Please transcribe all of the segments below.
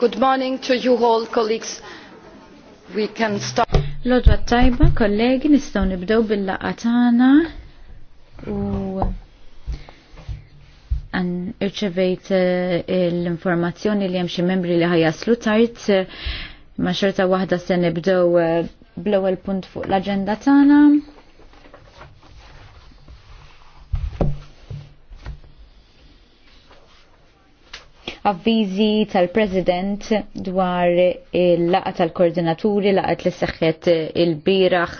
Good morning to you all, colleagues. We can start. Lodwa tajba, kollegi, nistaw nibdew bil-laqa tagħna u għan irċevejt eh, l-informazzjoni li hemm xi membri li ħajaslu tajt ma xorta waħda se nibdew eh, bl-ewwel punt fuq l agenda tagħna avvizi tal-President dwar il-laqa tal-koordinaturi, laqa li seħħet il-biraħ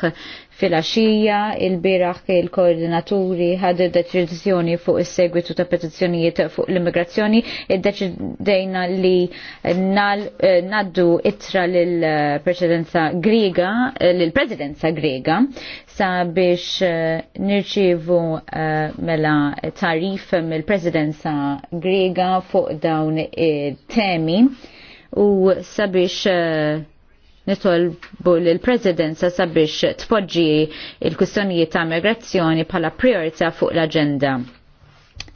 Fil-axija, il-biraħ il-koordinaturi ħad deċiżjoni fuq is-segwitu ta' petizzjonijiet fuq l-immigrazzjoni, id-deċidejna li eh, naddu itra l-presidenza Griega, eh, l-presidenza Griega, sa biex eh, nirċivu mela tarif mill-presidenza Griega fuq dawn temi u sabiex nitolbu l-Presidenza sabiex tpoġġi il-kwistjonijiet ta' migrazzjoni bħala priorità fuq l-agenda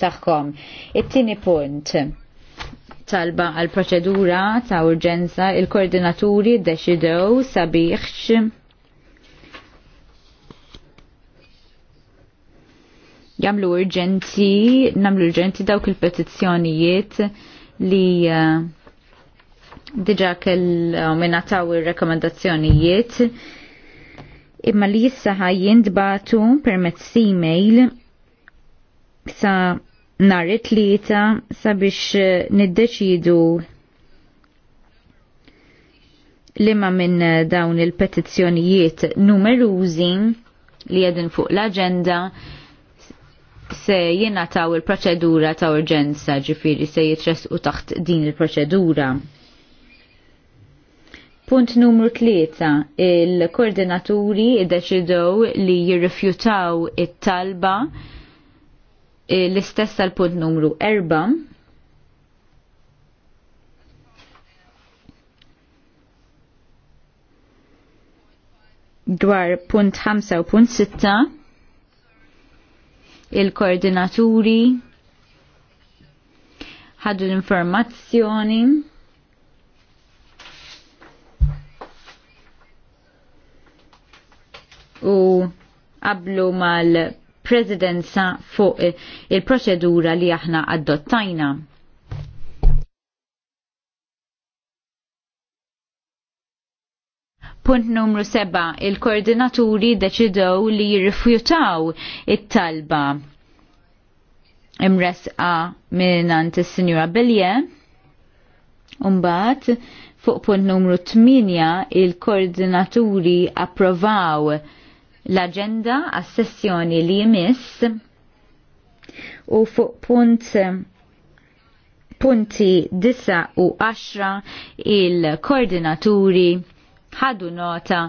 tagħhom. It-tieni punt talba għal proċedura ta' urġenza il-koordinaturi deċidew sabiħx jamlu urġenti, namlu urġenti dawk il-petizzjonijiet li uh, diġa kell minna taw il-rekomendazzjonijiet imma li jissaħa jindbatu permezz email sa nhar it-tlieta sabiex eh, niddeċidu lima minn eh, dawn il-petizzjonijiet numerużi li jedin fuq l-agenda se jena taw il-proċedura ta' urġenza ġifiri se jitresqu taħt din il-proċedura. Punt numru tlieta, il-koordinaturi id-deċidow li jirrifjutaw it-talba eh, l-istess tal-punt numru erba'. dwar punt 5 u punt 6 il-koordinaturi ħadu l-informazzjoni u qablu mal-presidenza fuq il-proċedura li aħna adottajna. Punt numru 7. Il-koordinaturi deċidew li jirrifjutaw it-talba imresqa minnant il-Sinjura Belje. Umbat, fuq punt numru 8 il-koordinaturi approvaw l-agenda għas-sessjoni li jmiss u fuq punt punti 9 u 10 il-koordinaturi ħadu nota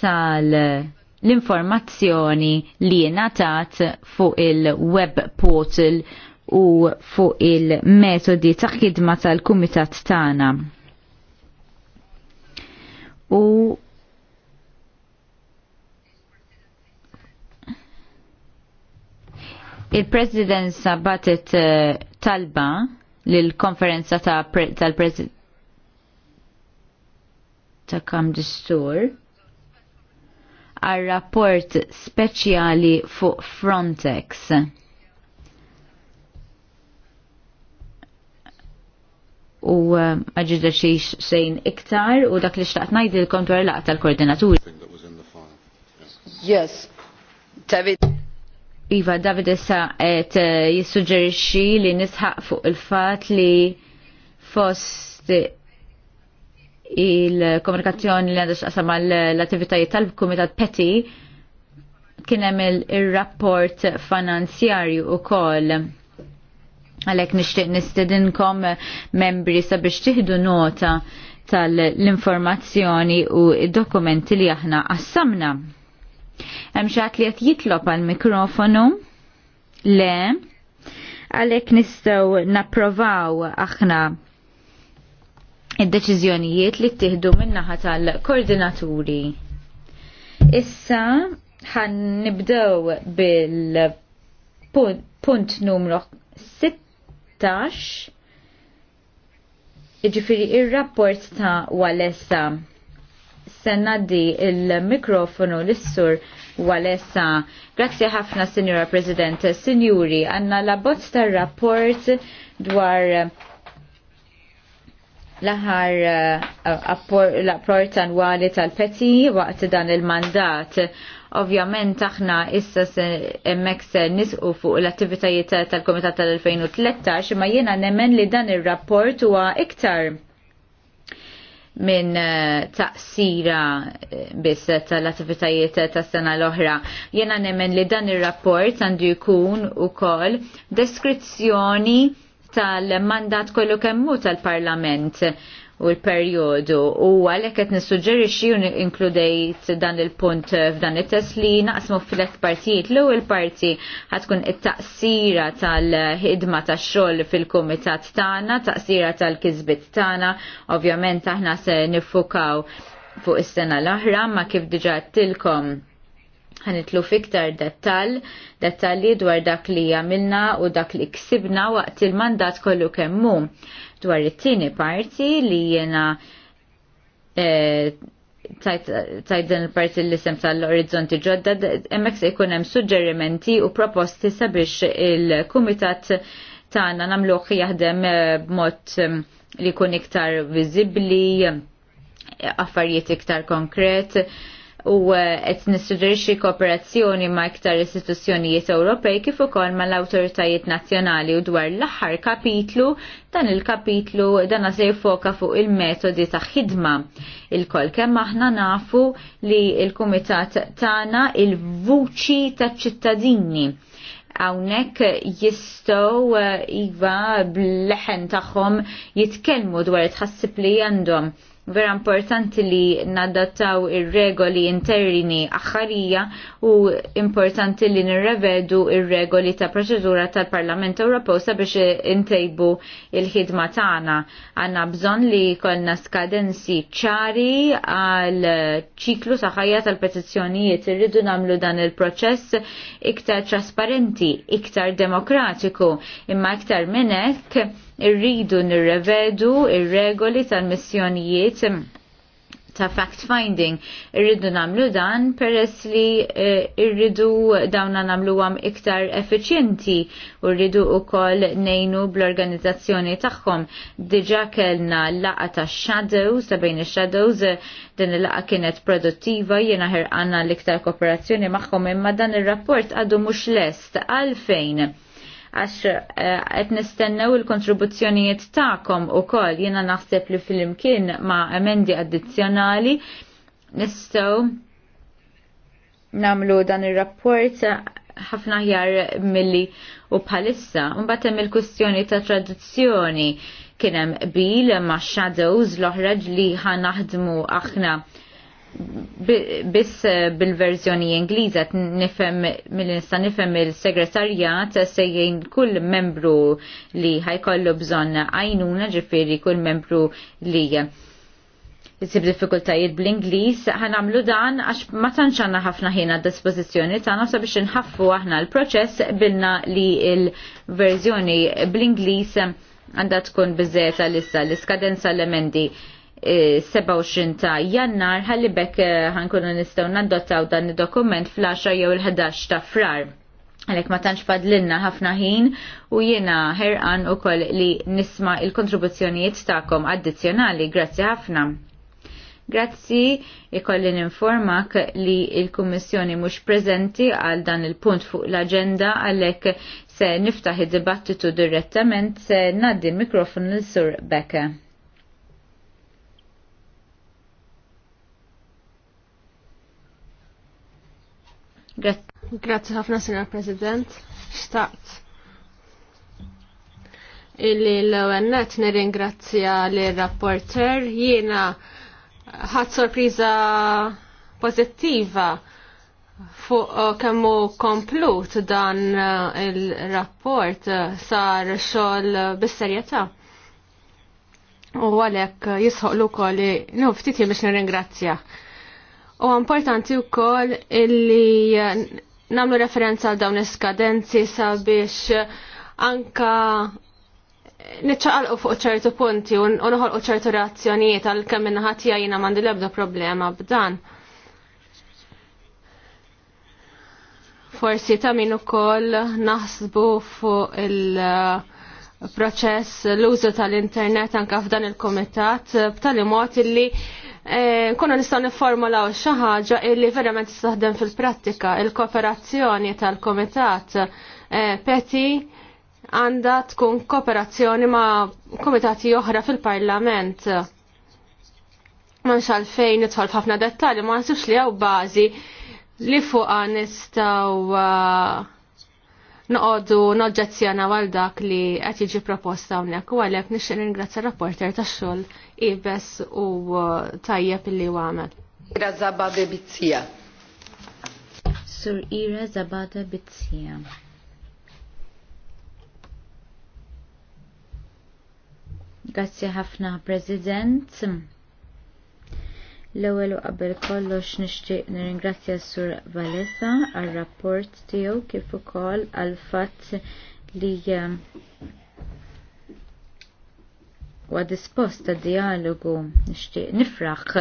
tal l-informazzjoni li natat fuq il-web portal u fuq il-metodi ta' ħidma tal-kumitat tagħna. U Il-Presidenza batet eh, talba lill-konferenza tal-President ta' kam distur għal rapport speċjali fuq Frontex. U eh, maġġidda xiex sejn iktar u dak li xtaqt najdilkom dwar laqta tal-koordinaturi. Yes. David. Iva David issa qed eh, jissuġġerixxi li nisħaq fuq il-fatt li fost il-komunikazzjoni li għandax qasam l-attivitajiet tal-Kumitat Peti kien hemm il-rapport finanzjarju ukoll għalhekk nixtieq nistedinkom eh, membri sabiex tieħdu nota tal-informazzjoni u id-dokumenti li aħna għassamna. Hemm xi li qed jitlob għal mikrofonu le għalhekk nistgħu napprovaw aħna id-deċiżjonijiet li ttieħdu min-naħa tal-koordinaturi. Issa ħan nibdew bil-punt numru 16 Iġifiri ir-rapport ta' Walesa sennaddi il-mikrofonu l-issur Walesa. Grazzi ħafna, Signora President. Signori, għanna la bozz tar-rapport dwar eh, l-aħar eh, l-apport annwali tal-peti waqt dan il-mandat. Ovvjament aħna issa emmek se nisqu fuq l-attivitajiet tal-Komitat tal-2013 ma jiena nemmen li dan ir rapport huwa iktar minn eh, taqsira eh, biss tal-attivitajiet tas sena l-oħra. Jena nemmen li dan ir-rapport għandu jkun ukoll deskrizzjoni tal-mandat kollu kemmu tal-Parlament u l-perjodu u għalhekk qed nissuġġerixxi u inkludejt dan il-punt f'dan it-test li naqsmu f'let partijiet l-ewwel parti ħatkun it-taqsira tal-ħidma tax-xogħol fil-kumitat tagħna, taqsira tal kizbit tagħna, ovvjament aħna se nifukaw fuq is-sena l-oħra ma kif diġà tilkom ħanitlu fiktar dettal, dettalji dwar dak li jamilna u dak li ksibna waqt il-mandat kollu kemmu dwar it-tieni parti li jena eh, tajt din il-parti li isem tal-orizzonti ġodda, emmek se jkun hemm suġġerimenti u proposti sabiex il-kumitat tagħna nagħmluh jaħdem eh, b'mod eh, li jkun iktar viżibbli, affarijiet iktar konkret u eh, qed nissuġġerixxi kooperazzjoni ma' iktar istituzzjonijiet Ewropej kif ukoll mal awtoritajiet nazzjonali u dwar l-aħħar kapitlu dan il-kapitlu dan se jfoka fuq il-metodi ta' ħidma. il kol kemm aħna nafu li l-kumitat tagħna il-vuċi taċ-ċittadini għawnek jistow eh, iva bl-leħen taħħom jitkelmu dwar tħassib li għandhom vera importanti li nadattaw ir-regoli interni aħħarija u importanti li nirrevedu il regoli ta' proċedura tal-Parlament Ewropew sabiex intejbu il-ħidma tagħna. Għandna bżonn li kollna skadenzi ċari għal ċiklu sa'ħajja tal-petizzjonijiet irridu nagħmlu dan il-proċess iktar trasparenti, iktar demokratiku, imma iktar minn hekk irridu nirrevedu ir-regoli tal-missjonijiet ta' fact-finding. Irridu namlu dan peress li eh, irridu dawna namlu għam iktar effiċjenti u rridu u koll nejnu bl-organizzazzjoni tagħhom. Diġa kellna laqa ta' shadows, ta' bejn shadows din il-laqa kienet produttiva jena għanna l-iktar kooperazzjoni magħhom imma dan ir rapport għadu mhux lest għalfejn għax eh, qed nistennew il-kontribuzzjonijiet tagħkom ukoll jiena naħseb li flimkien ma' emendi addizzjonali nistgħu namlu dan ir-rapport ħafna ħjar milli u bħalissa. Mbagħad hemm il kustjoni ta' traduzzjoni kien hemm bil ma' shadows l li ħanaħdmu aħna biss eh, bil-verżjoni Ingliża nifhem mill instan nifhem il-segretarjat eh, se jgħin kull membru li ħajkollu bżonn għajnuna ġifieri kull membru li jsib diffikultajiet bl-Inglis, ħanamlu dan għax ma tantx għandna ħafna ħin għad dispożizzjoni tagħna sabiex inħaffu aħna l-proċess bilna li l-verżjoni bl ingliż għandha tkun biżeta l-issa l-iskadenza l-emendi 27 eh, ta' jannar ħalli bekk eh, ħankunu nistgħu nadottaw dan id-dokument fl-10 jew il-11 ta' frar. Għalek ma tantx padlinna ħafna ħin u jiena ħerqan ukoll li nisma' il-kontribuzzjonijiet tagħkom addizzjonali. Grazzi ħafna. Grazzi, ikolli ninformak li il-Kummissjoni mhux preżenti għal dan il-punt fuq l-agenda għalhekk se niftaħ id-dibattitu direttament se ngħaddi l-mikrofon lil Sur Beke. Grazzi ħafna, Signor President. Xtaqt. Illi l-għennet nirringrazzja l-rapporter. Jiena ħadd sorpriża pożittiva fuq eh, kemmu komplut dan eh, il-rapport eh, sar xogħol bis-serjetà. U għalhekk l kol li ftit biex nirringrazzja. U importanti wkoll illi namlu referenza għal dawn iskadenzi sabiex anka nitċaqalqu fuq ċertu punti u nħolqu ċertu reazzjonijiet għal kemm inħatija jina mandi l-ebda problema b'dan. Forsi ta' min ukoll naħsbu fuq il-proċess l-użu tal-internet anka f'dan il-komitat b'tali mod illi Eh, konna nistaw niformulaw xi ħaġa illi verament tistaħdem fil-prattika il-kooperazzjoni tal-Komitat eh, Peti għandha tkun kooperazzjoni ma' komitati oħra fil-Parlament. Ma nxal fejn nidħol f'ħafna dettalji ma nsibx li għaw bazi li fuqha nistgħu eh, noqogħdu noġġezzjana għal dak li qed jiġi proposta hawnhekk u għalhekk nixtieq ringrazzja rapporter tax-xogħol ibes u uh, tajjeb li għamel. Ira Zabade Bizzija. Sur Ira Zabada Bizzija. Grazzi ħafna, President. L-ewwel u qabel kollox nixtieq nirringrazzja s-Sur Valesa għar-rapport tiegħu kif ukoll għal fatt li ehm, huwa dispost ta' dialogu nixtieq nifraħ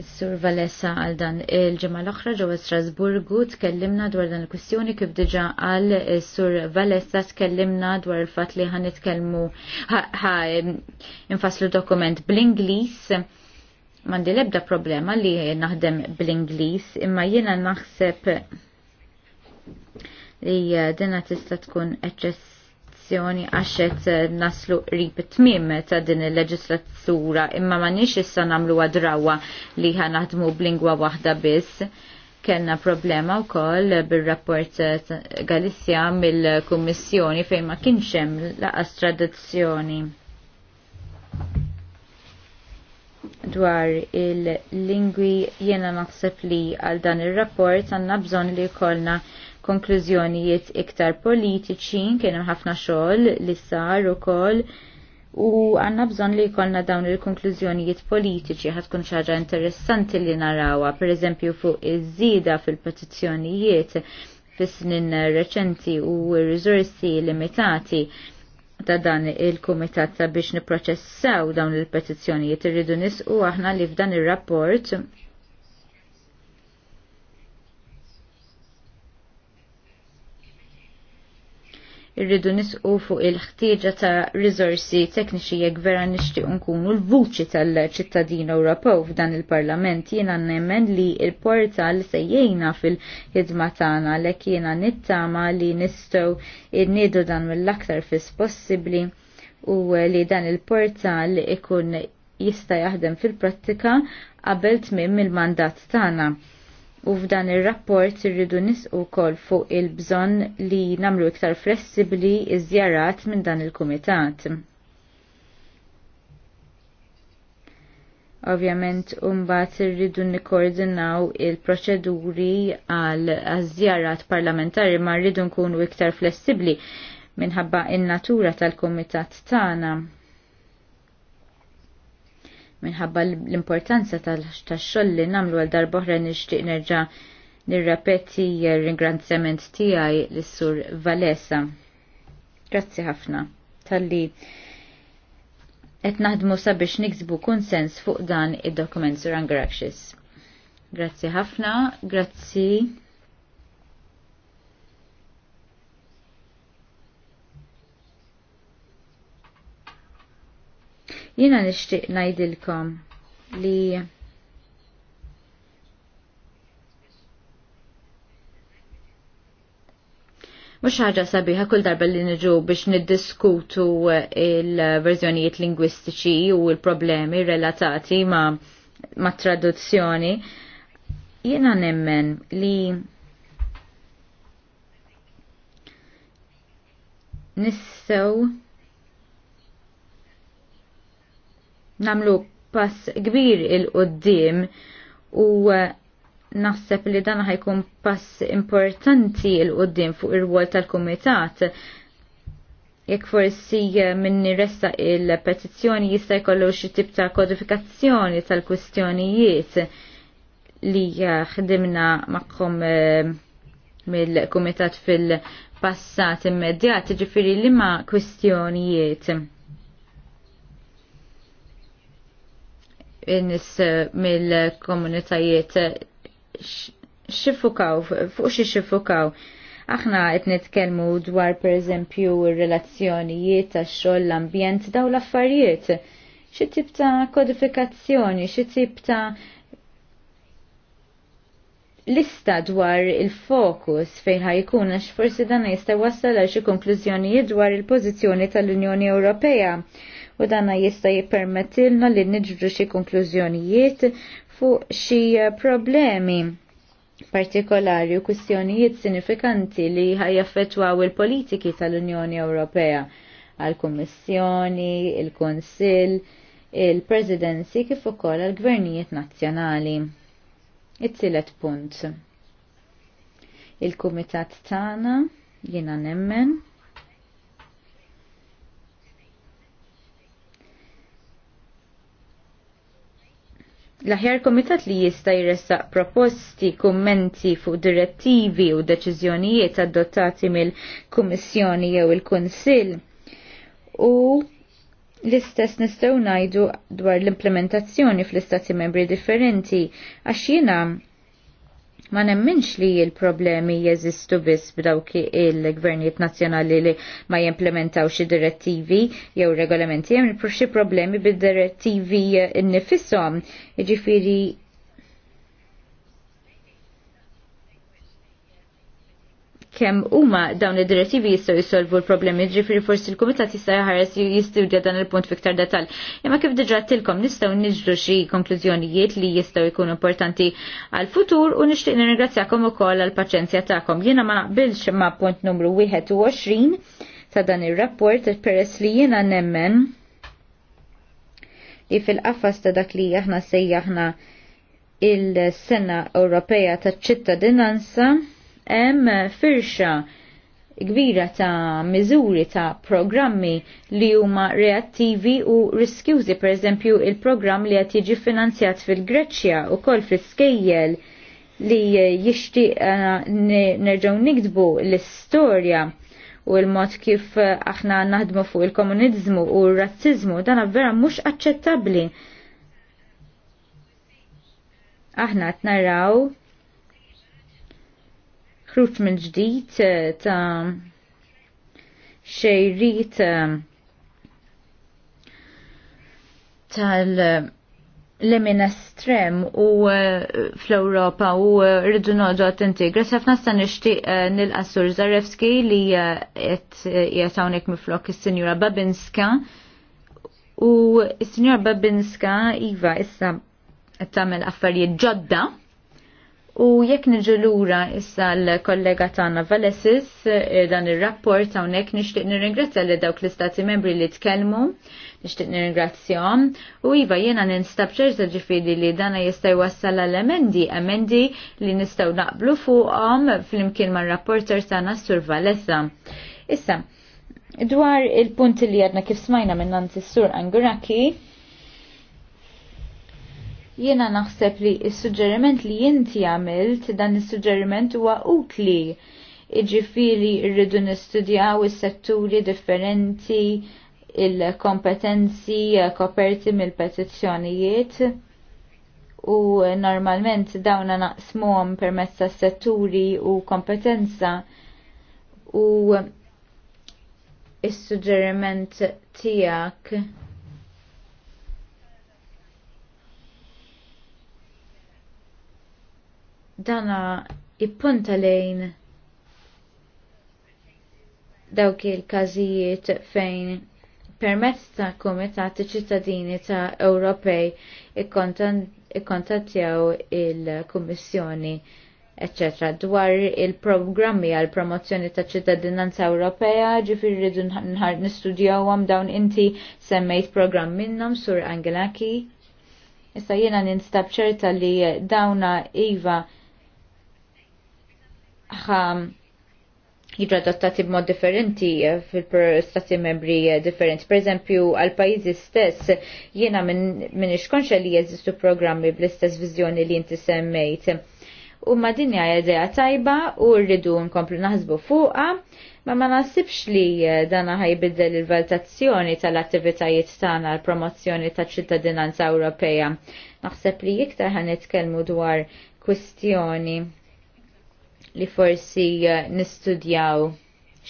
Is-Sur Valessa għal dan il-ġimgħa l-oħra ġewwa Strasburgu tkellimna dwar dan il-kwistjoni kif diġà qal is-Sur Valessa tkellimna dwar il-fatt li ħan nitkellmu infaslu dokument bl-Ingliż m'għandi l-ebda problema li naħdem bl-Ingliż imma jiena naħseb li dinha tista' tkun eċċess għax għaxet eh, naslu rib tmiem ta' din il-leġislatura imma ma nix issa namlu għadrawa li naħdmu b'lingwa waħda biss. Kenna problema u koll bil-rapport eh, Galizja mill-Kommissjoni fejn ma hemm laqas tradizzjoni dwar il-lingwi jena naħseb li għal dan il-rapport għanna bżon li kolna konklużjonijiet iktar politiċi, kien hemm ħafna xogħol li sar ukoll u għanna bżon li jkollna dawn il-konklużjonijiet politiċi ħatkun xaġa interessanti li narawa, per eżempju fuq iż-żida fil-petizzjonijiet fis-snin reċenti u r limitati ta' dan il-kumitat sabiex niproċessaw dawn il-petizzjonijiet irridu nisqu aħna li f'dan ir-rapport irridu nisqu fuq il-ħtieġa ta' rizorsi tekniċi jekk vera nixtieq nkunu l-vuċi tal-ċittadin Ewropew f'dan il-Parlament jiena nemmen li il-portal se jgħinna fil-ħidma tagħna li jiena nittama li nistgħu nniedu dan mill-aktar fis possibbli u li dan il-portal ikun jista' jaħdem fil-prattika qabel tmiem il-mandat tagħna. U f'dan ir-rapport irridu nisqu wkoll fuq il-bżonn li namlu iktar flessibbli iż-żjarat minn dan il-kumitat. Ovvjament, umbat irridu nikkoordinaw il-proċeduri għal żjarat parlamentari ma rridu nkunu iktar flessibbli minħabba in-natura tal-kumitat tagħna minħabba l-importanza tal-xogħol li nagħmlu għal darboħra nixtieq nerġa' nirrapeti r-ringrazzjament tiegħi lis-sur Valesa. Grazzi ħafna talli. etnaħdmu naħdmu sabiex niksbu konsens fuq dan id-dokument Sur Angraxis. Grazzi ħafna, grazzi Jiena nixtieq ngħidilkom li mux ħaġa sabiħa kull darba li nġu biex niddiskutu il-verżjonijiet lingwistiċi u il-problemi relatati ma, ma traduzzjoni. Jena nemmen li nissew namlu pass kbir il-qoddim u eh, naħseb li dan ħajkun pass importanti il-qoddim fuq ir-rwol tal-Kumitat jekk forsi eh, minni resta il-petizzjoni jista' jkollu xi tip ta' kodifikazzjoni tal-kwistjonijiet li eh, ħdimna magħhom mill-kumitat fil-passat immedjat, ġifiri li ma' kwistjonijiet nis mill-komunitajiet xifukaw, fuq xie xifukaw. Aħna qed nitkellmu dwar pereżempju r-relazzjonijiet tax-xogħol l-ambjent daw l-affarijiet. Xi tip ta' kodifikazzjoni, xi tip ta' lista dwar il-fokus fejn ħajkun għax forsi dan jista' wassal għal xi konklużjonijiet dwar il-pożizzjoni tal-Unjoni Ewropea u danna jista jippermettilna li niġbru xi konklużjonijiet fuq xi problemi partikolari u kwistjonijiet sinifikanti li ħajaffettwaw il-politiki tal-Unjoni Ewropea għal-Kummissjoni, il-Konsil, il-Presidenzi kif ukoll għal-Gvernijiet Nazzjonali. It-tielet punt il-kumitat tagħna jiena nemmen L-aħjar komitat li jista' jressaq proposti, kummenti fuq direttivi u deċiżjonijiet adottati mill-Kummissjoni jew il-Kunsill. U l-istess nistgħu ngħidu dwar l-implementazzjoni fl-istati membri differenti għax jiena ma nemminx li il-problemi jeżistu biss b'dawk il-gvernijiet nazzjonali li ma jimplementaw xi direttivi jew regolamenti hemm xi problemi bid-direttivi nifishom. Jiġifieri kemm huma dawn id-direttivi jistgħu jissolvu l-problemi, ġifri forsi l-kumitat jista' jħares jistudja dan il-punt fiktar detal. Imma kif diġà tilkom nistgħu niġru xi konklużjonijiet li jistgħu jkunu importanti għall-futur u nixtieq nirringrazzjakom ukoll għall-paċenzja tagħkom. Jiena ma naqbilx ma' punt numru 21 ta' dan ir-rapport peress li jiena nemmen li fil-qafas ta' dak li aħna sejjaħna il-Sena Ewropea ta' ċittadinanza hemm firxa kbira ta' miżuri ta' programmi li huma reattivi u riskjużi per eżempju il-programm li qed jiġi finanzjat fil-Greċja u kol fil-skejjel li jixti uh, eh, nerġgħu nikdbu l-istorja u l-mod kif aħna naħdmu fuq il-komunizmu u r-razzizmu dan vera mhux aċċettabbli. Aħna qed naraw ħruġ minn ġdid eh, ta' xejrit eh, tal eh, lemin estrem u fl-Europa u rridu nodu attenti. Grazzi sta nixtieq nil Sur Zarewski li qed qiegħed hawnhekk miflok is-Sinjura Babinska. U s-Sinjura Babinska iva issa qed tagħmel affarijiet ġodda U jekk niġu lura issa l-kollega tagħna Valesis eh, dan ir-rapport hawnhekk nixtieq nirringrazzja li dawk l-istati membri li tkellmu, nixtieq nirringrazzjahom u iva jiena ninstab ċerta ġifieri li dana jista' jwassal għal emendi, emendi li nistgħu naqblu fuqhom flimkien mar-rapporter tagħna Sur Valessa. Issa, dwar il punti li għadna kif smajna minn Nancy Sur Anguraki, Jiena naħseb li s-suġġeriment li inti għamilt dan is-suġġeriment huwa utli. Iġifiri rridu nistudjaw is-setturi differenti, il-kompetenzi koperti mill-petizzjonijiet u normalment dawna naqsmuhom permezz ta' setturi u kompetenza u is-suġġeriment tiegħek dana ippunta lejn dawk il-każijiet fejn permezz ta' kumitat ċittadini ta' Ewropej ikkontattjaw il-Kummissjoni etc. dwar il-programmi għal promozzjoni ta' ċittadinanza Ewropea ġifir rridu nħar nistudjaw għam dawn inti semmejt program minnom sur Angelaki. Issa jiena ninstab ċerta li dawna Iva jidra adottati b'mod differenti fil-stati membri differenti. Per eżempju, għal pajizi stess, jiena minn ixkonxa li jeżistu programmi bl-istess vizjoni li jinti semmejt. U ma din idea tajba u rridu nkomplu naħsbu fuqa, ma ma nasibx li dana ħajbiddel il-valutazzjoni tal-attivitajiet tagħna għal promozzjoni taċ-ċittadinanza Ewropea. Naħseb li iktar ħanitkellmu dwar kwistjoni li forsi eh, nistudjaw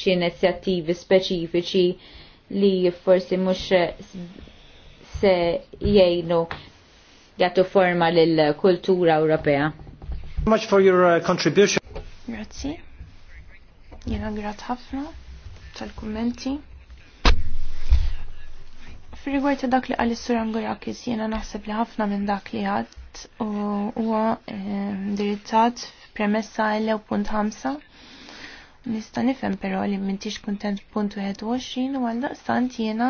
xi inizjattivi speċifiċi li forsi mhux eh, se jgħinu jagħtu forma lill kultura Ewropea. Much for your uh, contribution. Grazzi. Jena grat ħafna tal-kummenti. Fir-rigward ta' dak li għalli s sur Angurakis jiena naħseb li ħafna minn dak li għad huwa eh, indirizzat premessa punt ħamsa Nista' nifhem però li m'intix kuntent punt 21 u stant jiena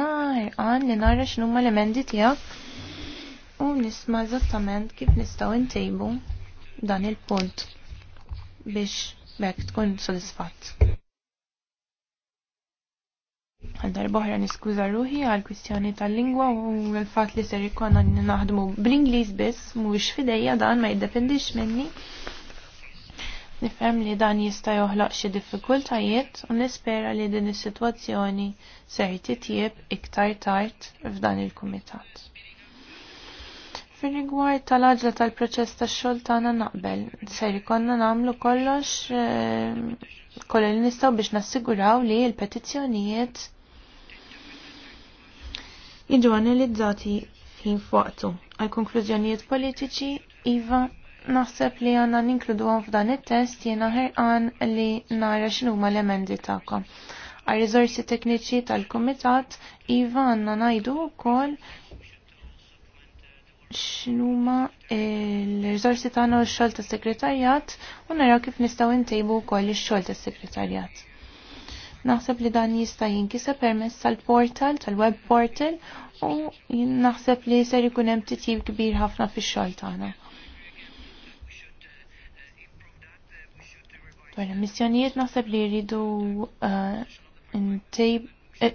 għan li nara xnumma l-emendi tiegħek u nisma' eżattament kif nistgħu ntejbu dan il-punt biex bekk tkun sodisfatt. Għaldar boħra niskuża ruħi għal kwistjoni tal-lingwa u l-fatt li ser ikonna naħdmu bl-Ingliż biss mhuwiex fidejja dan ma jiddependix minni. Nifhem li dan jista' joħloq xi diffikultajiet u nispera li din is-sitwazzjoni se titjieb iktar tard f'dan il-kumitat. Fir-rigward tal-aġla tal-proċess tax-xogħol tagħna naqbel, ser ikonna nagħmlu kollox eh, kollu li nistgħu biex nassiguraw li l-petizzjonijiet jiġu analizzati fin fuqtu. Għal konklużjonijiet politiċi, Iva naħseb li għanna ninkludu għan f'dan il-test jena ħerqan li nara xinu ma l-emendi taqqa. Għal rizorsi tekniċi tal-komitat, Iva għanna najdu u kol xinu ma l-rizorsi taħna u xol ta' sekretarjat u nara kif nistaw intejbu u kol xol ta' sekretarjat. Naħseb li dan jista' jinkiseb permess tal-portal, tal-web portal u naħseb li ser ikun hemm titjib kbir ħafna fix-xogħol tagħna. Dwar il-missjonijiet naħseb li jridu uh, eh,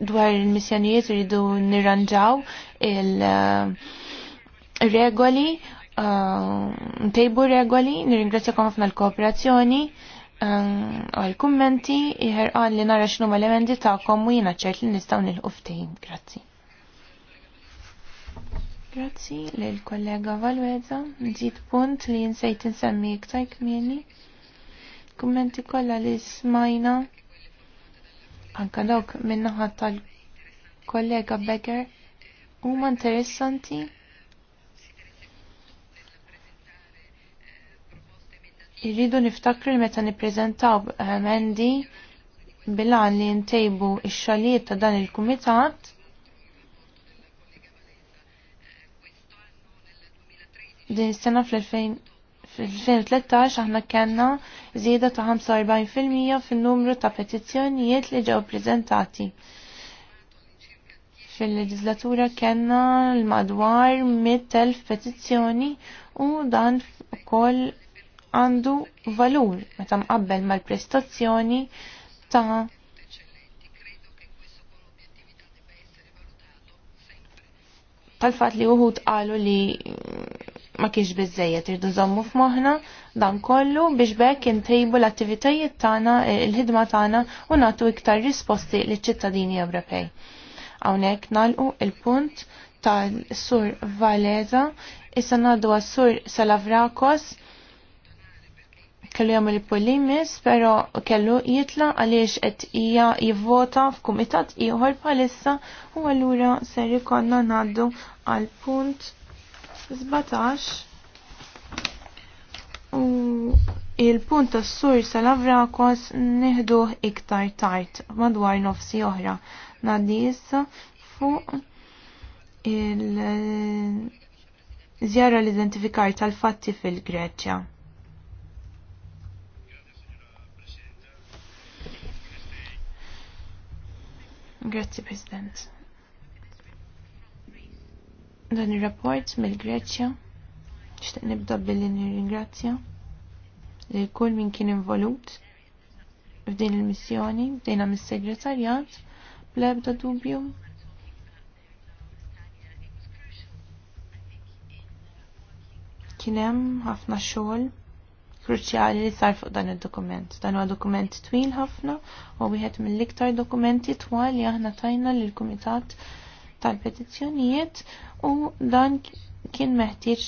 dwar il-missjonijiet jridu nirranġaw il-regoli, uh, uh, ntejbu regoli, nirringrazzjakom ħafna l-kooperazzjoni għal-kummenti, jħerqan li nara xnu mal-elementi ta'kom u jina ċert li nistaw nil-uftejn. Grazzi. Grazzi l-kollega Valweza, nżid punt li jinsejt nsemmi iktar kmieni kummenti kollha li smajna anka dok minnaħa tal-kollega Becker huma interessanti. Irridu niftakru li meta nippreżentaw emendi bilan li ntejbu ix-xogħlijiet ta' dan il-kumitat din is-sena fl 2013 2013 aħna kellna żieda ta' 45% fin-numru ta' petizzjonijiet li ġew prezentati. Fil-leġislatura kellna l-madwar 100,000 petizzjoni u dan ukoll għandu valur meta mqabbel mal-prestazzjoni ta' tal-fat li uħut qalu li ma kiex bizzejiet irdu żommu f'moħħna dan kollu biex bekk intejbu l-attivitajiet tagħna, eh, il-ħidma tagħna u nagħtu iktar risposti liċ-ċittadini Ewropej. Hawnhekk nalqu il-punt tal-Sur Valeza, issa ngħaddu għas-Sur Salavrakos kellu jagħmel il-polimis, però kellu jitla għaliex qed hija jivvota f'kumitat ieħor bħalissa u allura ser ikollna ngħaddu għal punt 17 u il-punt tas sur sal-avrakos neħduh iktar tard madwar nofsi oħra. Naddi issa fuq il-żjara l-identifikar tal-fatti fil-Greċja. Grazie President dan ir-rapport mill-Greċja. Xtaq nibda billi nirringrazzja li kull min kien involut f'din il-missjoni, bdejna mis-segretarjat, bl-ebda dubju. Kien hemm ħafna xogħol kruċjali li sar fuq dan id-dokument. Dan huwa dokument twil ħafna u wieħed mill-iktar dokumenti twal li aħna tajna lill-Kumitat tal-Petizzjonijiet u dan kien meħtieġ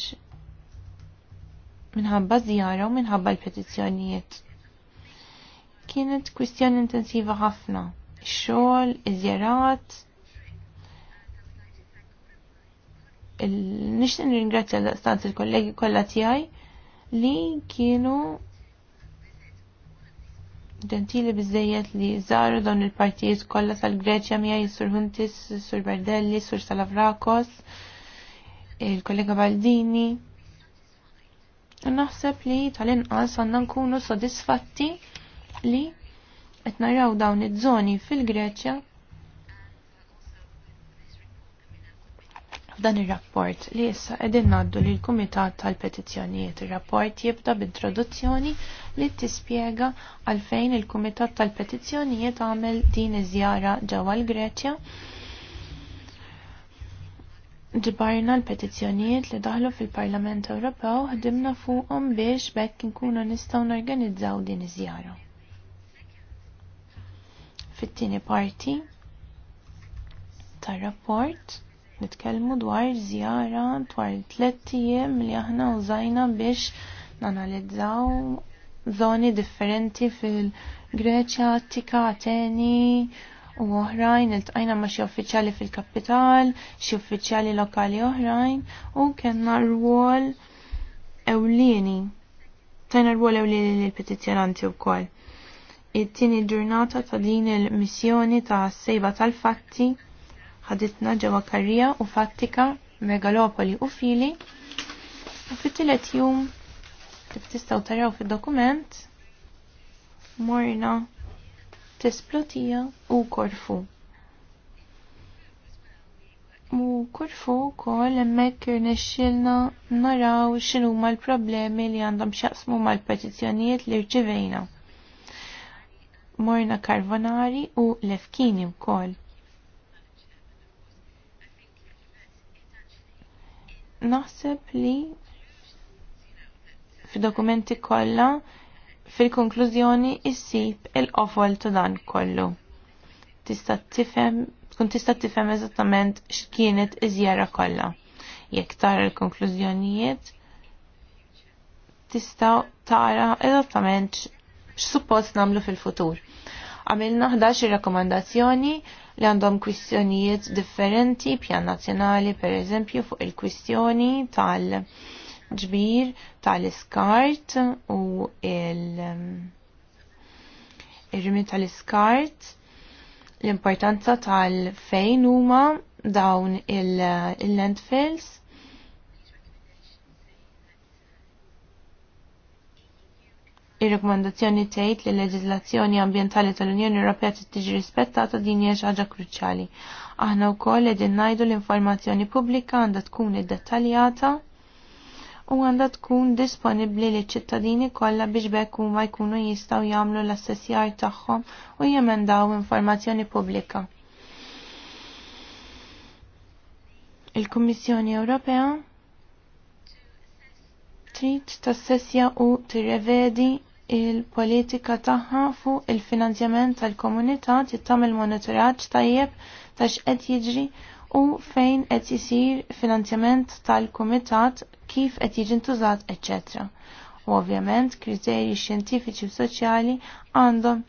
minħabba żjara u minħabba l-petizzjonijiet. Kienet kwistjoni intensiva ħafna. Ix-xogħol, iżjarat. żjarat nixtin l daqstanz il-kollegi kollha tiegħi li kienu ġentili bizzejiet li żaru dawn il-partijiet kollha tal-Greċja mija Sur Huntis, Sur Bardelli, Sur Salavrakos, il-kollega Baldini. Naħseb li tal-inqas għandna nkunu sodisfatti li qed naraw dawn iż-żoni fil-Greċja dan ir-rapport li issa qegħdin ngħaddu lil kumitat tal-petizzjonijiet. Ir-rapport jibda b'introduzzjoni li tispjega għalfejn il-kumitat tal-petizzjonijiet għamel din iż-żjara ġewwa l-Greċja. Ġibarna l-petizzjonijiet li daħlu fil-Parlament Ewropew ħdimna fuqhom biex bekk inkunu nistgħu norganizzaw din iż-żjara. Fit-tieni parti tar-rapport nitkellmu dwar żjara dwar tliet ijiem li aħna użajna biex nanalizzaw zoni differenti fil-Greċja, Attika, Ateni u oħrajn iltqajna ma' xi uffiċjali fil-kapital, xi uffiċjali lokali oħrajn u kellna rwol ewlieni. Tajna rwol ewlieni lil petizzjonanti wkoll. It-tieni ġurnata ta' din il-missjoni ta' sejba tal-fatti ħaditna ġewwa Karrija u Fattika, Megalopoli u Fili. U fit-tielet jum kif tistgħu taraw fid-dokument morna Tesplotija u Korfu. U Korfu wkoll hemmhekk irnexxielna naraw x'inhuma l-problemi li għandhom x'jaqsmu mal-petizzjonijiet li rċivejna. Morna Karvanari u Lefkini wkoll Naħseb li fid-dokumenti kollha fil-konklużjoni issib il-qofol ta' dan kollu. Tista' tifhem tkun tista' tifhem eżattament x'kienet iżjara kollha. Jekk tara l-konklużjonijiet tista' tara eżattament x'suppost nagħmlu fil-futur. Għamilna 11 rakkomandazzjoni li għandhom kwistjonijiet differenti, pjan nazzjonali per eżempju fuq il-kwistjoni tal-ġbir, tal-iskart u il- rimi tal-iskart, l-importanza tal-fejn huma dawn il-landfills, ir rekomendazzjoni tgħid li l-leġiżlazzjoni ambjentali tal-Unjoni Ewropea trid tiġi rispettata din hija ħaġa kruċjali. Aħna wkoll qegħdin ngħidu l-informazzjoni pubblika għandha tkun iddettaljata u għandha tkun disponibbli li ċittadini kollha biex bekk huma jkunu jistgħu jagħmlu l-assessjar tagħhom u jemendaw informazzjoni pubblika. Il-Kummissjoni Ewropea trid tassessja u tirrevedi il-politika tagħha fuq il-finanzjament tal-komunità tagħmel monitoraġġ tajjeb ta' x'qed jiġri u fejn qed isir finanzjament tal-kumitat kif qed jiġi ntużat, etc. U ovvjament kriterji xjentifiċi u soċjali għandhom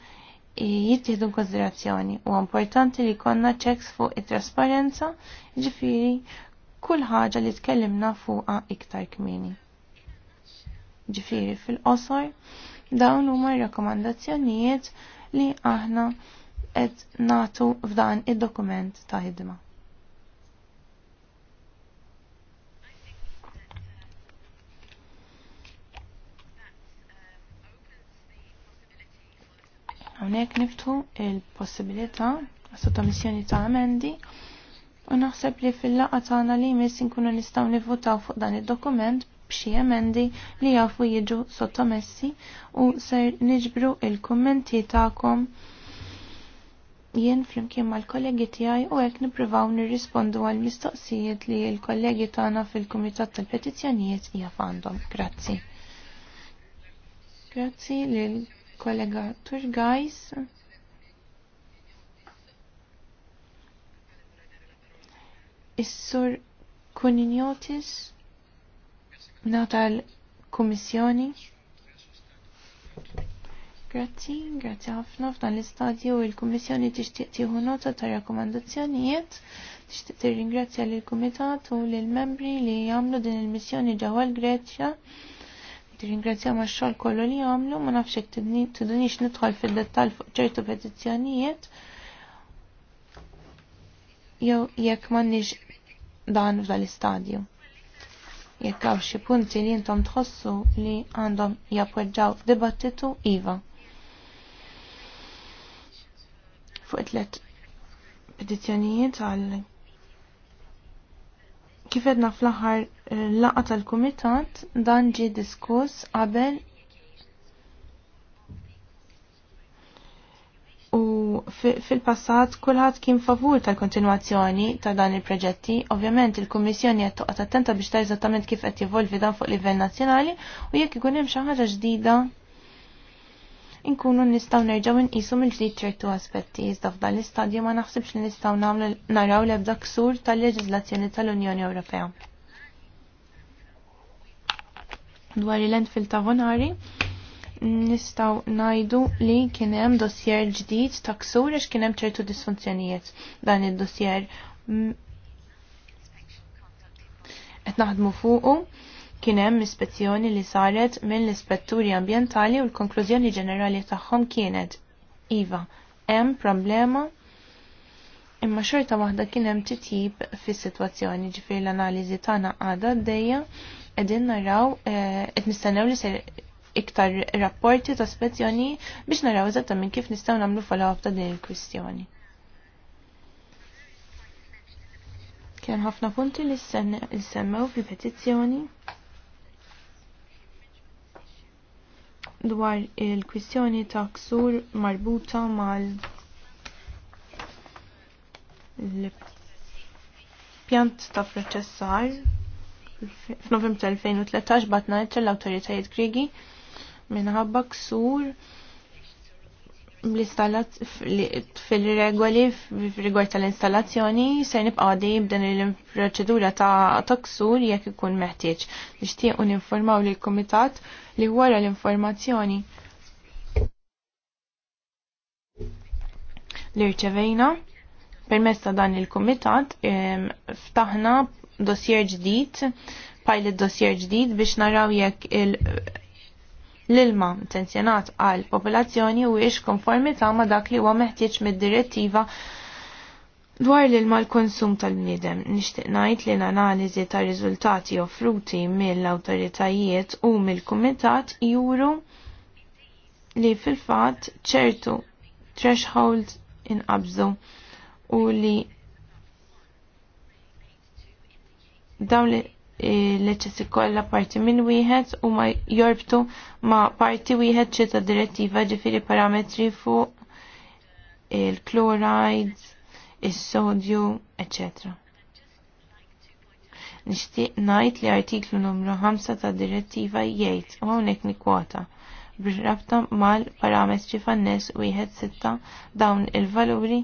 jittieħdu konsiderazzjoni u importanti li konna checks fuq it-trasparenza, ġifiri kull ħaġa li tkellimna fuqha iktar kmini. Ġifiri fil-qosor, Dawn huma r-rakkomandazzjonijiet li aħna qed natu f'dan id-dokument ta' ħidma. Hawnhekk niftu il-possibilità sottomissjoni ta' amendi u naħseb li fil-laqa tagħna li jmiss inkunu nistgħu nivvutaw fuq dan id-dokument b'xi emendi li jafu jiġu sottomessi u ser niġbru il-kummenti tagħkom jien flimkien mal-kollegi tiegħi u hekk nippruvaw nirrispondu għal mistoqsijiet li l-kollegi tagħna fil-Kumitat tal-Petizzjonijiet hija għandhom. Grazzi. Grazzi lil kollega Turgajs. Is-sur Kuninjotis. Naw l kummissjoni Grazzi, grazzi ħafna f'dan l-istadju il-Kummissjoni tixtieq tieħu nota ta' rakkomandazzjonijiet, tixtieq tirringrazzja lil kumitat u lil membri li jagħmlu din il-missjoni ġewwa l-Greċja. Tirringrazzja ma' xogħol kollu li jagħmlu, ma nafx hekk tidunix nidħol fid-dettall fuq ċertu petizzjonijiet. Jew jekk m'għandniex dan l istadju jekk hawn xi punti li intom tħossu li għandhom jappoġġaw dibattitu iva. Fuq it-tlet petizzjonijiet għal kif edna fl-aħħar eh, laqa tal-kumitat dan ġi diskuss qabel fil-passat kulħadd kien favur tal-kontinuazzjoni ta' dan il-proġetti. Ovvjament il-Kummissjoni qed toqgħod attenta biex ta' eżattament kif qed jevolvi dan fuq livell nazzjonali u jekk ikun hemm xi ħaġa ġdida inkunu nistgħu nerġgħu inqisu mill-ġdid ċertu aspetti iżda f'dan l-istadju ma naħsibx li nistgħu nagħmlu naraw l-ebda ksur tal-leġiżlazzjoni tal-Unjoni Ewropea. Dwar il-landfill fil-tavonari nistaw najdu li kienem dossier ġdid ta' ksur għax kienem ċertu disfunzjonijiet dan il-dossier. Mm, Et naħdmu fuqu kienem ispezzjoni li saret mill ispetturi ambientali u l-konklużjoni ġenerali tagħhom kienet iva hemm problema imma xorta waħda kienem titjib fis-sitwazzjoni ġifier l-analiżi tagħna għadha d-dejja qegħdin naraw eh, qed nistennew li iktar rapporti ta' spezzjoni biex naraw minn kif nistgħu nagħmlu follow-up ta' din il-kwistjoni. Kien ħafna punti li semmew fi petizzjoni dwar il-kwistjoni ta' ksur marbuta mal l-pjant ta' proċessar f'Novembru 2013 batna l-autoritajiet Grigi minħabba ksur fil-regoli fil-rigward tal-installazzjoni se nibqadi b'dan il-proċedura ta' taksur jekk ikun meħtieġ. Nixtieq ninformaw lil kumitat li wara l-informazzjoni li rċevejna permezz ta' dan il-kumitat ftaħna dossier ġdid, pilot dossier ġdid biex naraw jekk il- l-ilma intenzjonat għal popolazzjoni u ix konformita ma dak li huwa meħtieġ mid-direttiva Dwar l-ilma l-konsum tal-bnidem, nishtiq ngħid li l-analizi ta' riżultati offruti mill-autoritajiet u mill-kumitat juru li fil-fat ċertu threshold inqabżu u li dawn li l-eċessi kollha parti minn wieħed u ma jorbtu ma parti wieħed ċeta direttiva ġifiri parametri fuq il-chlorides, il-sodju, etc. Nishtiq najt li artiklu numru 5 ta' direttiva jgħid u hawnhekk nikwota b'rabta mal-parametri fan wieħed sitta dawn il-valuri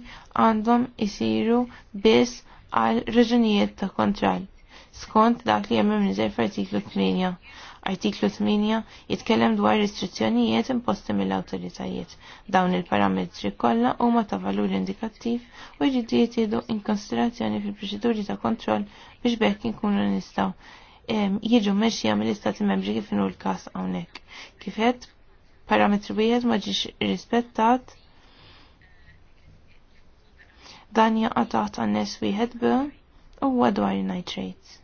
għandhom isiru biss għal reġunijiet ta' kontroll skont dak li jemmem niżel f'artiklu 8. Artiklu 8 jitkellem dwar restrizzjonijiet imposti mill-awtoritajiet. Dawn il-parametri kollha huma ta' valur indikattiv u jridu jittieħdu in konsiderazzjoni fil-proċeduri ta' kontroll biex bekk inkunu nistgħu jiġu mexxija mill-istati membri kif inhu l-każ hawnhekk. Kif qed parametri wieħed ma ġiex rispettat dan jaqa' taħt għan-nies wieħed b huwa dwar nitrates.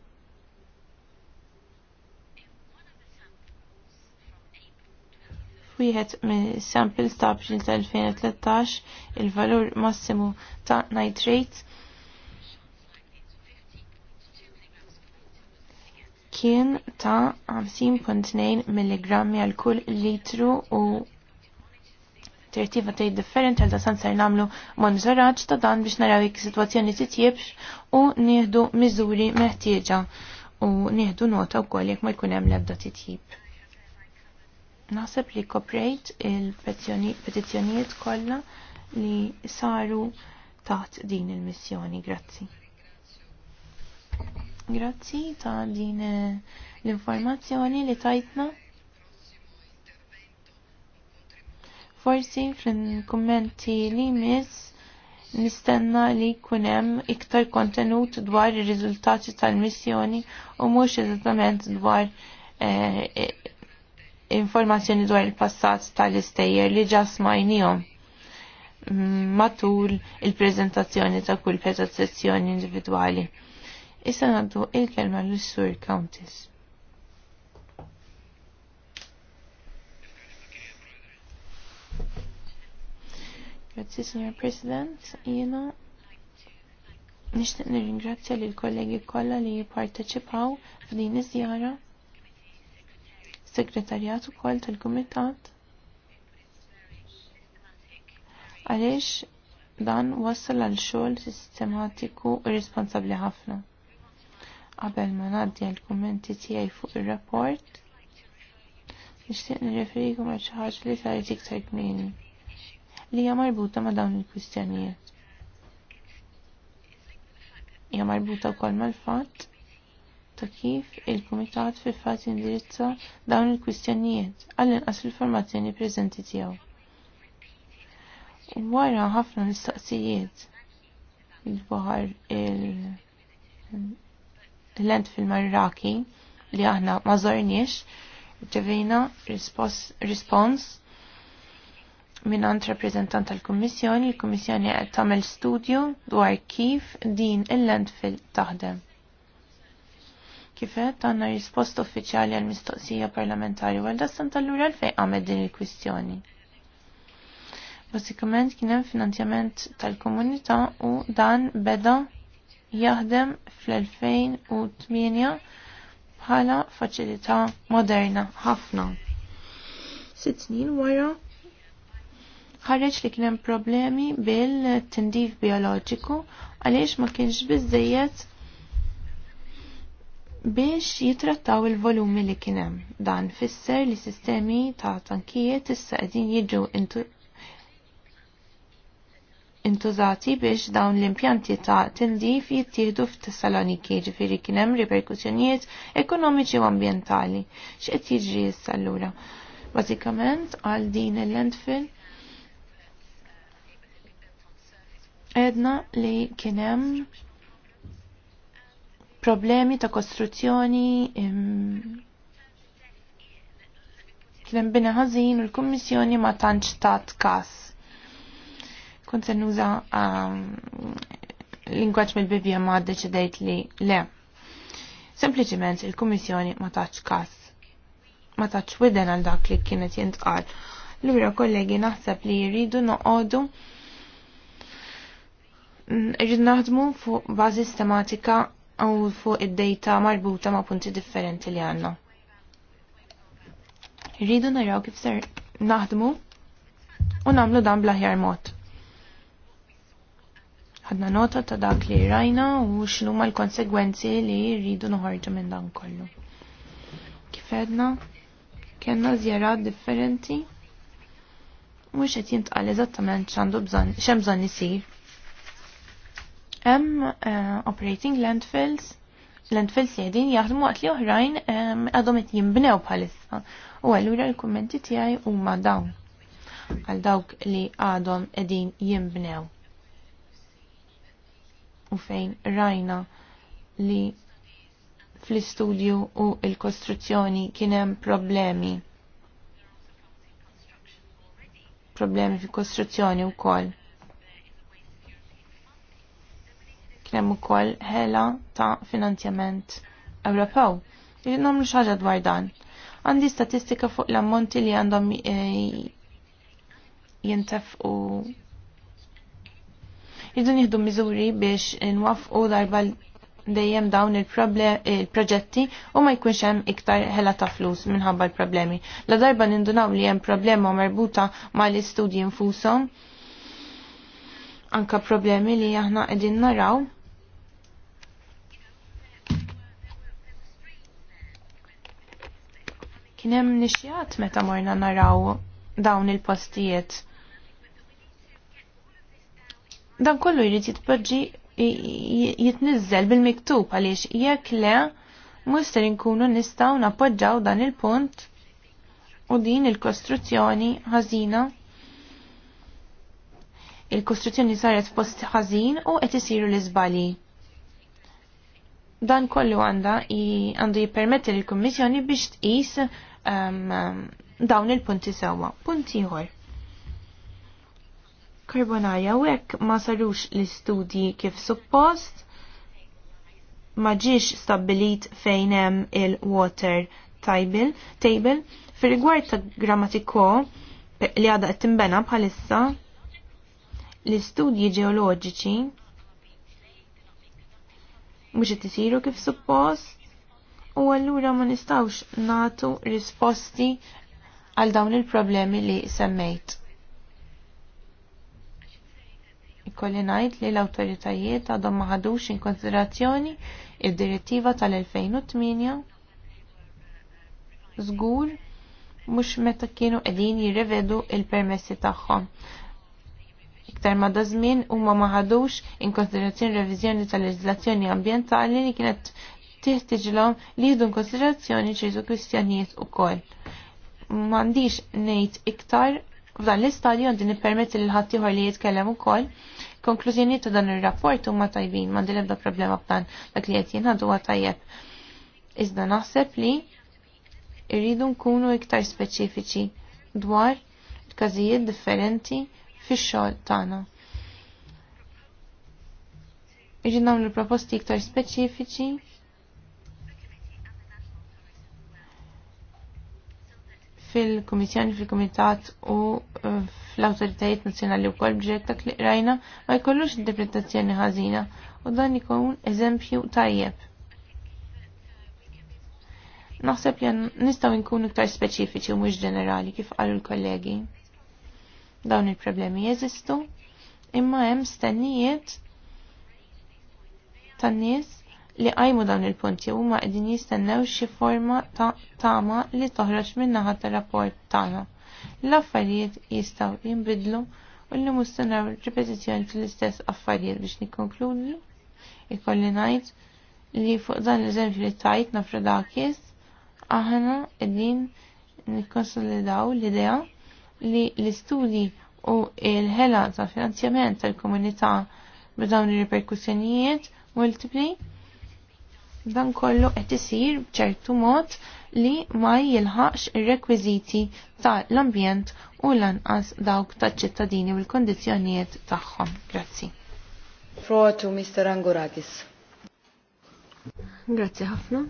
wieħed minn samples ta' April tal-2013 il-valur massimu ta' nitrate kien ta' 50.2 mg għal kull litru u tertiva tgħid differenti għal dasan ser nagħmlu monitoraġġ ta' dan biex naraw jekk sitwazzjoni titjibx u nieħdu miżuri meħtieġa u nieħdu nota wkoll jekk ma jkun hemm l-ebda titjib. Naħseb li koprejt il-petizzjonijiet kollha li saru taħt din il-missjoni. Grazzi. Grazzi ta' din eh, l-informazzjoni li tajtna. Forsi fl-kommenti li miss nistenna li kunem iktar kontenut dwar ir-riżultati tal-missjoni u mhux eżattament dwar eh, informazzjoni dwar il-passat tal-istejjer li ġa smajnijom mm, matul il-prezentazzjoni ta' kull sezzjoni individuali. Issa għaddu il-kelma l-Sur Countess. Grazie, signor President. Jena nishtiq nirringrazzja l kollegi kollha li jipparteċipaw f'din iż-żjara segretarjat ukoll tal-kumitat għaliex dan wassal għal xogħol sistematiku u responsabbli ħafna. Qabel ma ngħaddi għal kummenti tiegħi fuq ir-rapport, nixtieq nirreferikom għal xi ħaġa li saret iktar kmieni li hija marbuta ma' dawn il-kwistjonijiet. Hija marbuta wkoll mal-fatt ta' kif il-Kumitat fil fat indirizza dawn il-kwistjonijiet għall-inqas l-informazzjoni preżenti tiegħu. Wara ħafna l-istaqsijiet il-baħar il-lent fil-Marraki li aħna ma żorniex, ġevina rispons minn għand rappresentant tal-Kummissjoni, il-Kummissjoni qed tagħmel studju dwar kif din il fil taħdem. Kifet għanna risposta uffiċjali għal mistoqsija parlamentari għal dassan tal-lura l-fej għamed din il-kwistjoni. Basikament kienem finanzjament tal-komunità u dan beda jaħdem fl-2008 bħala faċilità moderna ħafna. Sitt snin wara ħareġ li kienem problemi bil-tindif bioloġiku għaliex ma kienx bizzejiet biex jitrattaw il-volumi li kienem. Dan fisser li sistemi ta' tankijiet issa qegħdin jiġu intużati biex dawn l-impjanti ta' tindif jittieħdu f'Tessaloniki ġifieri kien hemm riperkussjonijiet ekonomiċi u ambjentali. X'qed jiġri issa allura? Bażikament għal din il-landfill edna li kien hemm problemi ta' kostruzzjoni kien bina ħażin u l-Kummissjoni ma tantx tat kas. Kont se nuża lingwaġġ mill-bibja ma ddeċidejt li le. Sempliċiment il-Kummissjoni ma tatx kas. Ma tatx widen għal dak li kienet jintqal. L-ura kollegi naħseb li jridu noqogħdu irrid mm, naħdmu fuq bażi sistematika u fuq id-data marbuta ma' punti differenti li għanna. Rridu naraw kif ser naħdmu u namlu dan blaħjar mod. Għadna nota ta' dak li rajna u xnu ma' l-konsegwenzi li rridu noħorġu minn dan kollu. Kif edna, kena zjarat differenti mux qed jintqal eżattament xandu bżan, xem bżan isir. Hemm uh, eh, operating landfills landfills jedin jaħdmu għat li oħrajn għadhom qed jinbnew bħalissa. U allura l-kummenti tiegħi huma dawn għal dawk li għadhom qegħdin jimbnew. U fejn rajna li fl-istudju u l-kostruzzjoni kien hemm problemi. Problemi fil-kostruzzjoni wkoll. Kemm ukoll ħela ta' finanzjament Ewropew. Irid nagħmlu xi ħaġa dwar dan. Għandi statistika fuq l-ammonti li għandhom eh, jintefqu Jiddu nieħdu miżuri biex nwafqu darba dejjem dawn il-proġetti u ma jkunx hemm iktar ħela ta' flus minħabba l-problemi. La darba nindunaw li hemm problema marbuta mal-istudji infushom anka problemi li aħna qegħdin naraw Kien hemm nixjat meta morna naraw dawn il-postijiet. Dan kollu jrid jitpoġġi jitnizzel bil-miktub għaliex jekk le muster inkunu nistaw napoġġaw dan il-punt u din il-kostruzzjoni ħażina. Il-kostruzzjoni saret post ħażin u qed isiru l-iżbali. Dan kollu għandha għandu jippermetti l-Kummissjoni biex tqis Um, um, dawn il-punti sewa. Punti jħor. Karbonaja u hekk ma sarux l-istudji kif suppost ma ġiex stabilit fejn hemm il-water table, table fil-rigward ta' grammatiko li għada qed timbena bħalissa l-istudji ġeoloġiċi mhux qed isiru kif suppost u allura ma nistawx natu risposti għal dawn il-problemi li semmejt. Ikolli ngħid li l-awtoritajiet għadhom ma ħadux in konsiderazzjoni id-direttiva tal-2008 żgur mhux meta kienu qegħdin jirrevedu il-permessi tagħhom. Iktar ma dażmin huma ma ħadux in konsiderazzjoni reviżjoni tal-leġiżlazzjoni ambjentali li kienet tiħtiġlhom li jidun konsiderazzjoni kristjaniet kwistjonijiet ukoll. M'għandix ngħid iktar f'dan l-istadju għandi nippermetti li ħadd ieħor li jitkellem ukoll. Konklużjoni ta' dan ir-rapport huma tajbin, mandi l-ebda problema b'dan dak li qed jingħad għatajjeb. tajjeb. Iżda naħseb li irridu nkunu iktar speċifiċi dwar każijiet differenti fix-xogħol tagħna. Irridu nagħmlu proposti iktar speċifiċi fil-Komissjoni, fil-Komitat u eh, fl-Autoritajiet Nazzjonali u kol ta' dak rajna ma jkollux interpretazzjoni ħażina u dan ikun eżempju tajjeb. Naħseb li nistaw nkunu iktar speċifiċi u mhux ġenerali kif qalu l-kollegi. Dawn il-problemi jeżistu, imma hemm stennijiet tan-nies li qajmu dawn il-punti huma qegħdin jistennew xi forma ta' tama li toħroġ min-naħa tar-rapport tagħna. L-affarijiet jistgħu jinbidlu u li mustennew ripetizzjoni fl-istess affarijiet biex nikkonkludu ikolli ngħid li fuq dan l-eżempju li tajt nafrodakis aħna qegħdin nikkonsolidaw l-idea li l-istudji u l-ħela ta' finanzjament tal-komunità b'dawn ir-reperkussjonijiet multipli dan kollu qed isir b'ċertu mod li ma jilħaqx ir-rekwiżiti tal-ambjent u lanqas dawk taċ-ċittadini u l-kondizzjonijiet tagħhom. Grazzi. Frotu Mr. Angurakis. Grazzi ħafna.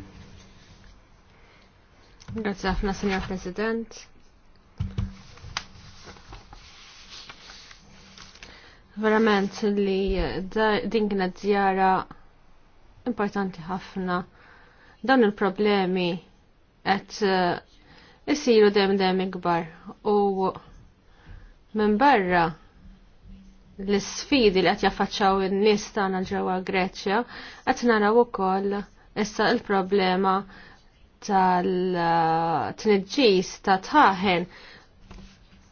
Grazzi ħafna, Signor President. Verament li eh, din kienet zjara importanti ħafna. Dan il-problemi qed uh, isiru dem dem ikbar u minn barra l-sfidi li qed jaffaċċaw in-nies tagħna ġewwa Greċja qed naraw ukoll issa il-problema tal-tniġġis ta' tħaħen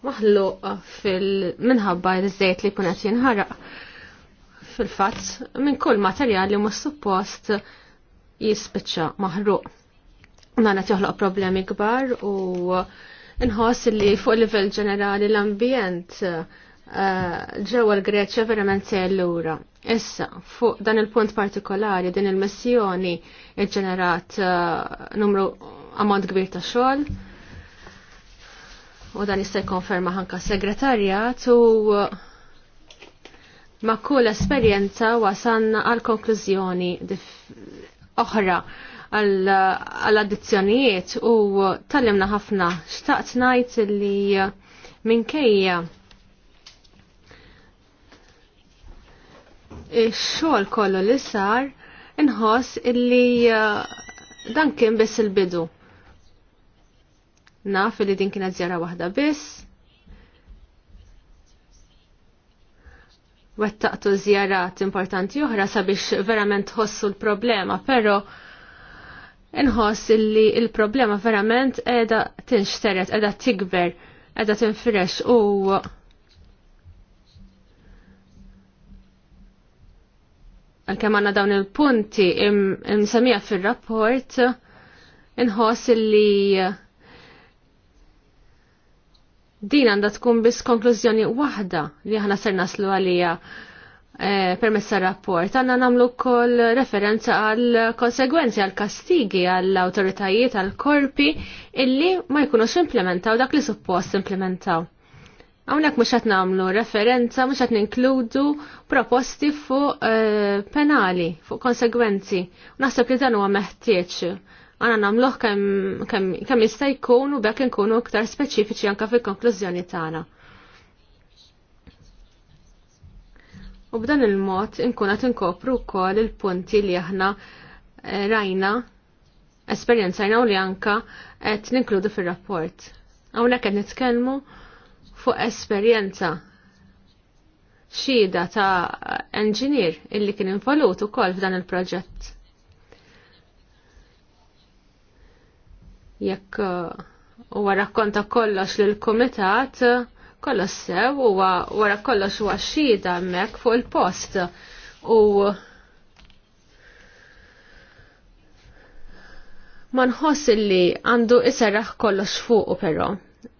maħluq fil-minħabba l-żejt li kunet jinħaraq fil-fatt minn kull materjal li mhux suppost jispiċċa maħruq. Nana joħloq problemi kbar u nħoss li fuq livell ġenerali l-ambjent eh, ġewwa l-Greċja verament se lura. Issa, fuq dan il-punt partikolari, din il-missjoni ġenerat eh, numru amont kbir ta' xogħol. U dan jista' jkonferma ħanka segretarjat u ma' kull esperjenza wasanna għal konklużjoni oħra għal addizzjonijiet u tallimna ħafna xtaqt ngħid li minkejja ix-xogħol kollu li sar inħoss illi uh, dan kien biss il-bidu. Naf li din kienet zjara waħda biss, wettaqtu zjarat importanti oħra sabiex verament tħossu l-problema, pero nħoss li il-problema verament edha tinxteret, edha tikber, edha tinfirex u kemm għanna dawn il-punti im-semija fir-rapport inħoss li Din għandha tkun biss konklużjoni waħda li aħna ser naslu għalija eh, permessa rapport. Għanna namlu kol referenza għal konsegwenzi, għal kastigi, għal autoritajiet, għal korpi illi ma jkunux implementaw dak li suppost implementaw. Għawnek mux għat namlu referenza, mux għat ninkludu proposti fuq eh, penali, fuq konsegwenzi. Naħseb li dan huwa meħtieċ għana namluħ kem jista' jkun u bekk nkunu iktar speċifiċi anka fil-konklużjoni tagħna. U b'dan il-mod inkun tinkopru wkoll il-punti li aħna eh, rajna esperjenzajna u li anka qed ninkludu fir-rapport. Hawnhekk qed nitkellmu fuq esperjenza xhieda ta' enġinier illi kien involut ukoll f'dan il-proġett jekk uh, huwa rakkonta kollox lil kumitat kollox sew huwa wara kollox huwa xhieda hemmhekk fuq il-post u ma nħoss li għandu iserraħ kollox fuq però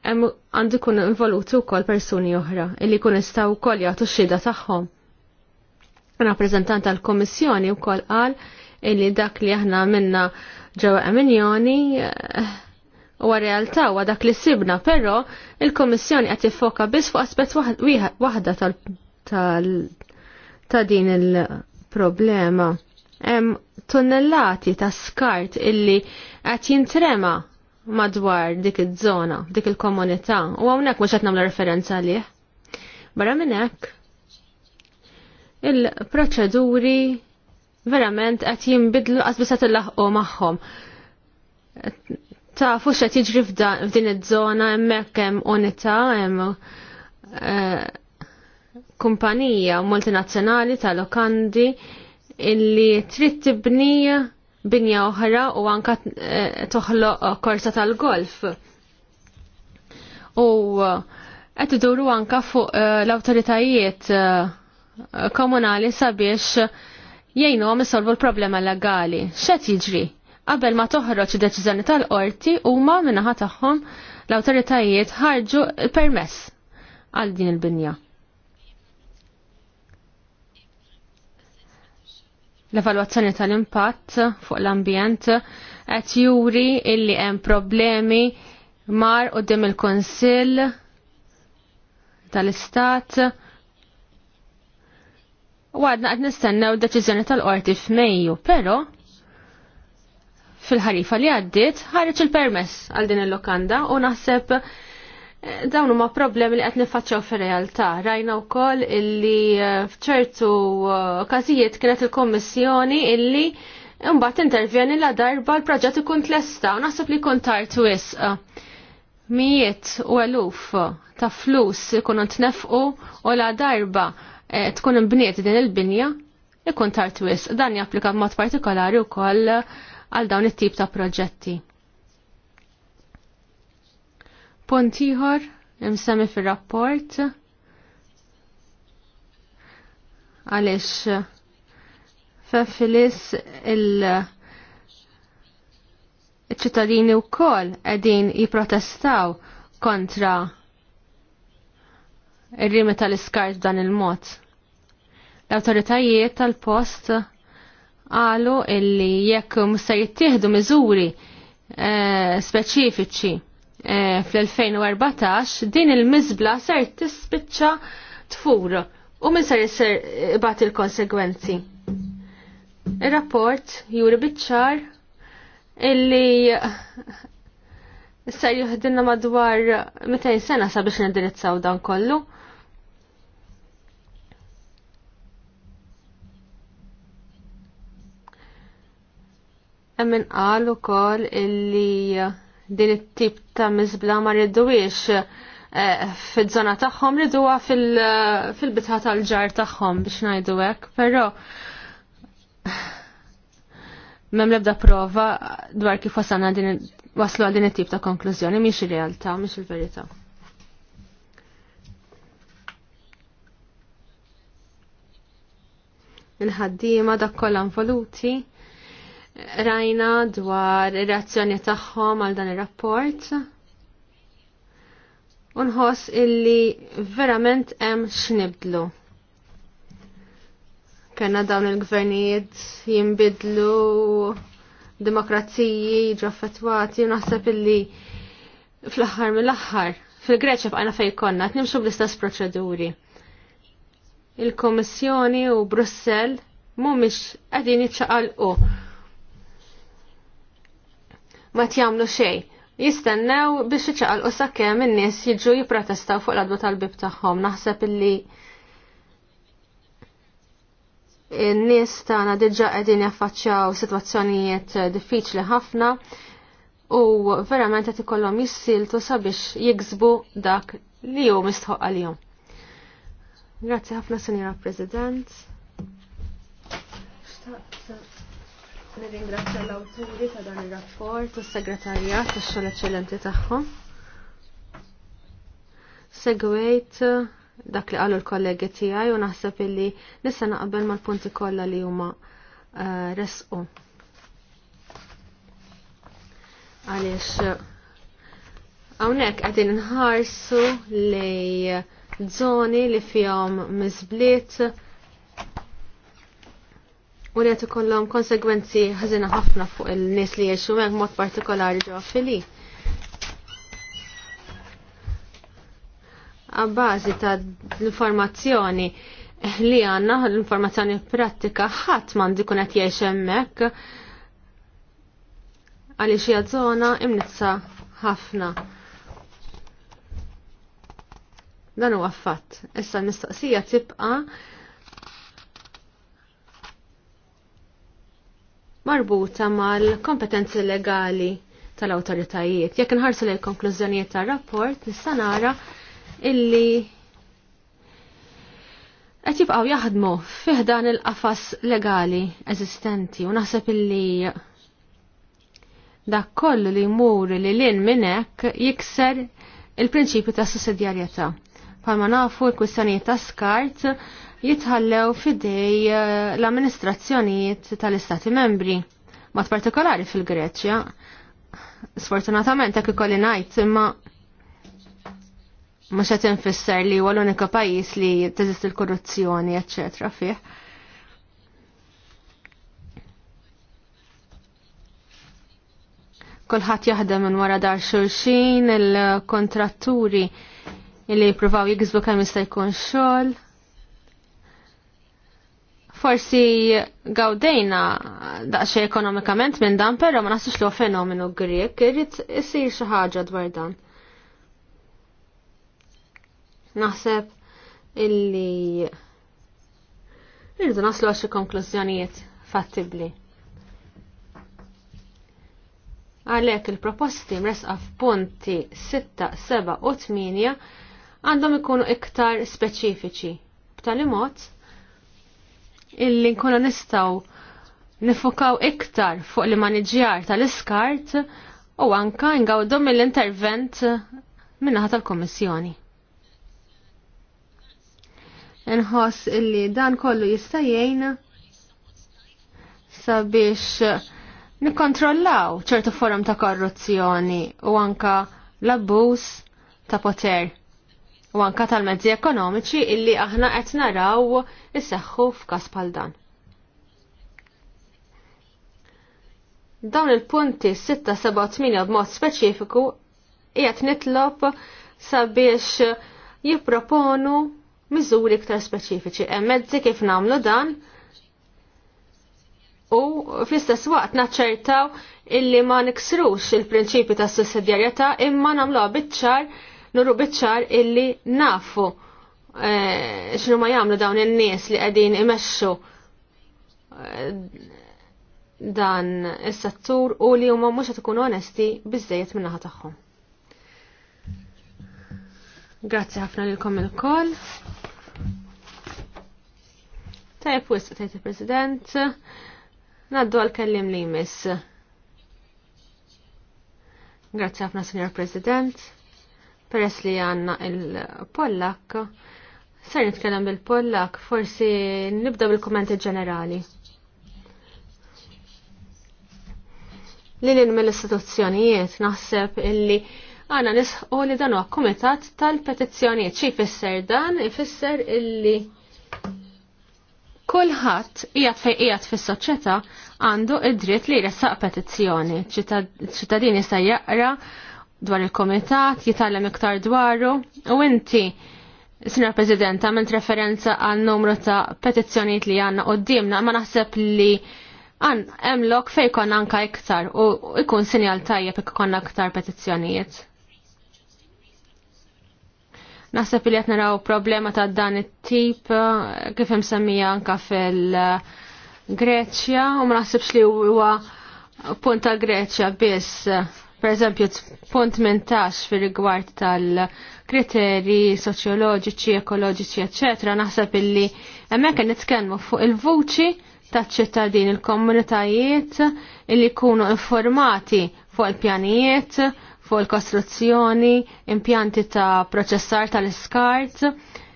għandu kun involuti wkoll persuni oħra illi kun jistgħu wkoll jagħtu xhieda tagħhom. Rappreżentant tal-Kommissjoni wkoll qal illi dak li aħna minna ġewwa Eminjoni eh, huwa realtà huwa dak li sibna, però il-Kommissjoni qed jiffoka biss fuq aspett waħda tal ta' din il-problema. Hemm tunnellati ta' skart illi qed jintrema madwar dik iż-żona, dik il-komunità, u hawnhekk mhux qed nagħmlu referenza għalih. Barra minn hekk, il-proċeduri verament qed jinbidlu qasbisat il tillaħqu magħhom. Ta' fux qed jiġri f'din iż-żona hemmhekk hemm unità hemm eh, kumpanija multinazzjonali ta' lokandi illi trid tibni binja oħra u anka eh, toħloq korsa tal-golf. U eh, qed iduru anka fuq l-awtoritajiet komunali sabiex jgħinu għom isolvu l-problema legali. Xet jiġri? Qabel ma toħroġ deċiżjoni tal-qorti huma minnaħa tagħhom l-awtoritajiet ħarġu permess għal din il-binja. L-evalwazzjoni tal-impatt fuq l-ambjent qed juri illi hemm problemi mar qudiem il-Kunsill tal-Istat U għadna għad d deċiżjoni tal-qorti f'Mejju, pero fil-ħarifa li għaddit ħareġ il-permess għal din il-lokanda u naħseb eh, dawnu ma' problemi li qed nifaċċaw fir-realtà. Rajna wkoll illi eh, f'ċertu eh, każijiet kienet il-Kommissjoni illi mbagħad intervjeni la darba l-proġett ikun tlesta u naħseb li jkun tard wisq mijiet u eluf ta' flus ikunu tnefqu u la darba eh, tkun imbniet din il-binja ikun tard Dan japplika b'mod partikolari wkoll għal dawn it-tip ta' proġetti. Punt ieħor imsemmi fir-rapport għaliex fefilis il- ċittadini u kol edin jiprotestaw kontra il-rimi tal-iskart dan il-mod. L-autoritajiet tal-post għalu illi jekk musa jittieħdu miżuri e, speċifiċi e, fl-2014 din il-mizbla ser tispiċċa tfur u min ser jisir bat il-konsegwenzi. Il-rapport juri bitċar illi sar juħdinna madwar 200 sena sabiex nindirizzaw dan kollu. Emmin qal ukoll illi din it-tip ta' miżbla ma rridux eh, fil-żona tagħhom riduha fil-bitħa tal-ġar tagħhom biex ngħidu hekk, però Mem lebda prova dwar kif wasana din waslu għal din it-tip ta' konklużjoni mhix ir-realtà, mhix il-verità. Il-ħaddiema dak kollha involuti rajna dwar ir-reazzjoni tagħhom għal dan ir-rapport. Unħoss illi verament hemm x'nibdlu kena dawn il-gvernijiet jimbidlu demokrazziji ġaffetwati naħseb illi fl aħħar mill aħħar Fil-Greċa bqajna fej konna, nimxu bl-istess proċeduri. Il-Komissjoni u Brussel mumiex qegħdin jiċċaqalqu. Ma tjamlu xej. Jistennew biex jitxaqalqu sakemm in-nies jiġu jipprotestaw fuq l-adwa tal-bib tagħhom. Naħseb illi n-nies tagħna diġà qegħdin jaffaċċjaw sitwazzjonijiet diffiċli ħafna u verament qed ikollhom jissiltu sabiex jiksbu dak li hu mistħoq għalihom. Grazzi ħafna Sinjora President. Nirringrazzja l-awturi ta' dan ir-rapport u s-segretarjat tax-xogħol eċċellenti tagħhom. Segwejt dak li qalu l-kollegi tiegħi u naħseb illi nista' naqbel mal-punti kollha li huma uh, resqu. Għaliex hawnhekk qegħdin nħarsu li żoni li fihom mizblit u li qed ikollhom konsegwenzi ħażina ħafna fuq il-nies li jgħixu hemmhekk mod partikolari ġo fili. għabbażi ta' l-informazzjoni li għanna, l-informazzjoni pratika, ħadd m'għandi kun qed jgħix hemmhekk għaliex hija żona imnizza ħafna. Dan huwa fatt. Issa l tibqa' marbuta mal-kompetenzi legali tal-awtoritajiet. Jekk inħarsu l konklużjonijiet tar-rapport, nista' nara illi qed jibqgħu jaħdmu fih dan il-qafas legali eżistenti u naħseb illi dak kollu li jmur li lin minn hekk jikser il-prinċipju ta' sussidjarjetà. Palma nafu l-kwistjonijiet ta' skart jitħallew fidej eh, l-amministrazzjonijiet tal-Istati membri, mat partikolari fil-Greċja. Sfortunatament hekk ikolli ngħid imma ma xa tinfisser li huwa l-unika pajjiż li tazist il-korruzzjoni, eċċetra fih. Kulħadd jaħdem minn wara dar xulxin, il-kontratturi li jippruvaw jikzbu kemm jista' jkun xogħol. Forsi gawdejna daqsxejn ekonomikament minn dan, però ma naħsux li fenomenu Grieg, irid jisir xi ħaġa dwar dan. Naħseb illi irridu naslu għaxi konklużjonijiet fattibli. Għalek il-proposti mresqa f'punti 6, 7 u 8 għandhom ikunu iktar speċifiċi. B'tali mod illi nkunu nistaw nifukaw iktar fuq li maniġjar tal-iskart u anka ngawdhom mill-intervent minnaħa tal-Komissjoni nħoss illi dan kollu jista' sabiex nikkontrollaw ċertu forum ta' korruzzjoni u anka l-abbuż ta' poter u anka tal-mezzi ekonomiċi illi aħna qed naraw isseħħu f'każ bħal dan. Dawn il-punti 678 b'mod speċifiku qiegħed nitlob sabiex jipproponu miżuri iktar speċifiċi. Hemm mezzi kif nagħmlu dan u fl-istess waqt naċċertaw illi ma niksrux il-prinċipi ta' sussidjarjetà imma nagħmluha biċ-ċar nuru biċ-ċar illi nafu e, x'nu ma jagħmlu dawn in-nies li qegħdin imexxu eh, dan is-settur u li huma mhux qed ikunu onesti biżejjed min-naħa tagħhom. Grazzi ħafna lilkom il-koll. Tajb wisq tajt il-President. Naddu għal-kellim li jmiss. Grazie ħafna, Signor President. Peress li għanna il-Pollak, ser nitkellem bil-Pollak, forsi nibda bil-kommenti ġenerali. Li l mill-istituzzjonijiet naħseb illi għana nisħu li dan huwa kumitat tal-petizzjonijiet. Xi jfisser dan? Ifisser illi Kulħadd qiegħed fejn qiegħed fis-soċjetà għandu id-dritt li jressaq petizzjoni. ċittadini se jaqra dwar il-komitat, jitgħallem iktar dwaru u inti Sinra President, għamilt referenza għal numru ta' petizzjoniet li għanna qoddimna, ma naħseb li għan emlok fej kon anka iktar u ikun sinjal tajjeb ikon konna iktar petizzjonijiet. Naħseb li naraw problema ta' dan it-tip eh, kif hemm semmija anka fil-Greċja u ma naħsibx li huwa punt tal Greċja biss per eżempju punt mentax fil rigward tal-kriteri soċjoloġiċi, ekoloġiċi, eċetera, naħseb illi hemmhekk nitkellmu fuq il-vuċi taċ-ċittadin il-komunitajiet illi jkunu informati fuq il-pjanijiet, fuq il-kostruzzjoni, impjanti ta' proċessar tal-iskart,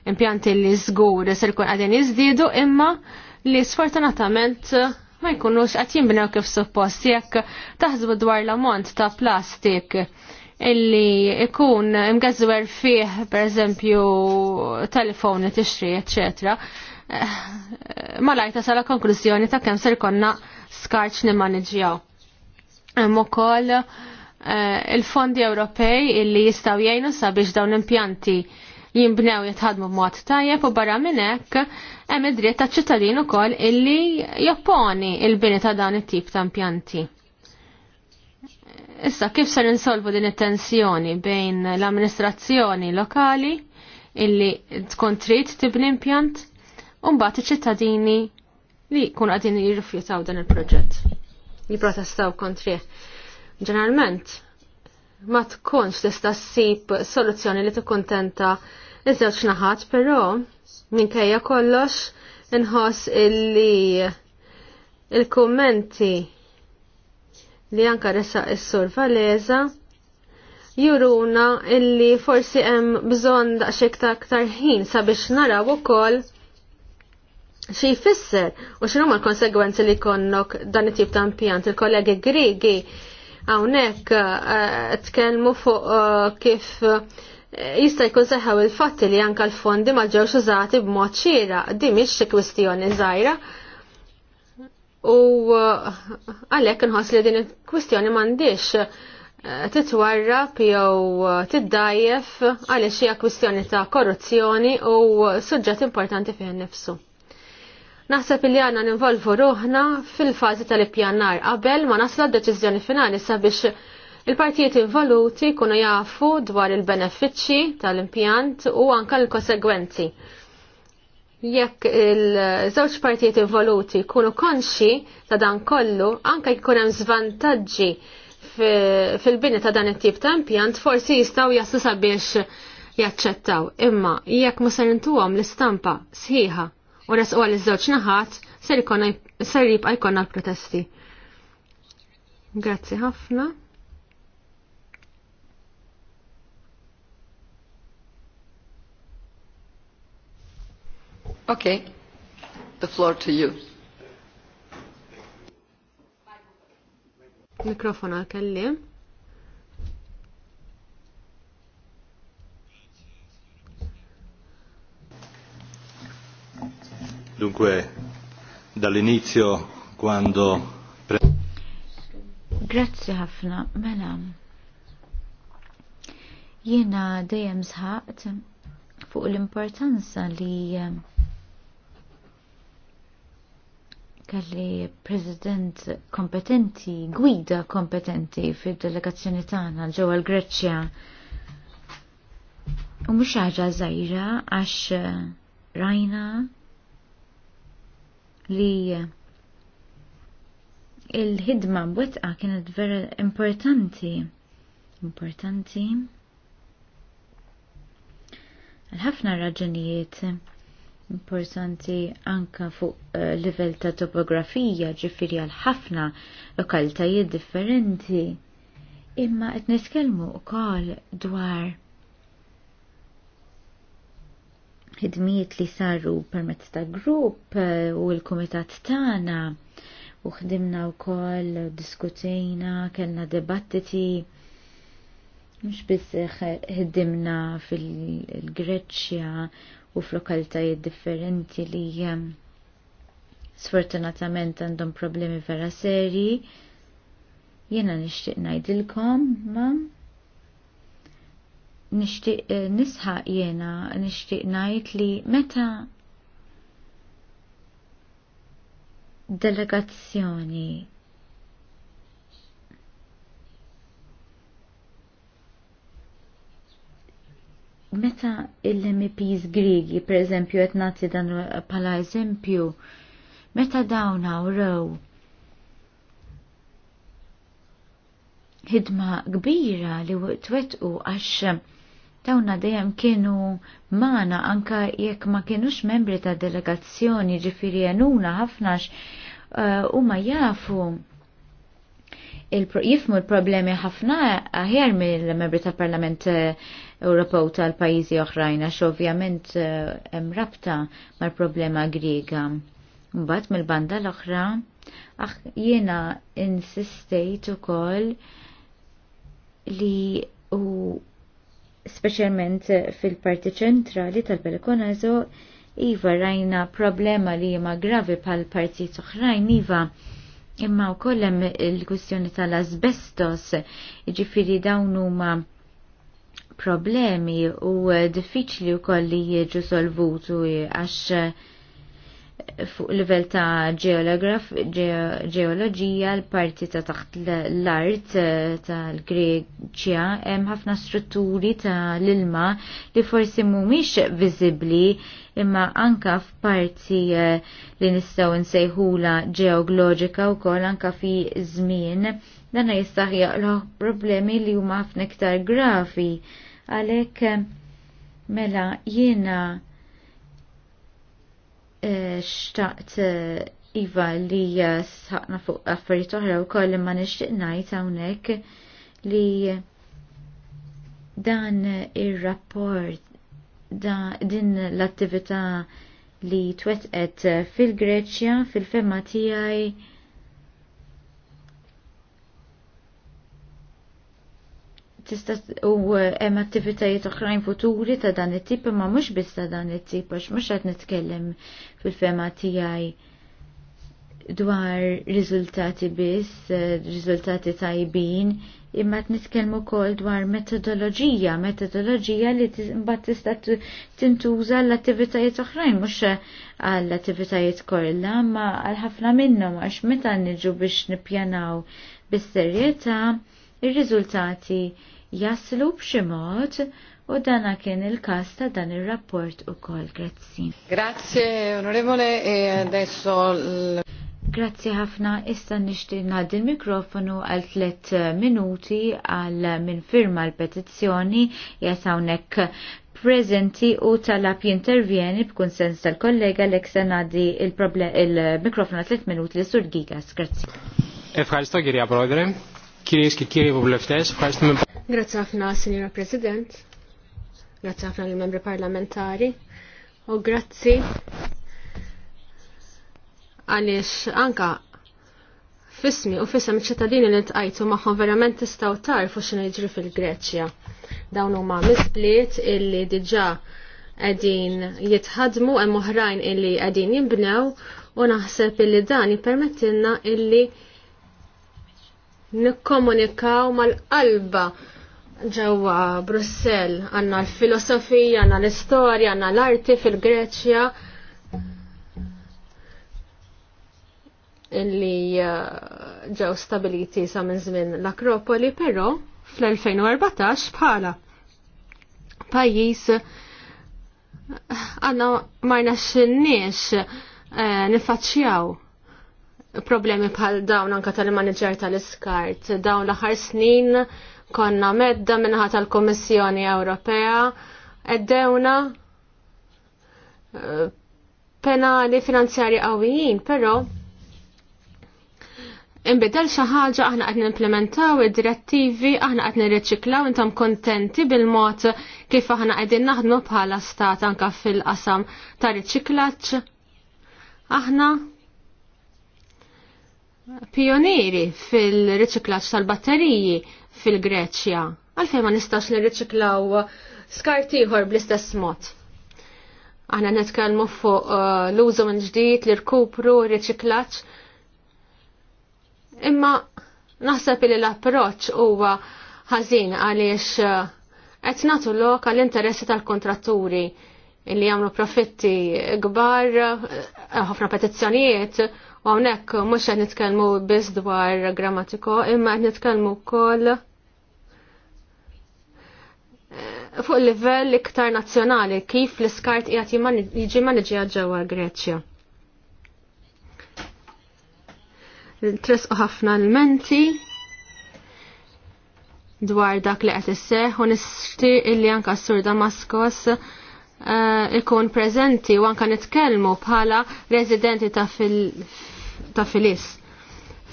impjanti li żgur se jkun għadin jiżdiedu imma li sfortunatament ma jkunux qed jimbnew kif suppost jekk taħsbu dwar l-ammont ta' plastik illi ikun imgazwer fih pereżempju telefoni tixri, eccetera. lajta sala konklużjoni ta' kemm ser konna skarċ nimmanġjaw. Mokoll, Eh, il-fondi Ewropej illi jistaw jgħinu sabiex dawn impjanti jimbnew jitħadmu b'mod tajjeb u barra minn hekk hemm id-dritt taċ-ċittadin ukoll illi jopponi il-bini ta' dawn it-tip ta' impjanti. Issa kif ser insolvu din it-tensjoni bejn l-amministrazzjoni lokali illi tkun trid tibni impjant u mbagħad iċ-ċittadini li jkunu qegħdin jirrifjutaw dan il-proġett. Jipprotestaw kontrih. Ġeneralment, ma tkunx tista' ssib soluzzjoni li tikkuntenta iż-żewġ naħat, però minkejja kollox inħoss illi il-kummenti li anka resaq is-sur Valeza juruna illi forsi hemm bżonn daqsxejn ta' aktar ħin sabiex naraw ukoll xi jfisser u x'inhuma l-konsegwenzi li jkollok dan it-tip ta' impjant il-kollegi Griegi Hawnhekk eh, tkellmu fuq eh, kif eh, jista' jkun seħaw il-fatt li anke l-fondi ma ġewx użati b'mod xira, di mhix xi kwistjoni żgħira. U għalhekk inħoss li din il-kwistjoni m'għandix titwarrab jew tiddajjef għaliex hija kwistjoni ta' korruzzjoni u suġġett importanti fih nifsu. Naħseb li għanna ninvolvu ruħna fil-fazi tal-ippjannar qabel ma nasla d-deċizjoni finali sabiex il-partijiet involuti kunu jafu dwar il-benefiċċji tal-impjant u anka l-konsegwenzi. Jekk il-żewġ partijiet involuti kunu konxi ta' dan kollu, anka jkun hemm żvantaġġi fil-bini ta' dan it-tip ta' impjant, forsi jistgħu jaslu sabiex jaċċettaw. Imma jekk ma ser l-istampa sħiħa u resqu għal iż-żewġ naħat ser jibqa' jkollna l-protesti. Grazzi ħafna. Ok. the floor to you. Mikrofon għal-kellim. Dunque, dall'inizio quando... Grazie ħafna, mela. Jiena dejjem sħaqt fuq l-importanza li kelli president kompetenti, gwida kompetenti fid-delegazzjoni tagħna ġewwa l-Greċja. U mhux ħaġa żgħira għax rajna li il-ħidma bwetqa kienet vera importanti. Importanti. Għal-ħafna raġunijiet importanti anka fuq uh, livell ta' topografija ġifiri għal ħafna lokalitajiet differenti. Imma qed nitkellmu wkoll dwar ħidmijiet li saru permezz ta' grupp eh, u l-kumitat tagħna u ħdimna wkoll diskutejna, kellna debattiti mhux biss ħdimna fil-Greċja u f'lokalitajiet differenti li eh, sfortunatament għandhom problemi vera seri. Jena nixtieq ngħidilkom ma' nishtiq eh, nisħaq jena, nishtiq najt li meta delegazzjoni meta il-MPs Grigi, per eżempju, qed nagħti dan bħala eżempju, meta dawn awrew hidma kbira li twettqu għax dawna dejjem kienu mana anka jekk ma kienux membri ta' delegazzjoni ġifiri jenuna ħafnax eh, u ma jafu jifmu l-problemi ħafna aħjar mill-membri tal Parlament eh, Ewropew tal-pajjiżi oħrajn għax ovvjament eh, hemm rabta mal-problema Griega. Mbagħad mill-banda l-oħra aħ jiena insistejt ukoll li u specialment fil-parti ċentrali tal-Peloponneso, iva rajna problema li jima gravi pal parti oħrajn iva imma u kollem il-kustjoni tal azbestos ġifiri dawn huma problemi u diffiċli u kolli jieġu solvutu għax fuq livell ta' geograf, geologija, l-parti ta' taħt l-art eh, tal-Greċja, hemm ħafna strutturi ta' l-ilma li forsi mhumiex viżibbli imma anka f'parti eh, li nistgħu nsejħula ġeogloġika wkoll anka fi żmien dan jista' jaqloħ problemi li huma ħafna iktar grafi għalhekk mela jiena Eh, xtaqt eh, Iva li eh, saqna fuq affarijiet oħra u koll imma nixtieq ngħid hawnhekk li dan ir-rapport din l-attività li twetqet fil-Greċja fil-fema tiegħi tista' u hemm attivitajiet oħrajn futuri ta' dan it-tip imma mhux biss ta' dan it-tip għax mhux qed nitkellem fil-fema tiegħi dwar riżultati biss, eh, riżultati tajbin, imma qed nitkellmu wkoll dwar metodoloġija, metodoloġija li mbagħad tista' tintuża l-attivitajiet oħrajn mhux għall-attivitajiet kollha, ma għal ħafna minnhom għax meta niġu biex nippjanaw bis-serjetà ir-riżultati jaslu b'xi mod u dana kien il kasta ta' dan il-rapport u kol, grazzi. Grazie, onorevole, e adesso... Grazzi ħafna, issa nishti nadi il-mikrofonu għal tlet minuti għal min firma l-petizzjoni jasawnek prezenti u talab app jintervjeni b'kunsens tal-kollega l nadi il-mikrofonu għal tlet minuti li sur gigas, grazzi. Ευχαριστώ κυρία Πρόεδρε, κυρίες kiri κύριοι efħalista ευχαριστούμε Grazzi ħafna, Signora President. Grazzi ħafna l-membri parlamentari. U grazzi għaliex anka fismi u fissam ċittadini li tqajtu magħhom verament tistgħu tarfu xin jiġri fil-Greċja. Dawn huma misbliet illi diġà qegħdin jitħadmu hemm oħrajn illi qegħdin jinbnew u naħseb illi dan jippermettilna illi nikkomunikaw mal-qalba ġewwa Brussell għandna l-filosofija, għandna l-istorja, għandna l-arti fil-Greċja illi uh, ġew stabiliti sa minn żmien l-Akropoli, però fl-2014 bħala pajjiż għandna ma x'inniex uh, nifaċċjaw problemi bħal dawn anka tal-manager tal-iskart, dawn l-aħħar snin konna medda minnaħat tal-Komissjoni Ewropea eddewna eh, penali finanzjari qawwijin, però imbidel xi ħaġa aħna qed nimplementaw id-direttivi, aħna qed nirriċiklaw intom kontenti bil-mod kif aħna qegħdin naħdmu bħala stat anka fil-qasam ta' riċiklaġġ. Aħna pionieri fil-riċiklaġġ tal-batteriji fil-Greċja. Għalfejn ma nistax nirriċiklaw skart ieħor bl-istess mod. Aħna netkelmu fuq uh, l-użu minn ġdid, li rkupru, riċiklaċ. Imma naħseb li l-approċċ huwa ħażin għaliex uh, qed nagħtu lok għall-interessi tal-kontratturi li jagħmlu profitti kbar, uh, ħafna petizzjonijiet, u hawnhekk mhux qed nitkellmu biss dwar grammatiko, imma qed nitkellmu wkoll fuq il-livell iktar nazzjonali kif l-iskart qiegħed jiġi maniġjat ġewwa Greċja. Tresqu ħafna l-menti dwar dak li qed isseħ u nixtieq illi anke s-sur Damaskos eh, ikun preżenti u anke nitkellmu bħala residenti ta' fil-is.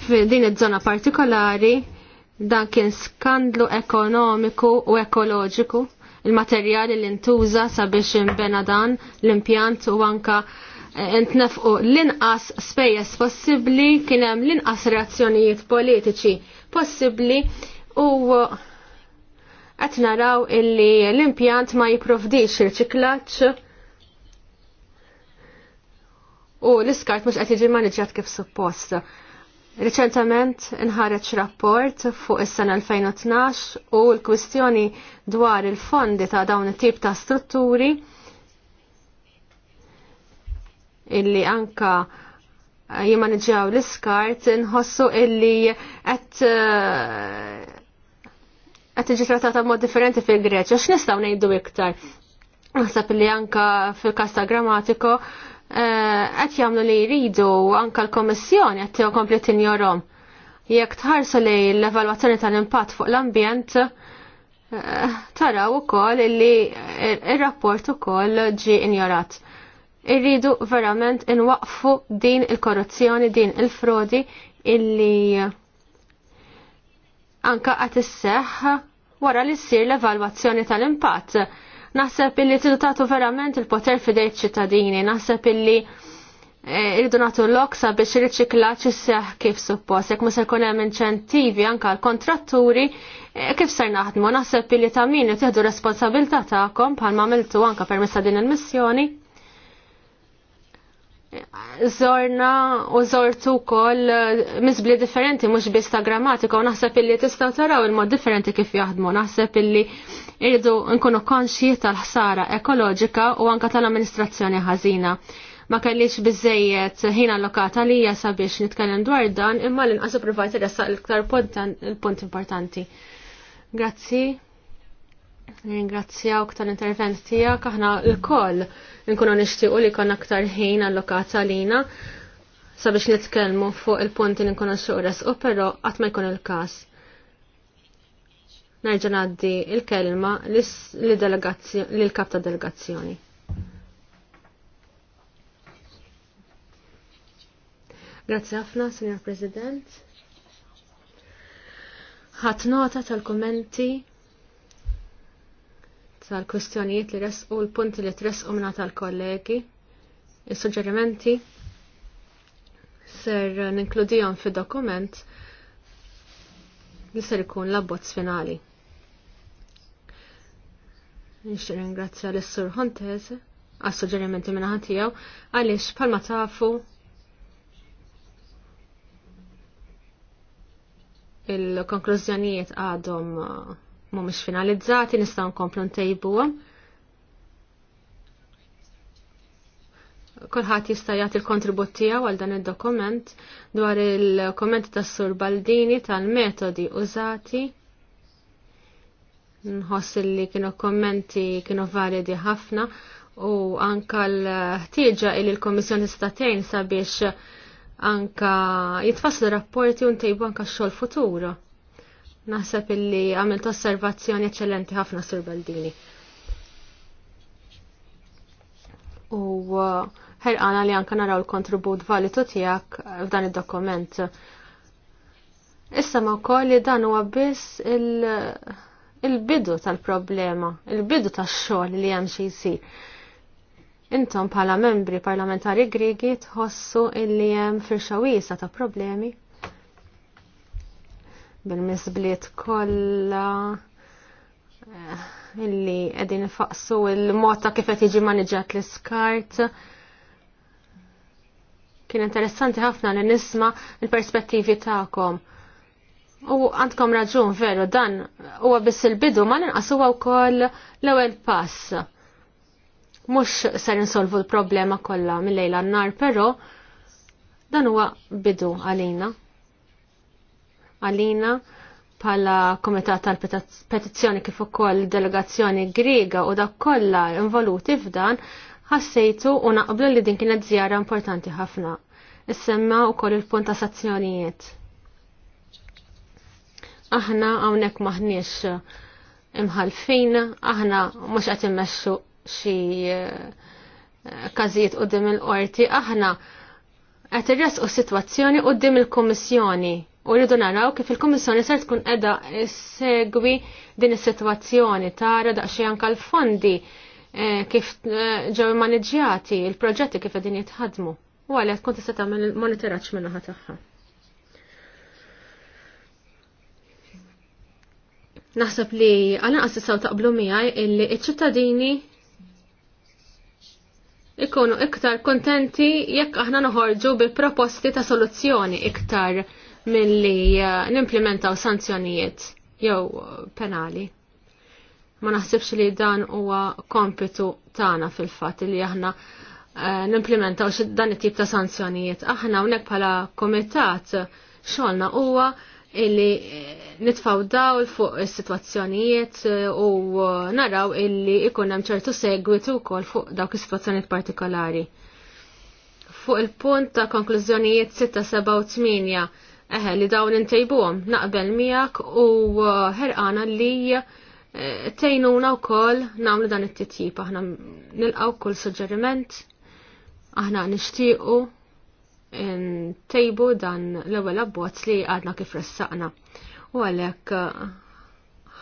Fil din iż-żona partikolari Dan kien skandlu ekonomiku u ekoloġiku. Il-materjali li ntuża sabiex imbena dan l-impjant u anka eh, intnefqu l-inqas spejjeż possibbli kien hemm l-inqas reazzjonijiet politiċi possibbli u qed naraw illi l-impjant ma jipprovdix riċiklaġġ u l-iskart mhux qed jiġi maniġġat kif suppost. Reċentament inħareġ rapport fuq is-sena 2012 u l-kwistjoni dwar il-fondi ta' dawn it-tip ta' strutturi illi anka jimmanġaw l-iskart nħossu illi qed eh, qed tiġi trattata mod differenti fil-Greċja. X'nistgħu ngħidu iktar? Naħseb li anka fil-kas ta' grammatiko Eh, qed jagħmlu li jridu anke l-Kommissjoni qed tkompli tinjorhom. Jekk tħarsu li l-evalwazzjoni tal-impatt fuq l-ambjent eh, taraw ukoll li ir-rapport ukoll ġie injorat. Irridu verament inwaqfu din il-korruzzjoni, din il-frodi illi anka qed isseħħ wara li ssir l-evalwazzjoni tal-impatt Naħseb illi tagħtu verament il-poter fidej ċittadini, naħseb illi eh, irridu nagħtu l-oksa biex riċiklaċ seħ kif suppost, jekk ma se jkun hemm inċentivi anke għall kontratturi eh, kif ser naħdmu, naħseb illi ta' min tieħdu responsabilità tagħkom bħalma għamiltu anke permessa din il-missjoni zorna u zortu kol eh, mizbli differenti mux biss ta' grammatika u naħseb illi tistaw taraw il-mod differenti kif jaħdmu naħseb illi irridu nkunu konxji tal-ħsara ekoloġika u anka tal-amministrazzjoni ħażina. Ma kellix biżejjed ħin allokata li sabiex nitkellem dwar dan imma l-inqas provajt jasa l-iktar punt importanti. Grazzi. Ringrazzjawk ktar intervent tiegħek aħna l-koll nkunu nixtiequ li kon aktar ħin allokata lina sabiex nitkellmu fuq il-punti li nkunu xuqres u però qatt ma jkun il-każ. Nerġa' ngħaddi il-kelma lill-kap ta' delegazzjoni. Grazzi ħafna, Signor President. Ħadd nota tal-kommenti tal-kwistjonijiet li resqu l-punti li tresqu minna tal-kollegi, il-suġġerimenti ser ninkludijom fi dokument li ser ikun l-abbozz finali. Nixtieq ringrazzja lis sur Hontes għas suġġerimenti minn tiegħu, għaliex bħalma tafu il-konklużjonijiet għadhom uh, mhumiex finalizzati nistgħu nkomplu ntejbuhom. Kulħadd jista' jagħti l-kontribut tiegħu għal dan id-dokument dwar il-kommenti tas-Sur Baldini tal-metodi użati nħoss li kienu kommenti kienu validi ħafna u anka l-ħtieġa il l-Komissjoni statejn sabiex anka jitfasslu rapporti un tejbu anka xol futuro. Naħseb illi għamilt osservazzjoni eccellenti ħafna sur Baldini. U uh, ħerqana li anka naraw l-kontribut valitu tijak f'dan id-dokument. Issa ma' koll li dan huwa biss il- il-bidu tal-problema, il-bidu tax-xogħol li hemm xi jsir. Intom bħala membri parlamentari Grigi tħossu illi hemm firxa wiesa ta' problemi bil-misbliet kollha eh, illi qegħdin faqsu il-mod ta' kif qed jiġi maniġat l-iskart. Kien interessanti ħafna li nisma' il-perspettivi tagħkom U għandkom raġun veru dan huwa biss il-bidu ma l-inqasu għaw wkoll l-ewwel pass. Mhux ser insolvu l-problema kollha mill-lejla n-nar, però dan huwa bidu għalina. Għalina bħala komitat tal-petizzjoni kif ukoll delegazzjoni Griega u dak kollha involuti f'dan ħassejtu u naqblu li din kienet żjara importanti ħafna. Issemma wkoll il-punt ta' sazzjonijiet aħna hawnhekk maħniex eh, imħalfin, aħna mhux qed immexxu xi eh, każijiet dim il-qorti, aħna qed situazzjoni sitwazzjoni dim il-Kummissjoni u rridu naraw kif il-Kummissjoni ser tkun qiegħda segwi din is-sitwazzjoni tara daqsxejn anke l-fondi eh, kif ġew maniġjati, il-proġetti kif qegħdin jitħadmu. U għalhekk tkun tista' tagħmel monitoraġġ min-naħa tagħha. Naħseb li għal-inqas issaw taqblu miegħi illi iċ-ċittadini ikunu iktar kontenti jekk aħna noħorġu bil-proposti ta' soluzzjoni iktar milli eh, nimplementaw sanzjonijiet jew penali. Ma naħsibx li dan huwa kompitu tagħna fil-fatt li aħna eh, nimplementaw dan it-tip ta' sanzjonijiet. Aħna hawnhekk bħala kumitat xogħolna huwa illi eh, nitfaw dawl fuq is-sitwazzjonijiet eh, u eh, naraw illi ikun hemm ċertu segwitu wkoll fuq dawk is-sitwazzjonijiet partikolari. Fuq il-punt ta' konklużjonijiet 6, 7 u 8 eħe li dawn intejbuhom naqbel miegħek u eh, ħerqana li tejnuna wkoll nagħmlu dan it-titjib aħna nilqgħu kull suġġeriment aħna nixtiequ tejbu dan l-ewwel abbozz li għadna kif ressaqna u għalhekk eh,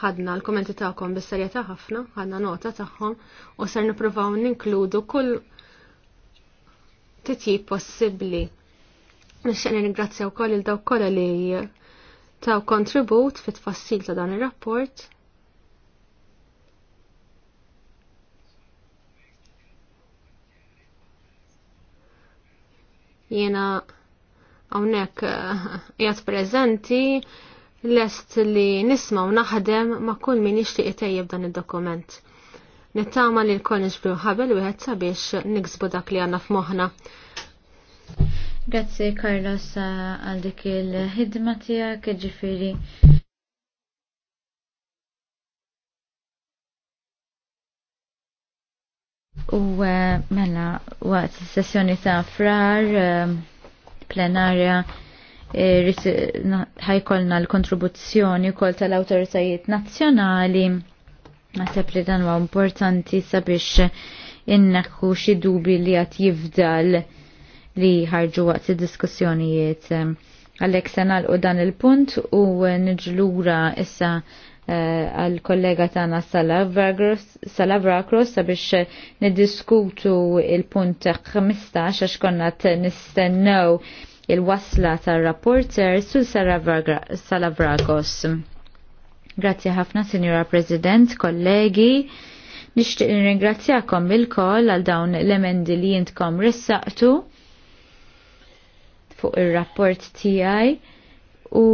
ħadna l-kommenti ta'kom bis-serjetà ħafna, ħadna nota tagħhom u ser nippruvaw ninkludu kull titji possibbli. Nixtieq nirringrazzja wkoll il daw kollha li taw kontribut fit tfassil ta' dan ir-rapport. Jiena hawnhekk eh, qiegħed preżenti lest li nisma u naħdem ma' kull min jixtieq itejjeb dan id-dokument. Nittama li l koll nġbru ħabel wieħed sabiex niksbu dak li għandna f'moħħna. Grazzi Carlos għal dik il-ħidma tiegħek ġifieri. U eh, mela waqt is-sessjoni ta' frar eh, plenarja Eh, ħajkolna l-kontribuzzjoni kol tal-autoritajiet nazzjonali. Nasab li dan huwa importanti sabiex innekku xi dubi li għat jifdal li ħarġu waqt id-diskussjonijiet. Għalek se u dan il-punt u nġlura issa eh, għal kollega tana Salavrakros sabiex nidiskutu il-punt 15 għax konna nistennew il-wasla tar-rapporter Sul Salavragos. Grazzi ħafna, Signora President, kollegi. Nixtieq nirringrazzjakom il-koll għal dawn l-emendi li jintkom rissaqtu fuq ir-rapport tiegħi u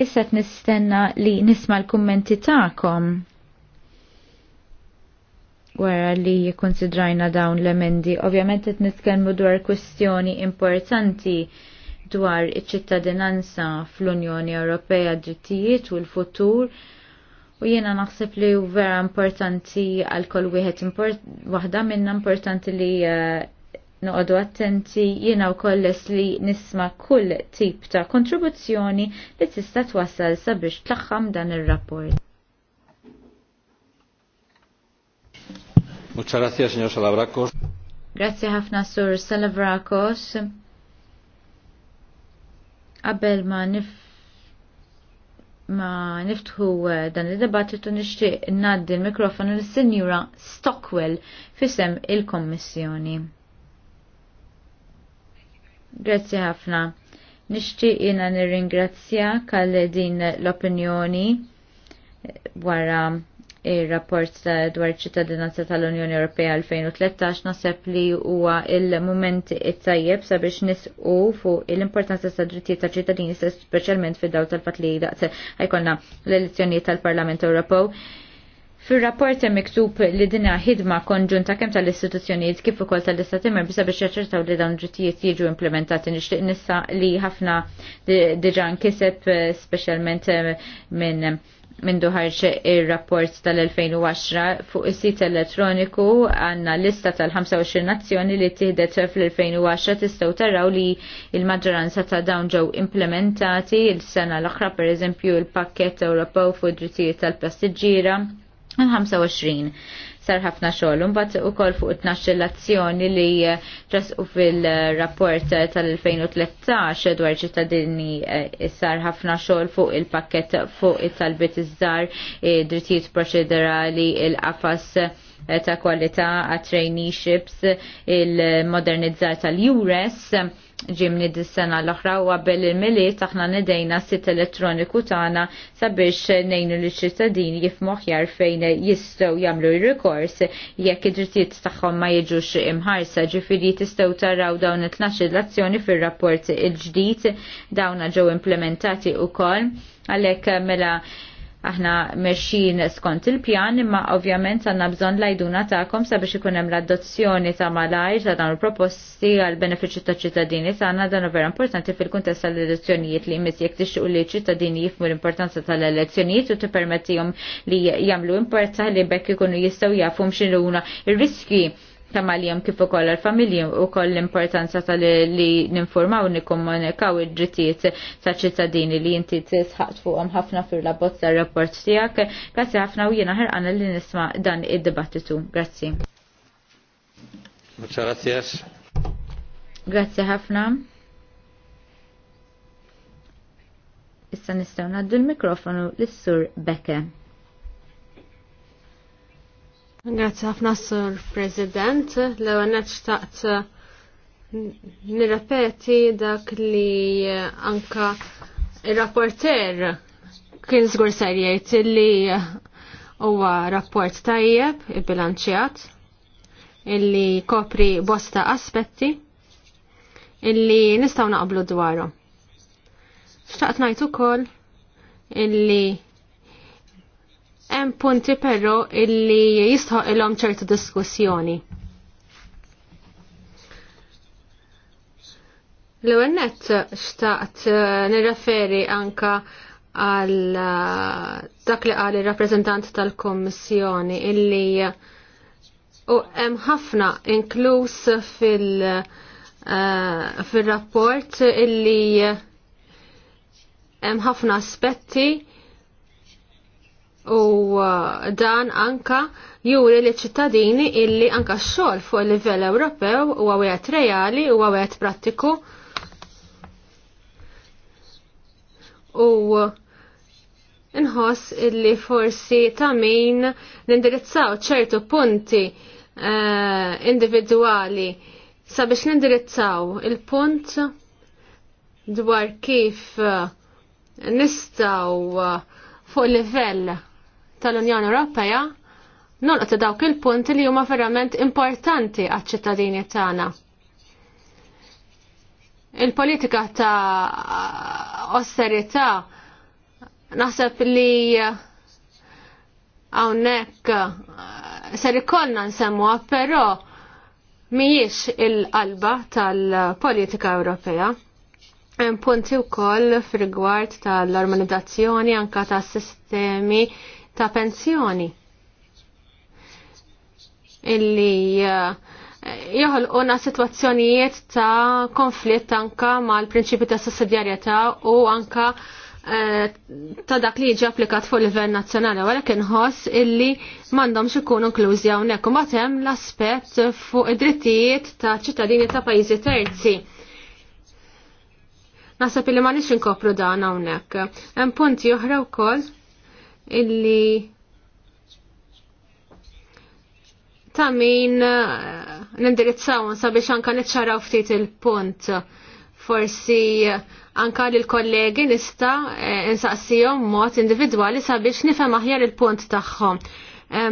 issa nistenna li nisma l-kummenti ta'kom wara li konsidrajna dawn l-emendi. Ovvjament qed nitkellmu dwar kwestjoni importanti dwar iċ-ċittadinanza fl-Unjoni Ewropea drittijiet u l-futur U jiena naħseb li u vera importanti għal kol wieħed waħda minna importanti li eh, noqogħdu attenti jiena u kolles li nisma kull tip ta' kontribuzzjoni li tista' twassal sabiex tlaħħam dan ir-rapport. Muchas gracias, señor Salavrakos. Gracias, ħafna, Sur Salavrakos. Qabel ma nif ma niftħu eh, dan il-debattitu nixtieq naddi l-mikrofonu lis-Sinjura Stockwell fisem il-Kommissjoni. Grazzi ħafna. Nixtieq jiena nirringrazzja kalli din l-opinjoni wara il-rapport dwar ċittadinanza tal-Unjoni Ewropea 2013 naseb li huwa il-moment it-tajjeb sabiex nisqu fuq l-importanza ta' drittijiet ta' ċittadini speċjalment fid-daw tal fatt li daqs ħajkolna l-elezzjonijiet tal-Parlament Ewropew. Fil-rapport hemm miktub li dinha ħidma konġunta kemm tal-istituzzjonijiet kif ukoll tal-istati membri sabiex jaċċertaw li dawn drittijiet jiġu implementati nixtieq nissa li ħafna diġà nkiseb eh, speċjalment eh, minn mindu ħarġ il-rapport tal-2010 fuq is-sit elettroniku għanna lista tal-25 nazzjoni li tihdet fl-2010 tistgħu taraw li il-maġġoranza ta' dawn ġew implementati il-sena l-oħra pereżempju il-pakkett Ewropew fuq id-drittijiet tal-passiġġiera il-25 sar ħafna xogħol. Mbagħad ukoll fuq it l-azzjoni li trasqu fil-rapport tal-2013 dwar ċittadini eh, sar ħafna xogħol fuq il-pakket fuq it-talbiet iż-żar, eh, drittijiet proċedurali, il-qafas il qafas ta' kwalità għat traineeships il-modernizzar tal ures ġimni dis-sena l-oħra u għabel il mili aħna nedejna sit elettroniku tagħna sabiex nejnu l ċittadini jifmoħ jar fejn jistgħu jagħmlu r-rikors jekk id-drittijiet tagħhom ma jiġux imħarsa ġifieri tistgħu taraw dawn it-tnaxxi l-azzjoni fir-rapport il-ġdid dawn ġew implementati wkoll għalhekk mela aħna meċin skont il-pjan imma ovvjament għanna bżon lajduna ta'kom sabiex ikun hemm l-adozzjoni ta' malajr ta' dan proposti għal benefiċċju ta' ċittadini tagħna dan vera importanti fil-kuntest tal-elezzjonijiet li jmiss jekk tixtiequ li ċittadini jifmu l-importanza tal-elezzjonijiet u tippermettihom li jagħmlu importa li bekk ikunu jistgħu jafhom x'inhuna ir-riski li jom kif ukoll għall-familji koll l-importanza tal li ninformaw nikkomunikaw id-drittijiet ta' ċittadini li inti tisħaq fuqhom ħafna fil-abbozz tar-rapport tiegħek. Grazzi ħafna u jiena ħerqana li nisma' dan id-dibattitu. Grazzi. Muchas gracias. Grazzi ħafna. Issa nistgħu ngħaddu l-mikrofonu lis-sur Beke. Grazie ħafna sur President, l-għanet xtaqt eh, nirrapeti dak li eh, anka il-rapporter kien zgur serjiet li eh, huwa rapport tajjeb il bilanċjat illi kopri bosta aspetti illi nistaw naqblu dwaru. Xtaqt najtu kol illi Hemm punti però illi jistħoq ilhom ċertu diskussjoni. L-ewwel nett xtaqt eh, nirreferi anka għal eh, dak li qal ir-rappreżentant tal-Kommissjoni illi u hemm ħafna inkluż fil- eh, fil-rapport illi hemm ħafna aspetti u uh, dan anka juri li ċittadini illi anka xol fuq livell Ewropew u għawet reali u għawet prattiku u uh, nħoss illi forsi tamin nindirizzaw ċertu punti uh, individuali sabiex nindirizzaw il-punt dwar kif uh, nistaw fuq livell tal-Unjoni Ewropea nolqot dawk il-punti li huma verament importanti għaċ-ċittadini tagħna. Il-politika ta' osserità naħseb li hawnhekk eh, ser ikollna nsemmuha però mhijiex il-qalba tal-politika Ewropea. Hemm punti wkoll fir-rigward tal-armonizzazzjoni anke tas-sistemi ta' pensjoni illi eh, joħolquna situazzjonijiet ta' konflitt anka mal-prinċipi ta' sussidjarjetà u anka eh, ta' dak li jiġi applikat fuq livell nazzjonali, għalhekk inħoss illi m'għandhomx ikunu inklużi hawnhekk u ma hemm l-aspett fuq id-drittijiet ta' ċittadini ta' pajjiżi terzi. Nasab illi ma nix inkopru dan hawnhekk. Hemm punti oħra wkoll illi ta' min eh, nindirizzaw sabiex anka niċċaraw ftit il-punt. Forsi eh, anka l kollegi nista eh, insaqsijom mod individwali sabiex nifhem aħjar il-punt tagħhom.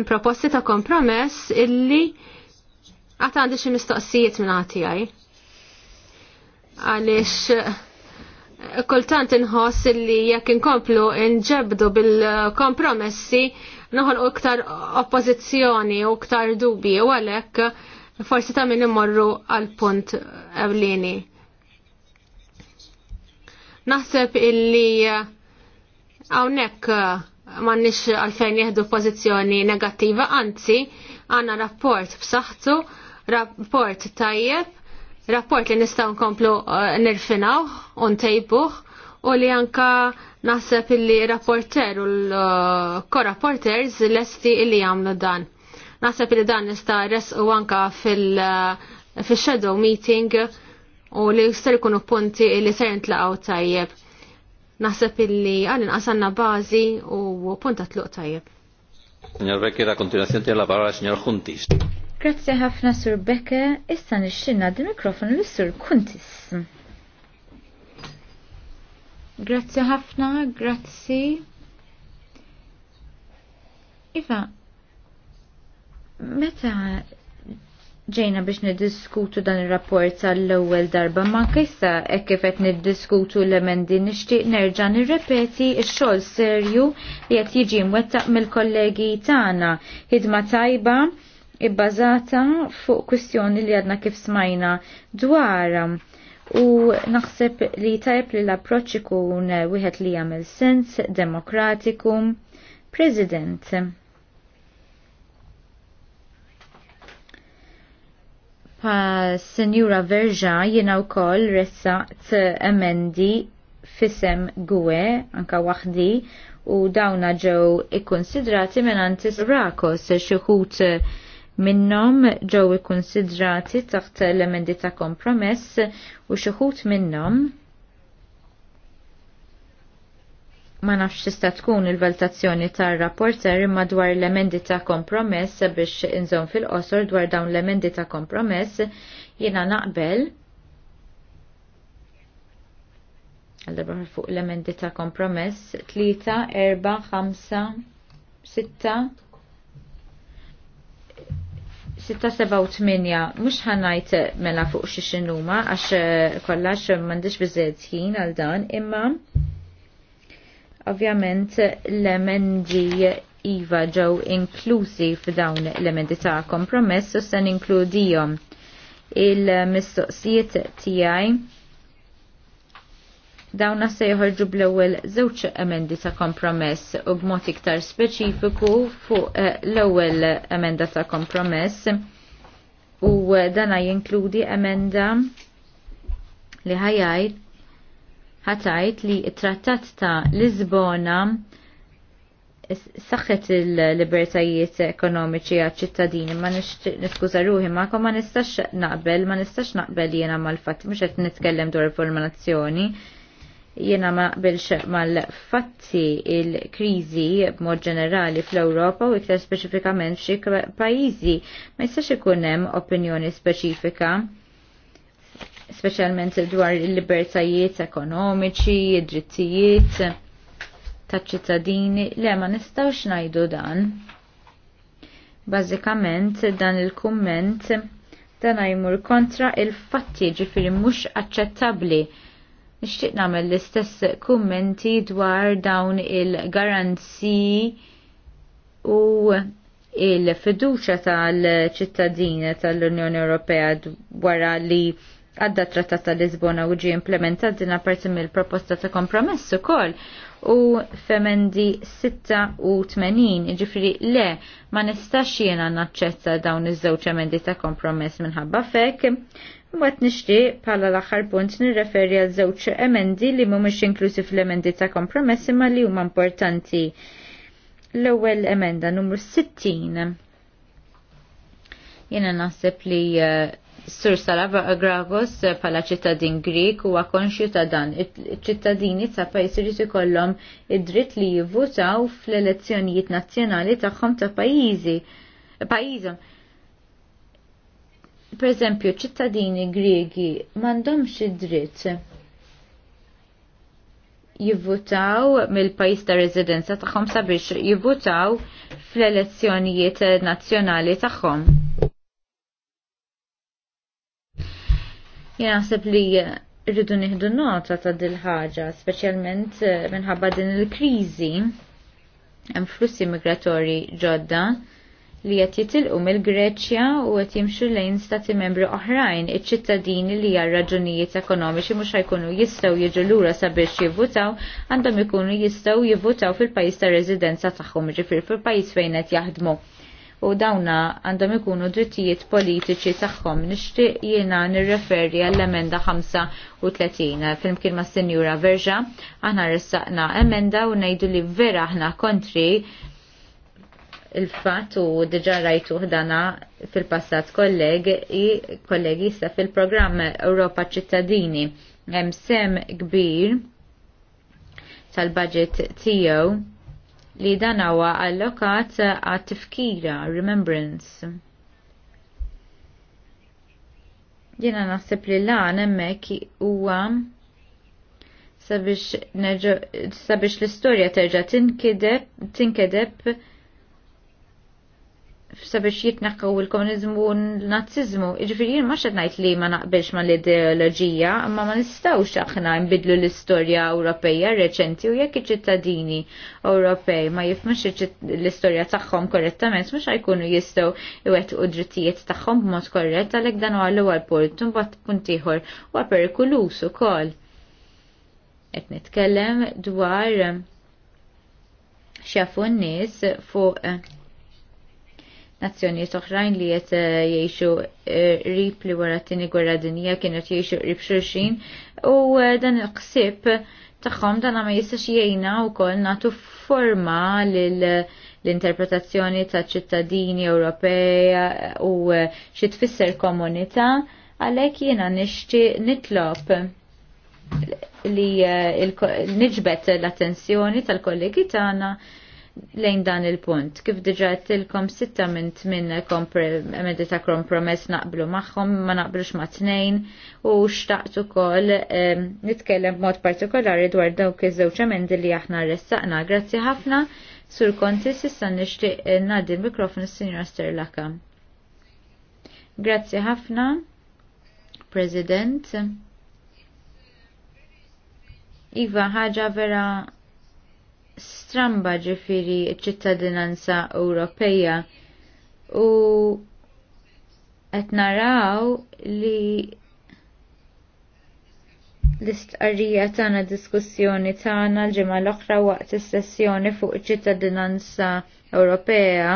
Proposti ta' kompromess illi għat għandi xi mistoqsijiet minn għatijaj. Għaliex kultant inħoss li jekk inkomplu nġebdu bil-kompromessi noħol u ktar oppozizjoni u ktar dubi u għalek forsi ta' min immorru għal-punt ewlieni. Naħseb illi għawnek mannix għalfejn jihdu pozizjoni negattiva, anzi għanna rapport b'saħħtu, rapport tajjeb, rapport li nistaw nkomplu eh, nirfinaw un tejbuħ u li anka naħseb illi rapporter u l rapporters l-esti illi jamlu dan. Naħseb illi dan nista' res u anka eh, fil-shadow fil meeting u li jistar ikunu punti li ser intlaqaw tajjeb. Naħseb illi għalin qasanna bazi u punta tluq tajjeb. Signor Vecchi, la continuazione tiene la parola signor Juntis. Grazzi ħafna Sur Beke, issa nixxinna di mikrofon li sur Kuntis. Grazzi ħafna, grazzi. Iva, meta ġejna biex niddiskutu dan ir-rapport tal-ewwel darba ma kissa hekk kif qed niddiskutu l-emendi nixtieq nerġa' nirrepeti x-xogħol serju li qed jiġi mwettaq mill-kollegi tagħna ħidma tajba ibbażata fuq kwistjoni li għadna kif smajna dwar u naħseb li tajb li l-approċ ikun wieħed li jagħmel sens demokratiku President. Pa Senjura Verġa jiena wkoll ressaqt emendi fisem gwe anka waħdi u dawna ġew ikkonsidrati minn antis Rakos xi minnom ġew ikkunsidrati taħt l-emendi ta' kompromess u xi ħud minnhom ma nafx tista' tkun il-valutazzjoni tar-rapporter imma dwar l-emendi ta' kompromess biex inżon fil-qosor dwar dawn l-emendi ta' kompromess jiena naqbel għal-darba fuq l-emendi ta' kompromess 3, 4, 5, 6, 6-7-8, mux ħanajt mela fuq xie xinuma għax eh, kollax mandiċ bizzed ħin għal dan imma ovvjament l-emendi Iva ġew inklusi f'dawn l-emendi ta' kompromess u sen inkludijom il-mistoqsijiet tijaj Dawna se joħorġu bl-ewwel żewġ emendi ta' kompromess u b'mod iktar speċifiku fuq eh, l-ewwel emenda ta' kompromess u eh, dana jinkludi emenda li ħajajt ħatajt li trattat ta' Lisbona saħħet il-libertajiet ekonomiċi għad ċittadini, ma niskuza ruħi ma ma nistax naqbel, ma nistax naqbel jena mal-fat, mux għet nitkellem dwar il-formulazzjoni, Jiena ma bilx mal-fatti il-krizi b'mod ġenerali fl-Ewropa u iktar speċifikament f'xi pajjiżi ma jistax ikun hemm opinjoni speċifika speċjalment dwar il-libertajiet ekonomiċi, id-drittijiet taċ ċittadini, le ma nistgħux ngħidu dan. Bażikament dan il-kumment dan jmur kontra il-fatti ġifieri mhux aċċettabbli Nixtieq nagħmel l-istess kummenti dwar dawn il-garanziji u il-fiduċa tal-ċittadini tal-Unjoni Ewropea wara li għadda trattat ta' Lisbona u ġi implementat din parti mill proposta ta' kompromess ukoll u femendi 86 ġifri le ma nistax jiena naċċetta dawn iż-żewġ emendi ta' kompromess minħabba fek Mbagħad nixtieq bħala l-aħħar punt nirreferi għal żewġ emendi li mhumiex inklużi fl-emendi ta' kompromessi ma li huma importanti. L-ewwel emenda numru 60. Jiena naħseb li eh, Sur Salava Agragos eh, pala ċittadin Grik huwa konxju ta' dan. Iċ-ċittadini ta' pajjiż irid ikollhom id-dritt li jivvutaw fl-elezzjonijiet nazzjonali tagħhom ta' pajizi. pajjiżhom Per eżempju, ċittadini Griegi m'għandhomx id-dritt jivvutaw mill-pajis ta' residenza tagħhom sabiex jivvutaw fl-elezzjonijiet nazzjonali tagħhom. Jien naħseb li rridu nieħdu nota ta' dil ħaġa, speċjalment eh, minħabba din il-kriżi hemm flussi migratorji ġodda li qed jitilqu mill-Greċja u qed jimxu lejn stati membri oħrajn iċ-ċittadini li għal raġunijiet ekonomiċi mhux ħajkunu jistgħu jiġu lura sabiex jivvutaw għandhom ikunu jistgħu jivvutaw fil-pajjiż ta' residenza tagħhom ġifier fil-pajjiż fejn qed jaħdmu. U dawna għandhom ikunu drittijiet politiċi tagħhom nixtieq jiena nirreferi għall-emenda 35 fil-mkien ma' Sinjura Verġa aħna ressaqna emenda u ngħidu li vera aħna kontri il-fat u diġa rajtu ħdana fil-passat kollegi, kollegi sa fil-programm Europa ċittadini. Hemm sem kbir tal-budget tiegħu li dan huwa allokat għat tifkira remembrance. Jiena naħseb li lan hemmhekk huwa sabiex l-istorja terġa' tinkedeb. tinkideb sabiex jitnaqqaw il-komunizmu u l-nazizmu. Iġifiri jien maċċet najt li ma naqbilx ma l-ideologija, ma ma nistawx aħna nbidlu l-istorja Ewropeja reċenti u jekk iċ-ċittadini Ewropej ma jifmux l-istorja tagħhom korrettament mhux ħajkunu jistgħu u drittijiet tagħhom b'mod korrett għalhekk dan għallu l-ewwel punt imbagħad punt ieħor huwa perikulus ukoll. Qed nitkellem dwar xafu n-nies fuq nazzjonijiet oħrajn li qed eh, jgħixu eh, rib li wara t-tieni gwerra dinija kienet jgħixu qrib xulxin u eh, dan il-qsib tagħhom dan ma jistax jgħinna wkoll nagħtu forma lil l-interpretazzjoni ta' ċittadini Ewropea u xi tfisser komunità għalhekk jiena nixtieq nitlob li niġbet l-attenzjoni tal-kollegi tagħna lejn dan il-punt. Kif diġa tilkom sitta minn minn emendi ta' kompromess naqblu magħhom, ma naqblux ma' tnejn u xtaqt ukoll nitkellem b'mod partikolari dwar dawk iż-żewġ emendi li aħna ressaqna. Grazzi ħafna sur konti s'issa nixtieq eh, ngħaddi l-mikrofon is sinjor Sterlaka. Grazzi ħafna, President. Iva, ħaġa vera stramba ġifiri ċittadinanza Ewropeja u qed naraw li l-istqarrija tagħna diskussjoni tagħna l-ġimgħa l-oħra waqt is-sessjoni fuq ċittadinanza Ewropea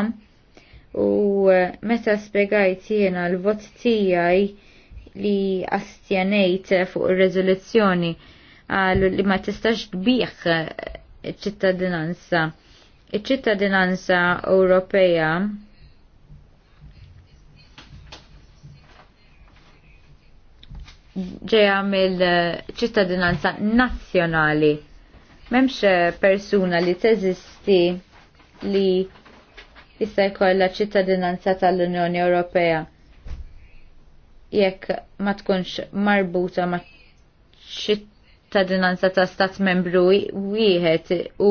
u meta spiegajt jiena l-vot tiegħi li astjanejt fuq ir-reżoluzzjoni għal li ma tistax tbieħ ċittadinanza. Iċ-ċittadinanza Ewropea ġeja mill-ċittadinanza nazzjonali. Memx persuna li teżisti li jista' jkollha ċittadinanza tal-Unjoni Ewropea jekk ma tkunx marbuta ma' ċittadinanza ta' dinanza ta' stat membru wieħed u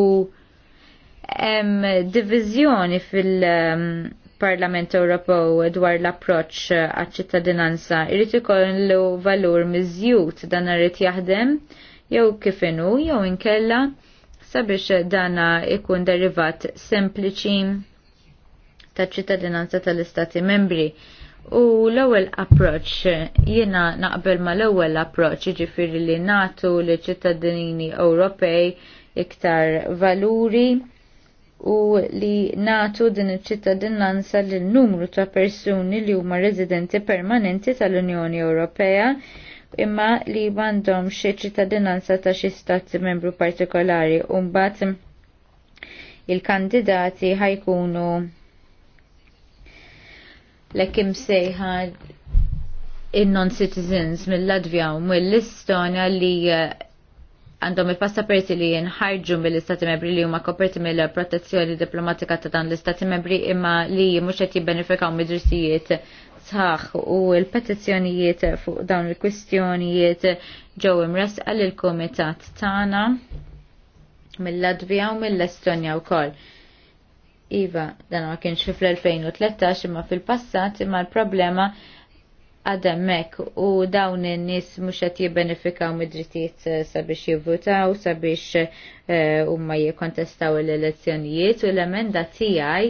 hemm diviżjoni fil-Parlament ehm, Ewropew dwar l-approċċ għaċ-ċittadinanza irid ikollu valur miżjud dan irid jaħdem jew kif inhu jew inkella sabiex dana ikun derivat sempliċi ta' ċittadinanza tal-Istati membri U l-ewwel approach jiena naqbel ma l-ewwel approach jiġifieri li natu li ċittadini Ewropej iktar valuri u li natu din iċ-ċittadinanza lil numru ta' persuni li huma residenti permanenti tal-Unjoni Ewropea imma li għandhom xi ċittadinanza ta' xi stat membru partikolari u mbagħad il-kandidati ħajkunu l-ekim sejħa in-non-citizens mill-Latvja u mill-Istona li eh, għandhom il-passaperti li jinħarġu mill-Istati Membri li huma koperti mill-protezzjoni diplomatika ta' dan l-Istati Membri imma li mhux qed jibbenefikaw mid drissijiet sħaħ u l-petizzjonijiet fuq dawn il-kwistjonijiet ġew imres għall-Kumitat tagħna mill-Latvja u mill-Estonja wkoll. Iva, dan ma kienx fl-2013 imma fil-passat imma l-problema għademmek u dawn in-nies mhux qed jibbenefikaw mid-drittijiet eh, sabiex jivvutaw, sabiex eh, huma ma jikkontestaw l-elezzjonijiet u l-emenda tiegħi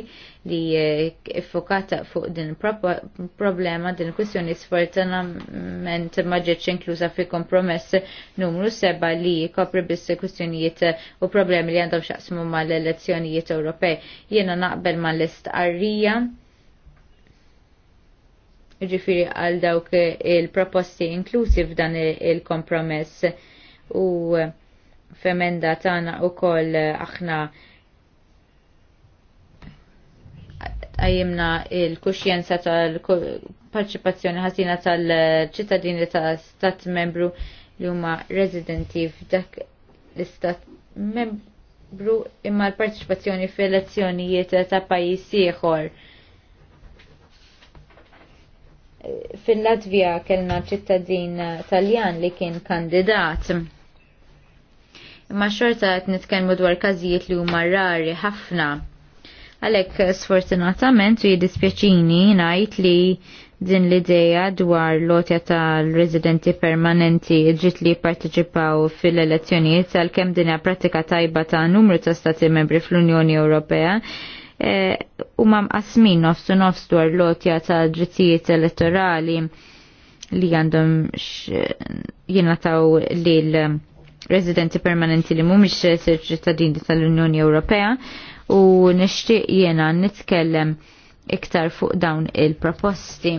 li eh, fukata fuq din problema din kwistjoni sfortunament ma ġietx inkluża fi kompromess numru seba li jkopri biss kwestjonijiet u problemi li għandhom x'aqsmu mal-elezzjonijiet Ewropej. Jiena naqbel mal-istqarrija ġifiri għal dawk il-proposti inklusiv f'dan il-kompromess u femenda tana u koll aħna għajimna il-kuxjenza tal-parċipazzjoni ħasina tal-ċittadini ta' stat membru li huma residenti f'dak l-istat membru imma l-parċipazzjoni fil-elezzjonijiet ta' pajis ieħor fil-Latvija kellna ċittadin Taljan li kien kandidat. Imma xorta qed nitkellmu dwar każijiet li huma rari ħafna. Għalhekk sfortunatament u jiddispjaċini ngħid li din l-ideja dwar l-otja tal-residenti permanenti ġit li parteċipaw fil-elezzjonijiet tal kem dinja pratika tajba ta' numru ta' stati membri fl-Unjoni Ewropea huma eh, mqasmin nofsu nofs dwar lotja ta' drittijiet elettorali li għandhom li l residenti permanenti li mhumiex ċittadini tal-Unjoni Ewropea u nixtieq jiena nitkellem iktar fuq dawn il-proposti.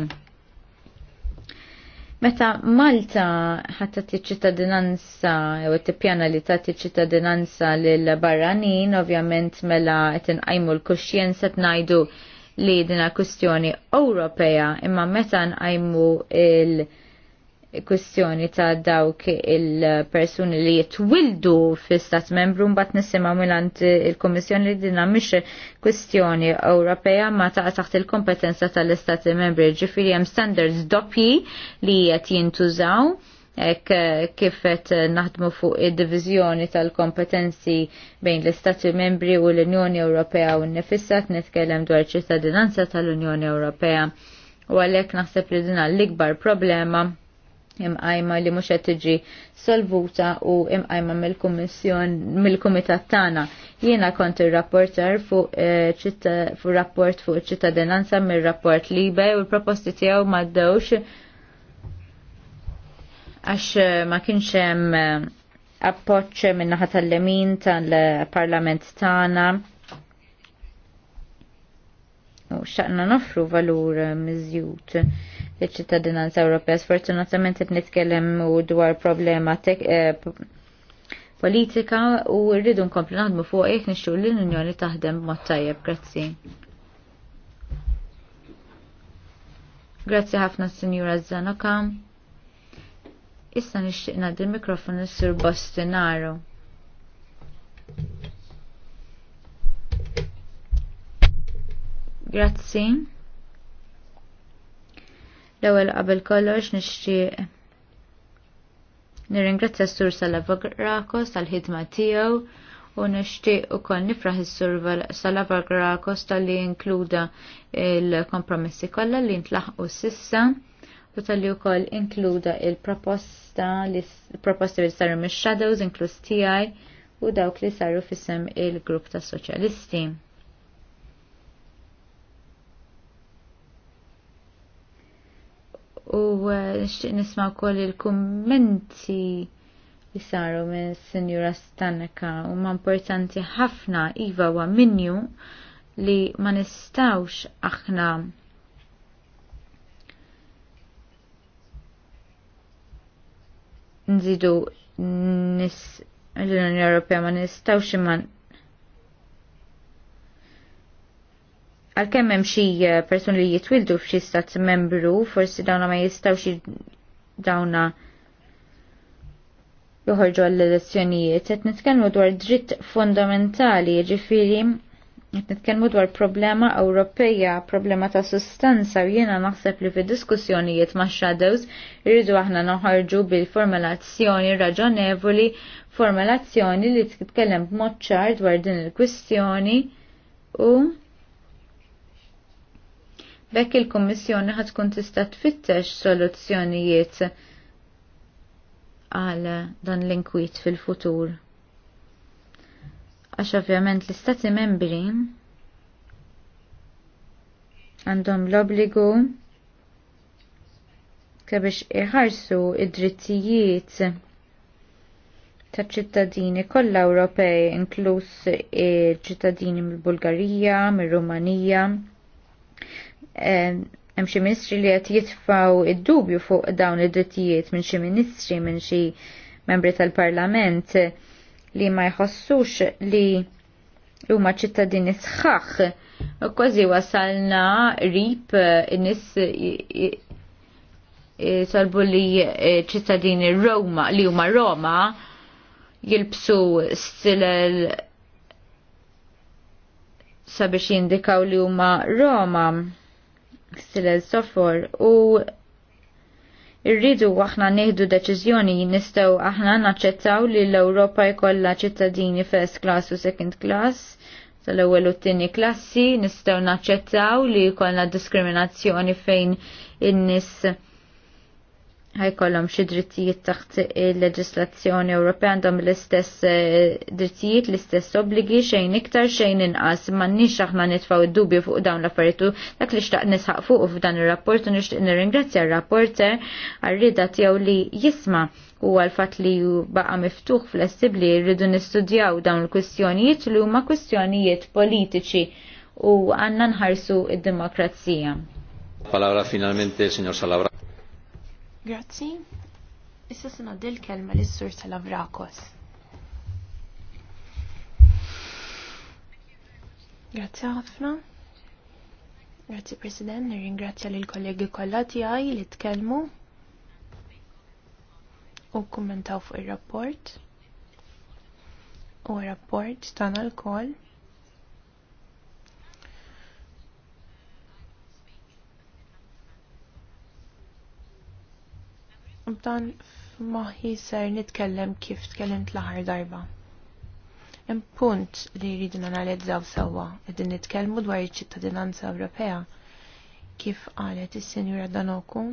Meta Malta ħatta ċittadinanza jew pjana li t ċittadinanza l barranin, ovvjament mela qed inqajmu l set najdu li dina kwistjoni Ewropea imma meta nqajmu il- kwestjoni ta' dawk il-persuni li jitwildu fi stat membru mbatt nisimaw milant il-Komissjoni li dinna mish kwestjoni Ewropea ma ta' taħt il-kompetenza tal-istat membri ġifiri jem standards doppji li jiet jintużaw ek kifet naħdmu fuq id-divizjoni tal-kompetenzi bejn l-Istati membri u l-Unjoni Ewropea u n-nifissat nitkellem dwar ċittadinanza tal-Unjoni Ewropea u għalek naħseb li dina l-ikbar problema imqajma li mhux qed tiġi solvuta u imqajma mill-kummissjon mill-kumitat tagħna. Jiena kont ir-rapporter fuq eh, fuq rapport fuq ċittadinanza mir-rapport Libe u l-proposti tiegħu m'għaddewx għax eh, ma kienx hemm eh, appoġġ min-naħa tal-lemin tal-Parlament tagħna. U xaqna nofru valur miżjut iċ-ċittadinanza Ewropea. Sfortunatament qed nitkellem dwar problema eh, politika u rridu nkomplu naħdmu fuq jekk nixtru l-Unjoni taħdem b'mod tajjeb. Grazzi. Grazzi ħafna Sinjura Zanoka. Issa nixtieq ngħaddi l-mikrofon is-Sur Bostinaro. Grazzi. L-ewwel qabel kollox nixtieq nirringrazzja s-sur Salavagrako tal-ħidma tiegħu u nixtieq ukoll nifraħ is surva Salavagrakos avargra kosta li inkluda il-kompromessi kollha li ntlaħqu sissa u tal-li u inkluda il-proposta li proposta li saru mix shadows inklus tiegħi u dawk li saru fissem il-grupp ta' soċjalisti. u eh, nixtieq nisma' wkoll il-kummenti li saru minn Signora Stanaka u ma' importanti ħafna iva wa minju li ma nistawx aħna nżidu nis l-Unjoni Ewropea ma nistawx imman għalkemm hemm xi eh, persuni li jitwildu f'xi stat membru, forsi dawna ma jistgħux dawna joħorġu għall-elezzjonijiet, qed nitkellmu dwar dritt fondamentali, jiġifieri qed nitkellmu dwar problema Ewropeja, problema ta' sustanza u jiena naħseb li fid-diskussjonijiet ma' shadows irridu aħna noħorġu bil-formulazzjoni raġonevoli, formulazzjoni li titkellem b'mod ċar dwar din il-kwistjoni u Bekk il-Kommissjoni ħad tkun tista' tfittex soluzzjonijiet għal dan l-inkwit fil-futur. Għax ovvjament l-Istati membri għandhom l-obligu biex iħarsu id-drittijiet ta' ċittadini kollha Ewropej inkluż ċittadini mill-Bulgarija, mir rumanija hemm xi ministri li qed jitfgħu id-dubju fuq dawn id-drittijiet minn xi ministri minn xi membri tal-Parlament li ma jħossux li huma ċittadini sħaħ. Kważi wasalna rip nis solbu li e, ċittadini Roma li huma Roma jilbsu stilel sabiex jindikaw li huma Roma kstilel sofor u irridu aħna neħdu deċiżjoni nistgħu aħna naċċettaw li l-Ewropa jkollha ċittadini first class u second class tal-ewwel u t-tieni klassi, nistgħu naċċettaw li jkollna diskriminazzjoni fejn in-nies ħajkollhom xi drittijiet taħt il-leġislazzjoni Ewropea għandhom l-istess eh, drittijiet, l-istess obbligi xejn iktar xejn inqas. M'għandniex aħna nitfgħu id-dubju fuq dawn l-affarijiet dak li xtaq nisħaq fuq f'dan ir-rapport u nixtieq nirringrazzja r-rapporter għar-rida tiegħu li jisma' huwa l-fatt li baqa' miftuħ flessibbli rridu nistudjaw dawn il-kwistjonijiet li huma kwistjonijiet politiċi u għandna nħarsu id-demokrazija. Palabra finalmente, signor Salavra. Grazzi. Issa sena dil kelma li s-sur tal-Avrakos. Grazzi ħafna. Grazzi President, nirringrazzja lill kollegi kollha tiegħi li tkellmu u kummentaw fuq ir-rapport. U rapport tagħna l-koll. Dan maħi ser nitkellem kif tkellimt l-aħħar darba. Impunt li rridu nanalizzaw sewwa qegħdin nitkellmu dwar iċ-ċittadinanza Ewropea kif qalet is-Sinjura Danoku.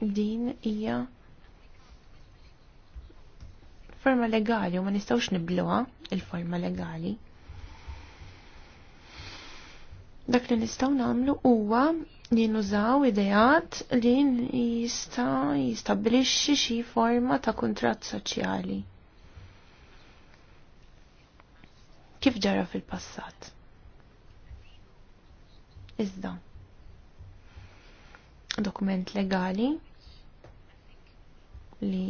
Din hija forma legali u ma nistawx nibluha il-forma legali. Dak li nistaw namlu huwa li nużaw idejat li jista jistabilixxi xi forma ta' kuntratt soċjali. Kif ġara fil-passat? Iżda. Dokument legali li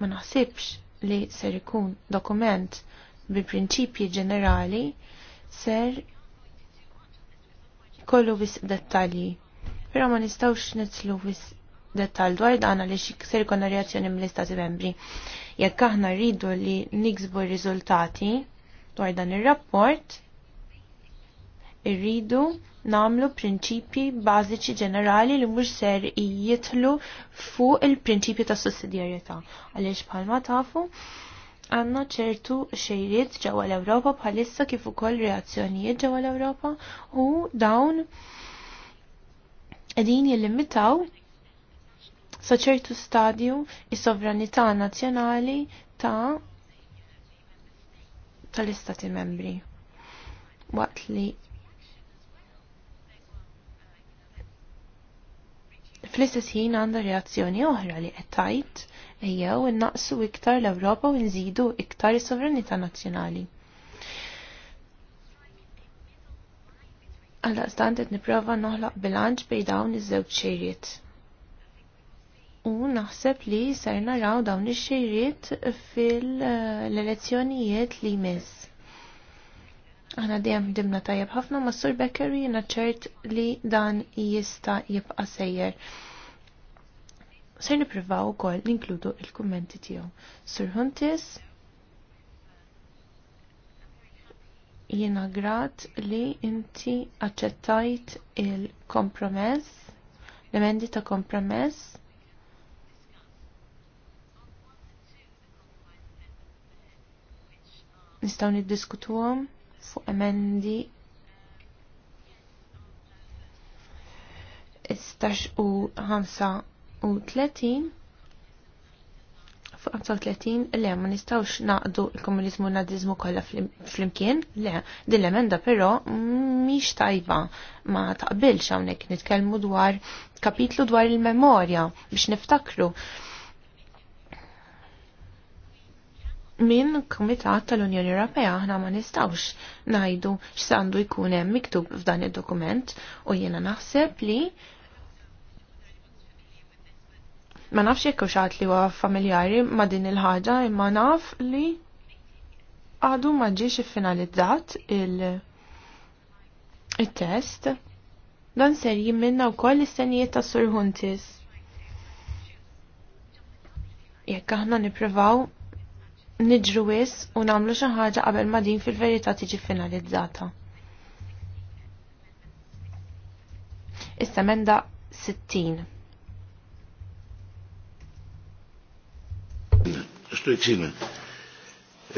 ma naħsibx li ser ikun dokument bi prinċipji ġenerali ser kollu vis dettalji. Però ma nistawx nitlu vis dettal dwar dan għaliex ikser konna reazzjoni mill-Istati Membri. Jekk aħna rridu li niksbu r-riżultati dwar dan ir-rapport, irridu namlu prinċipji bażiċi ġenerali li mhux ser jitlu fuq il-prinċipju ta' sussidjarjetà. Għaliex bħalma tafu, għanna ċertu xejriet ġewwa l-Ewropa bħalissa kif ukoll reazzjonijiet ġewwa l-Ewropa u dawn qegħdin jillimitaw sa ċertu stadju is-sovranità nazzjonali ta' tal-istati membri waqt li fl-istess ħin għandha reazzjoni oħra li qed tajt ejjew innaqsu iktar l-Ewropa u nżidu iktar is-sovranità nazzjonali. Għal daqstant qed nipprova noħloq bilanċ bejn dawn iż-żewġ xejriet. U naħseb li ser naraw dawn ix-xejriet fil-elezzjonijiet eh, li jmiss. Għana dejjem dimna tajjeb ħafna ma' Sur Becker jiena ċert li dan jista' jibqa' sejjer. Ser kol l-inkludu il-kummenti tiegħu. Sur Huntis jiena grat li inti aċċettajt il-kompromess, l-emendi ta' kompromess. Nistgħu niddiskutuhom fuq emendi istax u tletin fuq tletin, le ma nistawx naqdu il-komunizmu nadizmu kollha flimkien le din l-emenda però mhix tajba ma taqbilx hawnhekk nitkellmu dwar kapitlu dwar il-memorja biex niftakru minn Kumitat tal-Unjoni Ewropea aħna ma nistawx najdu x'sandu jkun hemm miktub f'dan id-dokument u jiena naħseb li ma nafx jekk xaħat li huwa familjari ma din il-ħaġa imma naf li għadu ma ġiex iffinalizzat il- il-test dan ser jimminna wkoll is-senijiet ta' Sur Huntis. Jekk aħna nippruvaw niġru wis u namlu xi ħaġa qabel ma din fil-verità tiġi finalizzata. Issa menda 60. Stoċina.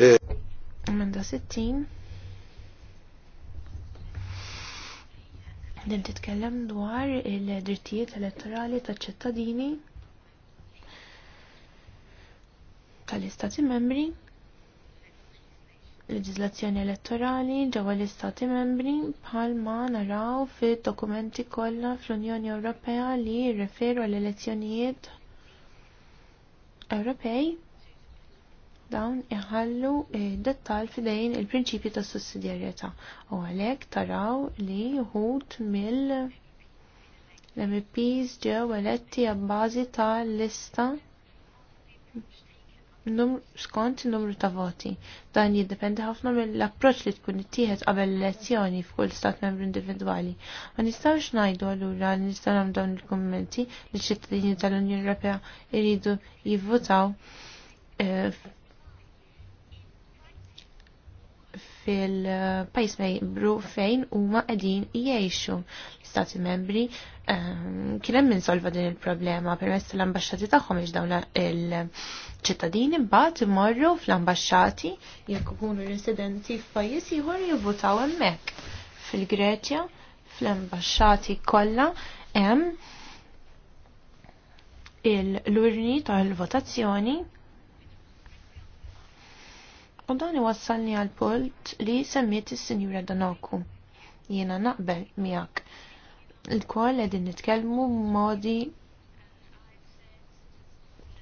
Eh, menda 60. Din titkellem dwar il-drittijiet elettorali taċ-ċittadini tal-Istati membri, leġizlazzjoni elettorali ġewwa l-Istati membri bħalma naraw fid-dokumenti kollha fl-Unjoni Ewropea li jirreferu għall elezzjonijiet Ewropej dawn iħallu dettal fidejn il-prinċipju ta' sussidjarjetà u għalhekk taraw li wħud mill MPs ġew eletti għabbażi ta' lista numru skont numru ta' voti. Dan jiddependi ħafna mill-approċ li tkun ittieħed qabel l-elezzjoni f'kull stat membru individwali. Ma nistgħux ngħidu allura li nistgħu nagħmlu dawn il-kummenti li ċittadini tal-Unjoni Ewropea jridu jivvotaw eh, fil-pajis eh, mejbru fejn huma qegħdin jgħixu stati membri ehm, kienem hemm solva din il-problema permezz l-ambasċati tagħhom biex dawn il-ċittadini mbagħad imorru fl-ambasċati jekk ikunu residenti f'pajjiż ieħor jivvotaw hemmhekk. Fil-Greċja fl-ambasċati kollha hemm il-lurni il votazzjoni U dan iwassalni għal pult li semmiet is-Sinjura Danoku. Jiena naqbel miegħek il-koll edin nitkelmu modi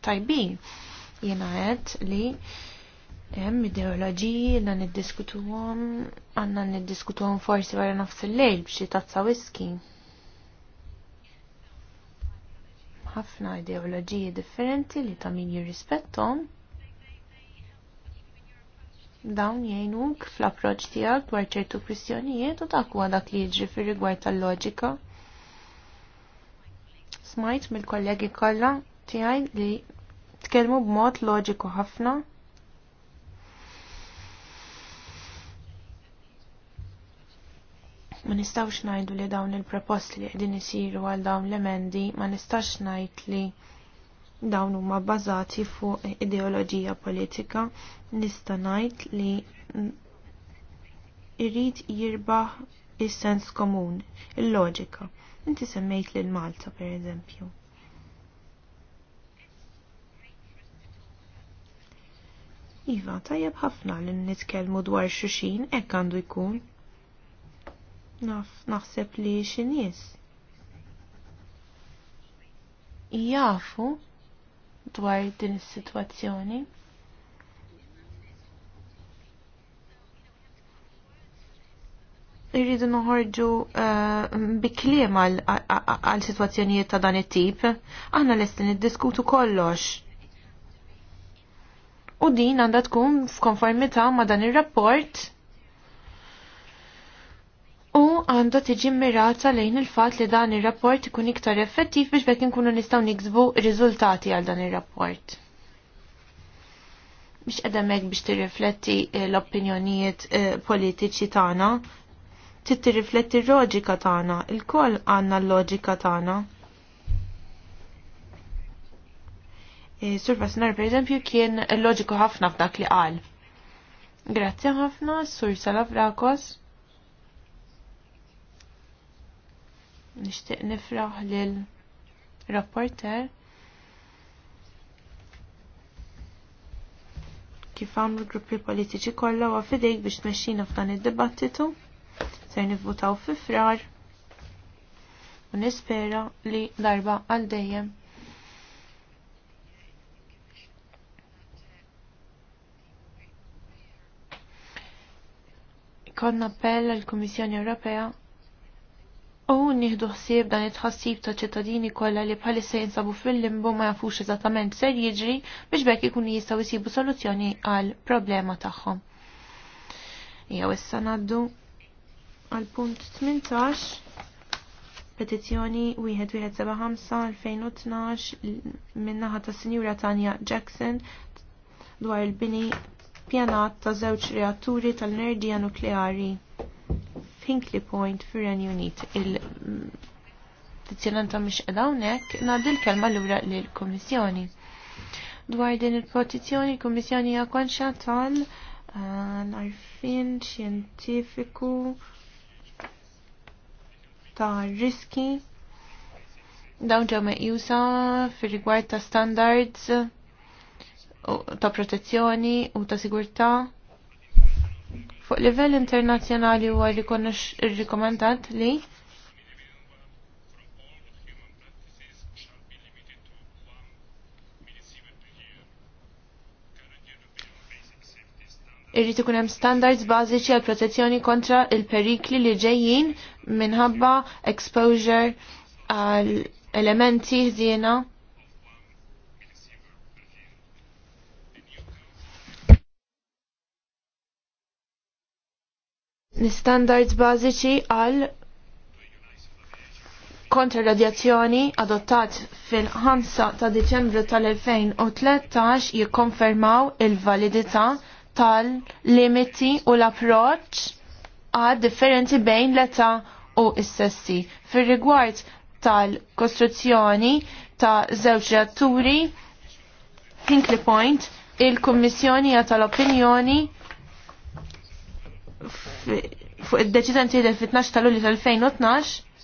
tajbin. Jena għed li hemm ideoloġiji niddiskutu niddiskutuhom għanna niddiskutuhom forsi wara nafs il-lejl b'xi tazza whisky. Ħafna ideoloġiji differenti li ta' min jirrispettom dawn jajnuk fl-approċ tiegħek dwar ċertu kwistjonijiet u dak dak li jiġri fir-rigward tal-loġika smajt mill-kollegi kollha tiegħi li tkellmu b'mod loġiku ħafna. Ma nistawx najdu li dawn il-proposti li qegħdin isiru għal dawn l-emendi ma nistax ngħid li dawn huma bbażati fuq ideoloġija politika. Nista' ngħid li irrid jirbaħ is-sens komun, il-loġika. Inti semmejt lil Malta per eżempju. Iva, tajjeb ħafna li nitkellmu dwar xuxin, hekk għandu jkun. Naf, naħseb li xi nies jafu dwar din is-sitwazzjoni. irridu noħorġu eh, bi kliem għal situazzjonijiet ta' dan it-tip, aħna lesti niddiskutu kollox. U din għandha tkun f'konformità ma' dan ir-rapport u għandha tiġi mirata lejn il-fatt li dan ir-rapport ikun iktar effettiv biex bekk inkunu nistgħu niksbu riżultati għal dan ir-rapport biex edemek biex tirrifletti eh, l-opinjonijiet eh, politiċi tagħna trid tirrifletti l loġika tagħna, il-koll għandna l-loġika tagħna. E, Sur Fasnar, per eżempju, kien loġiku ħafna f'dak li qal. Grazzi ħafna, Sur Rakos. Nishtiq nifraħ lil rapporter. kif għamlu gruppi politiċi kollha u fidejk biex tmexxina f'dan id-dibattitu ser nivvutaw fi frar u nispera li darba għal dejjem konna appell għal Komissjoni Ewropea u nieħdu ħsieb dan it-ħassib ta' ċittadini kollha li bħalissa jinsabu fil-limbu ma jafux eżattament ser jiġri biex bekk ikun jistgħu jsibu soluzzjoni għal problema tagħhom. Jew issa ngħaddu għal punt 18 petizzjoni 1175-2012 minnaħa ta' Sinjura Tanja Jackson dwar il-bini pjanat ta' żewġ reatturi tal-enerġija nukleari Hinkley Point fir Unit il-petizzjonanta ta' qiegħda hawnhekk ngħaddi l-kelma lura lill-Kummissjoni. Dwar din il-petizzjoni, il-Kummissjoni hija konxa tal-arfin eh, xjentifiku ta' riski dawn ġew meqjusa fir-rigward ta' standards ta' protezzjoni u ta' sigurtà fuq livell internazzjonali huwa rrikomendat li irrid ikun hemm standards bażiċi għal protezzjoni kontra il-perikli li ġejjin minħabba exposure għal elementi ħdiena. Standards bażiċi għal kontra radjazzjoni adottat fil-5 ta' Deċembru tal-2013 jikkonfermaw il-validità tal-limiti u l-approċ għad differenti bejn l-età u s-sessi. Fir-rigward tal-kostruzzjoni ta' żewġ reatturi, Hinkley Point, il-Kummissjoni għat tal-opinjoni fuq id-deċidenti del-15 tal-Lulju tal-2012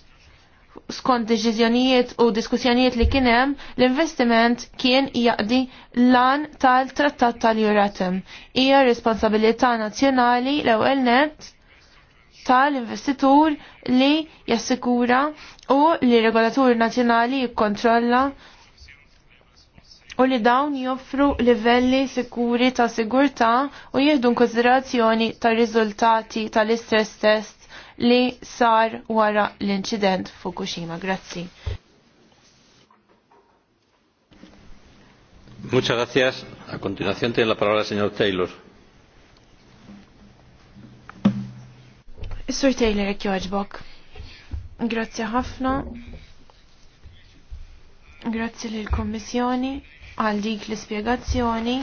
skont deċiżjonijiet u diskussjonijiet li kien hemm, l-investiment kien jaqdi lan tal-trattat tal-Juratem. Hija responsabilità nazzjonali l-ewwel net tal-investitur li jassikura u li regolatur nazzjonali jikkontrolla u li dawn joffru livelli sikuri ta' sigurtà u jieħdu konsiderazzjoni tar riżultati tal-istress test li sar wara l incident Fukushima. Grazzi. Muchas gracias. A continuación tiene la palabra el señor Taylor. Sir Taylor, jek joħġbok. Grazzi ħafna. Grazzi l-Kommissjoni għal dik l-spiegazzjoni.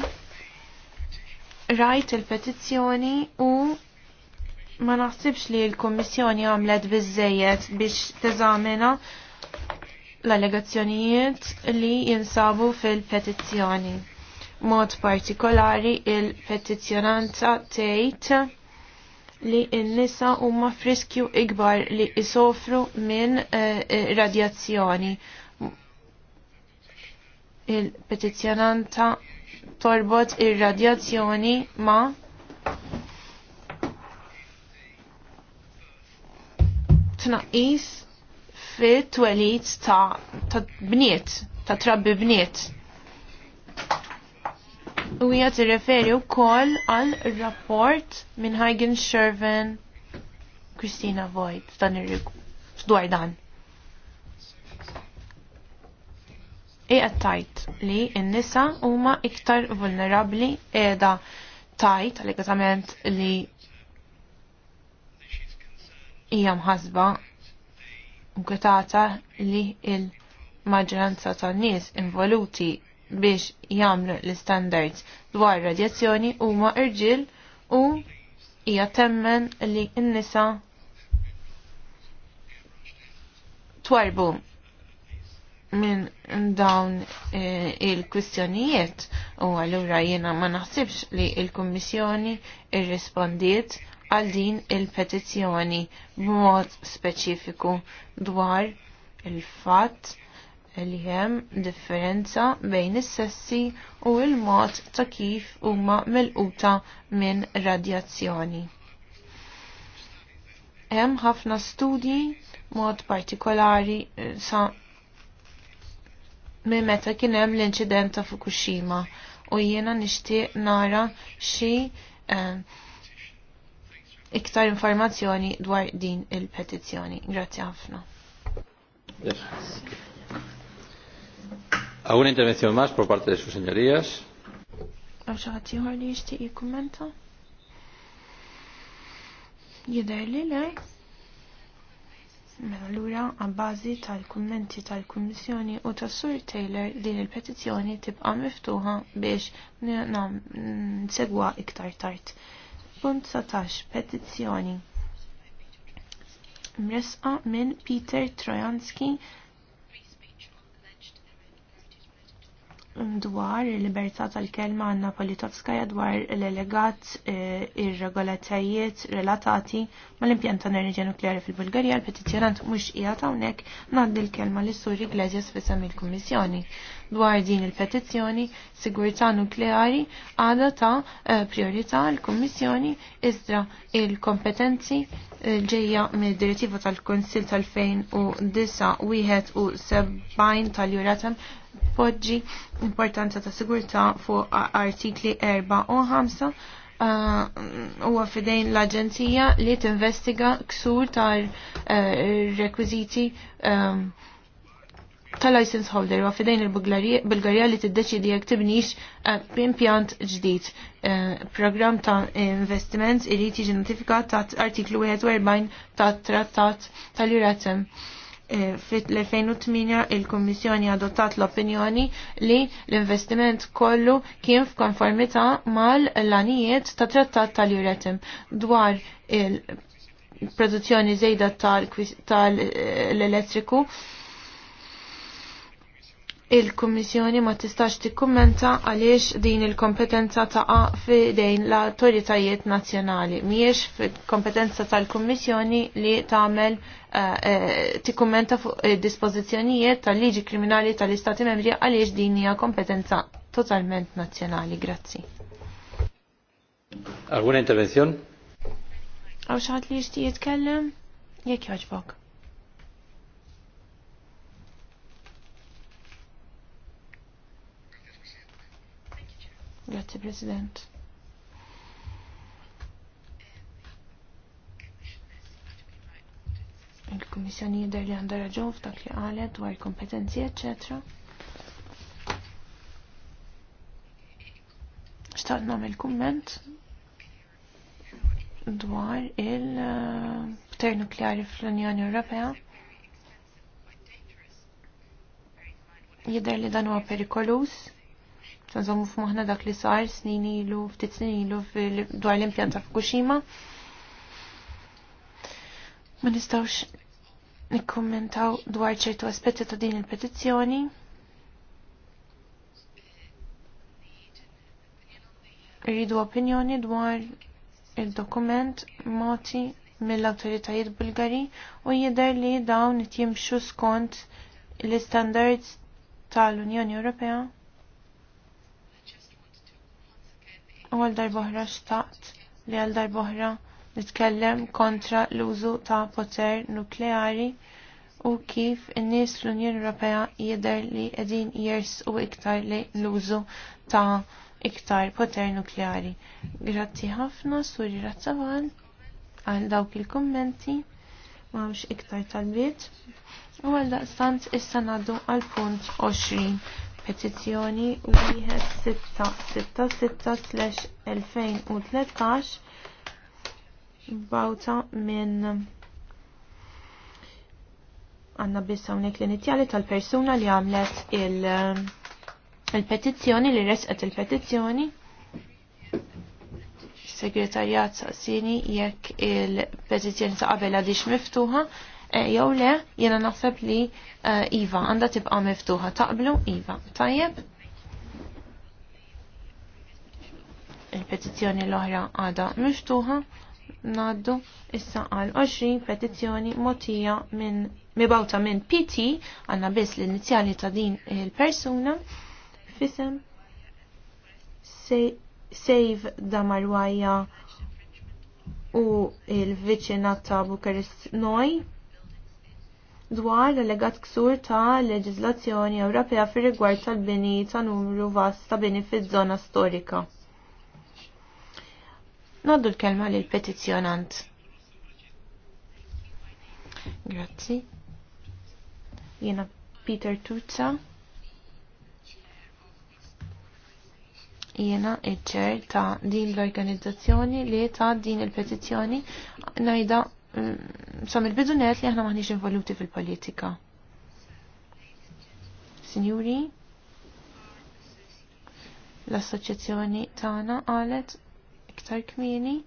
Rajt il-petizzjoni u ma naħsibx li l-Kommissjoni għamlet bizzejiet biex teżamina l-allegazzjonijiet li jinsabu fil-petizzjoni. Mod partikolari il-petizzjonanta tgħid li n-nisa huma friskju ikbar li isofru minn eh, eh radjazzjoni. Il-petizzjonanta torbot ir-radjazzjoni ma' tnaqqis fit twelit ta', ta bniet, ta' trabbi bniet. U referi u wkoll għal rapport minn Hagen Kristina Christina dan irriku, dwar dan. Iqa tajt li n-nisa huma iktar vulnerabli qiegħda tajt għal li hija mħasba nkwetata li il-maġranza tan-nies involuti biex jagħmlu l-standards dwar radjazzjoni huma irġiel u hija temmen li n-nisa twarbu minn dawn eh, il-kwistjonijiet u għallura jiena ma naħsibx li il-Kummissjoni irrispondiet għal din il-petizzjoni b'mod speċifiku dwar il-fatt li hemm differenza bejn is-sessi u l-mod ta' kif huma melquta minn radjazzjoni. Hemm ħafna studji mod partikolari eh, sa minn meta kien hemm l-inċident ta' Fukushima u jiena nixtieq nara xi eh, iktar informazzjoni dwar din il-petizzjoni. Grazzi ħafna. Għawun yes. intervenzjon mas por parte de su señorías. Għawxaħat jħor li jishtiq jikkommenta? Jider li lej? Mela l-ura għabbazi tal-kummenti tal-Kummissjoni u tas Sur Taylor din il-petizzjoni tibqa' miftuħa biex segwa iktar tard. Punt 19. Petizzjoni. Mresqa minn Peter Trojanski dwar il-libertà tal-kelma għanna politotskaja dwar l-elegat eh, ir-regolatajiet relatati mal-impjant ta' enerġija nukleari fil-Bulgarija, l-petizjonant mhux qiegħed hawnhekk ngħaddi l-kelma lis sur Iglesias f'isem il-Kummissjoni dwar din il-petizzjoni sigurtà nukleari għada ta' eh, priorità l-Kummissjoni iżdra il-kompetenzi eh, ġejja mid direttiva tal-Konsil tal-2009 u 70 tal-Juratem poġġi importanza ta' sigurtà fuq artikli 4 u 5 eh, huwa għafidejn fidejn l-Aġenzija li tinvestiga ksur tar rekwiziti uh, tal-license holder wa fidejn il-Bulgarija li tiddeċidi jekk tibnix eh, impjant ġdid. Eh, program ta' investiment irid jiġi notifikat ta' artiklu 41 ta' trattat tal-Juratem. Eh, Fit l-2008 il-Kommissjoni adottat l-opinjoni li l-investiment kollu kien f'konformità mal-lanijiet ta' trattat tal-Juratem dwar il-produzzjoni zejda tal-elettriku. tal elettriku il-Kummissjoni ma tistax tikkummenta għaliex din il-kompetenza taqa dejn l-autoritajiet nazjonali. Miex kompetenza tal-Kummissjoni li tagħmel eh, eh, tikkummenta fuq eh, dispożizzjonijiet tal-liġi kriminali tal-Istati membri għaliex din hija kompetenza totalment nazzjonali. Grazzi. Alguna intervenzjon? Għaw xaħat li jishti jitkellem? Jek joġbok. Grazie President. Il-Kummissjoni jidher li għandha raġun f'dak li qalet dwar kompetenzi, eċċetera. Xtaqt nagħmel kumment dwar il-pter nukleari fl-Unjoni Ewropea. Jidher li dan huwa perikolus Nżommu f'moħna dak li sar snin ilu, ftit snin ilu dwar l-impjant ta' Fukushima. Ma nistawx nikkommentaw dwar ċertu aspetti ta' din il-petizzjoni. Rridu opinjoni dwar il-dokument moti mill-autoritajiet Bulgari u jidher li dawn jimxu skont l-standards tal-Unjoni Ewropea u għal darbohra xtaqt li għal darbohra nitkellem kontra l-użu ta' poter nukleari u kif in-nies l unjoni Ewropea jidher li qegħdin u iktar li l-użu ta' iktar poter nukleari. Grazzi ħafna Suri Razzavan, għal dawk il-kummenti m'hawnx iktar tal-bit u għal daqstant issa ngħaddu għal punt 20 petizzjoni wieħed 166-2013 bawta minn għanna bissa unik l-inizjali tal-persuna li għamlet il-petizzjoni li resqet il-petizzjoni segretarjat saqsini jekk il-petizzjoni ta' qabel għadix miftuħa Eh, jew le jiena naħseb li eh, Iva għandha tibqa' miftuħa taqblu Iva. Tajjeb. Il-petizzjoni l-oħra għadha miftuħa naddu issa għal 20 petizzjoni motija minn mibawta minn PT għanna biss l-inizjali ta' din il-persuna fisem Save Damarwaja u il-viċina ta' Bukarest noi dwar l-legat ksur ta' leġizlazzjoni Ewropea fir rigward tal-bini ta' numru vast ta' bini fiż-żona storika. Naddu l-kelma lil petizzjonant. Grazzi. Jiena Peter Tuzza. Jiena iċ-ċer ta' din l-organizzazzjoni li ta' din il-petizzjoni najda sam il-bidunet li aħna maħniġ involuti fil-politika. Signori, l-assoċjazzjoni tana għalet iktar kmini.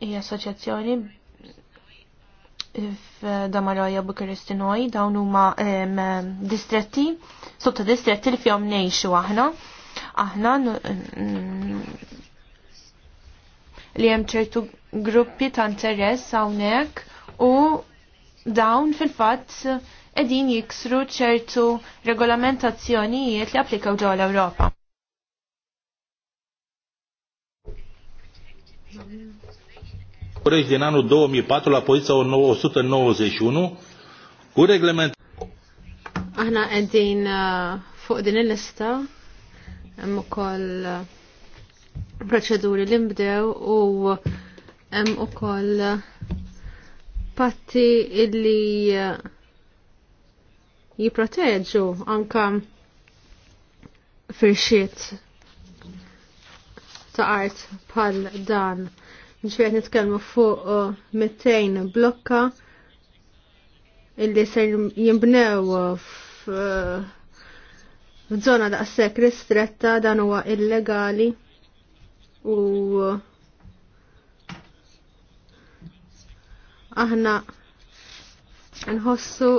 hija assoċjazzjoni f'Damaraja Bukaristinoj dawn huma distretti, sotta distretti li fjom nejxu aħna. Aħna li hemm ċertu gruppi ta' interess hawnhekk u dawn fil-fatt edin jiksru ċertu regolamentazzjonijiet li applikaw ġol l-Ewropa. Urex din anul 2004 la poziția 191 u reglement. Aħna qegħdin uh, fuq din il-lista hemm ukoll uh, proċeduri li nbdew u hemm ukoll uh, patti illi jipproteġu anka firxiet ta' art pal dan ġviet nitkellmu fuq 200 uh, blokka illi ser jimbnew uh, uh, f'żona daqshekk ristretta dan huwa illegali u aħna nħossu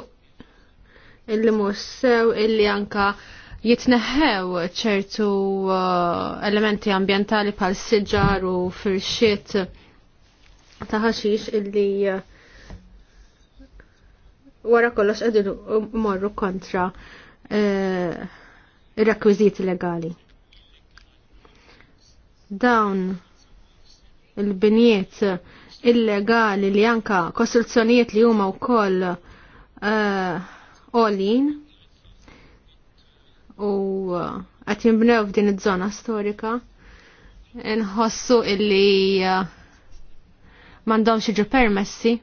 illi mhux sew illi anka jitneħħew ċertu uh, elementi ambientali pal siġar u firxiet ta' ħaxix illi uh, wara kollox għedin morru kontra uh, ir-rekwiżiti legali. Dawn il-biniet illegali li anka kostruzzjonijiet li huma wkoll olin u qed uh, jinbnew f'din iż-żona storika nħossu illi uh, m'għandhomx xieġu permessi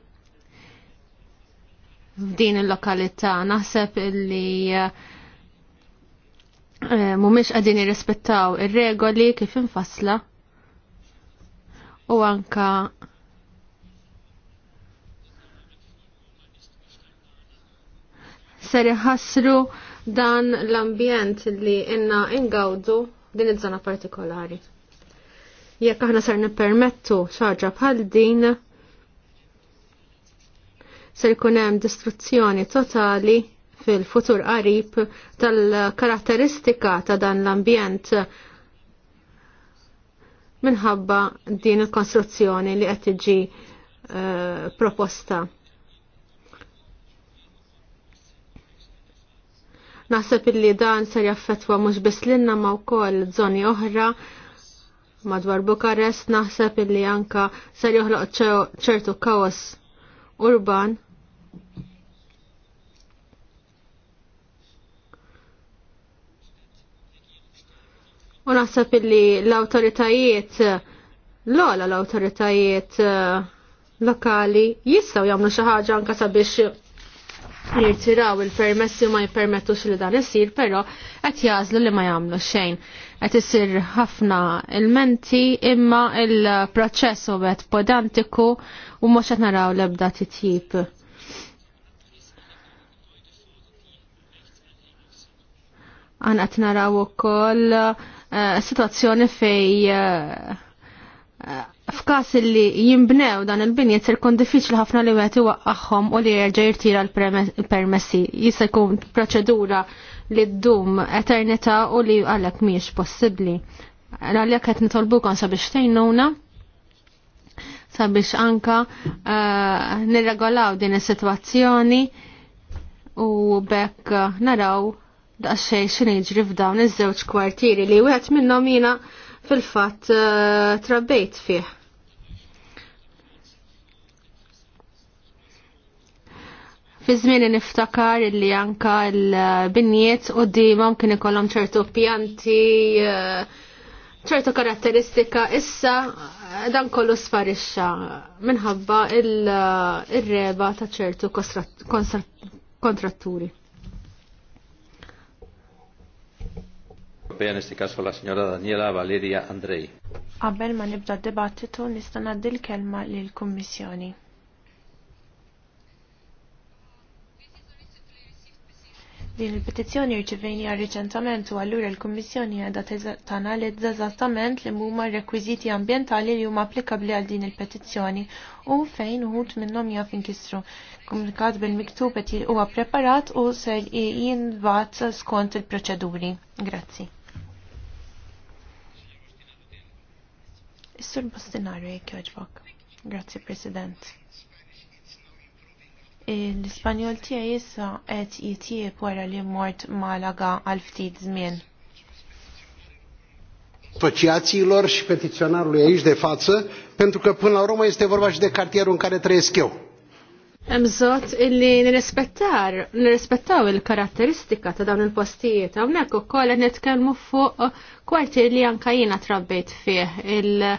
f'din il-lokalità naħseb illi uh, eh, mhumiex qegħdin jirrispettaw ir-regoli kif infassla u anka ser jħassru dan l-ambjent li inna ingawdu din il żona partikolari. Jekk aħna ser nippermettu xaġa bħal din, ser jkun hemm distruzzjoni totali fil-futur qarib tal-karatteristika ta' dan l-ambjent minħabba din il-konstruzzjoni li qed tiġi uh, proposta. Naħseb illi dan ser jaffetwa mhux biss linna ma wkoll żoni oħra madwar Bukarest naħseb illi anka ser joħloq ċertu kaos urban. U naħseb illi l-awtoritajiet l-ola l-awtoritajiet eh, lokali jistgħu jagħmlu xi ħaġa anke sabiex jirtiraw il-permessi ma jippermettux li dan isir, pero qed jażlu li ma jagħmlu xejn. Qed isir ħafna il-menti imma il-proċess u qed podantiku u mhux qed naraw l-ebda titjib. Għan qed naraw ukoll uh, situazzjoni fej uh, uh, f'kas li jimbnew dan il binjet ser kun diffiċli ħafna li wieħed iwaqqagħhom u li jerġa' jirtira l-permessi. Jista' jkun proċedura li ddum eternità u li għalhekk mhijiex possibbli. Għalhekk qed nitolbukom sabiex tgħinuna sabiex anka uh, nirregolaw din is-sitwazzjoni u bekk eh, naraw daqsxejn x'inhi jiġri f'dawn iż-żewġ kwartieri li wieħed minnhom jiena fil-fatt uh, trabbejt fih. Fi żmien niftakar li anka l-binjiet qudiemhom kien ikollhom ċertu pjanti eh, ċertu karatteristika issa eh, dan kollu sparixxa minħabba eh, il-reba ta' ċertu kontratturi. Pianistika nesti la signora Daniela Valeria Andrei. Qabel ma nibda d-dibattitu nista' ngħaddi l-kelma lill-Kummissjoni. Din il-petizzjoni rċivejnija riċentament u allura l-Kummissjoni għadha tanalizza eżattament li huma r-rekwiżiti ambjentali li huma applikabbli għal din il-petizzjoni u fejn uħut minnhom jaf inkisru. Komunikat bil-miktub qed huwa preparat u ser jinbat skont il-proċeduri. Grazzi. Is-Sur Bostinaru jekk jogħġbok. Grazzi President l-Ispanjol tiegħi issa qed jitjieb wara li mort Malaga għal ftit żmien. Asociațiilor și petiționarului aici de față, pentru că până la urmă este vorba și de cartierul în care trăiesc eu. Hemm bżonn illi nirrispettar, nirrispettaw il-karatteristika ta' dawn il-postijiet. Hawnhekk ukoll kolla nitkellmu fuq kwartier li anka jiena trabbejt fih il-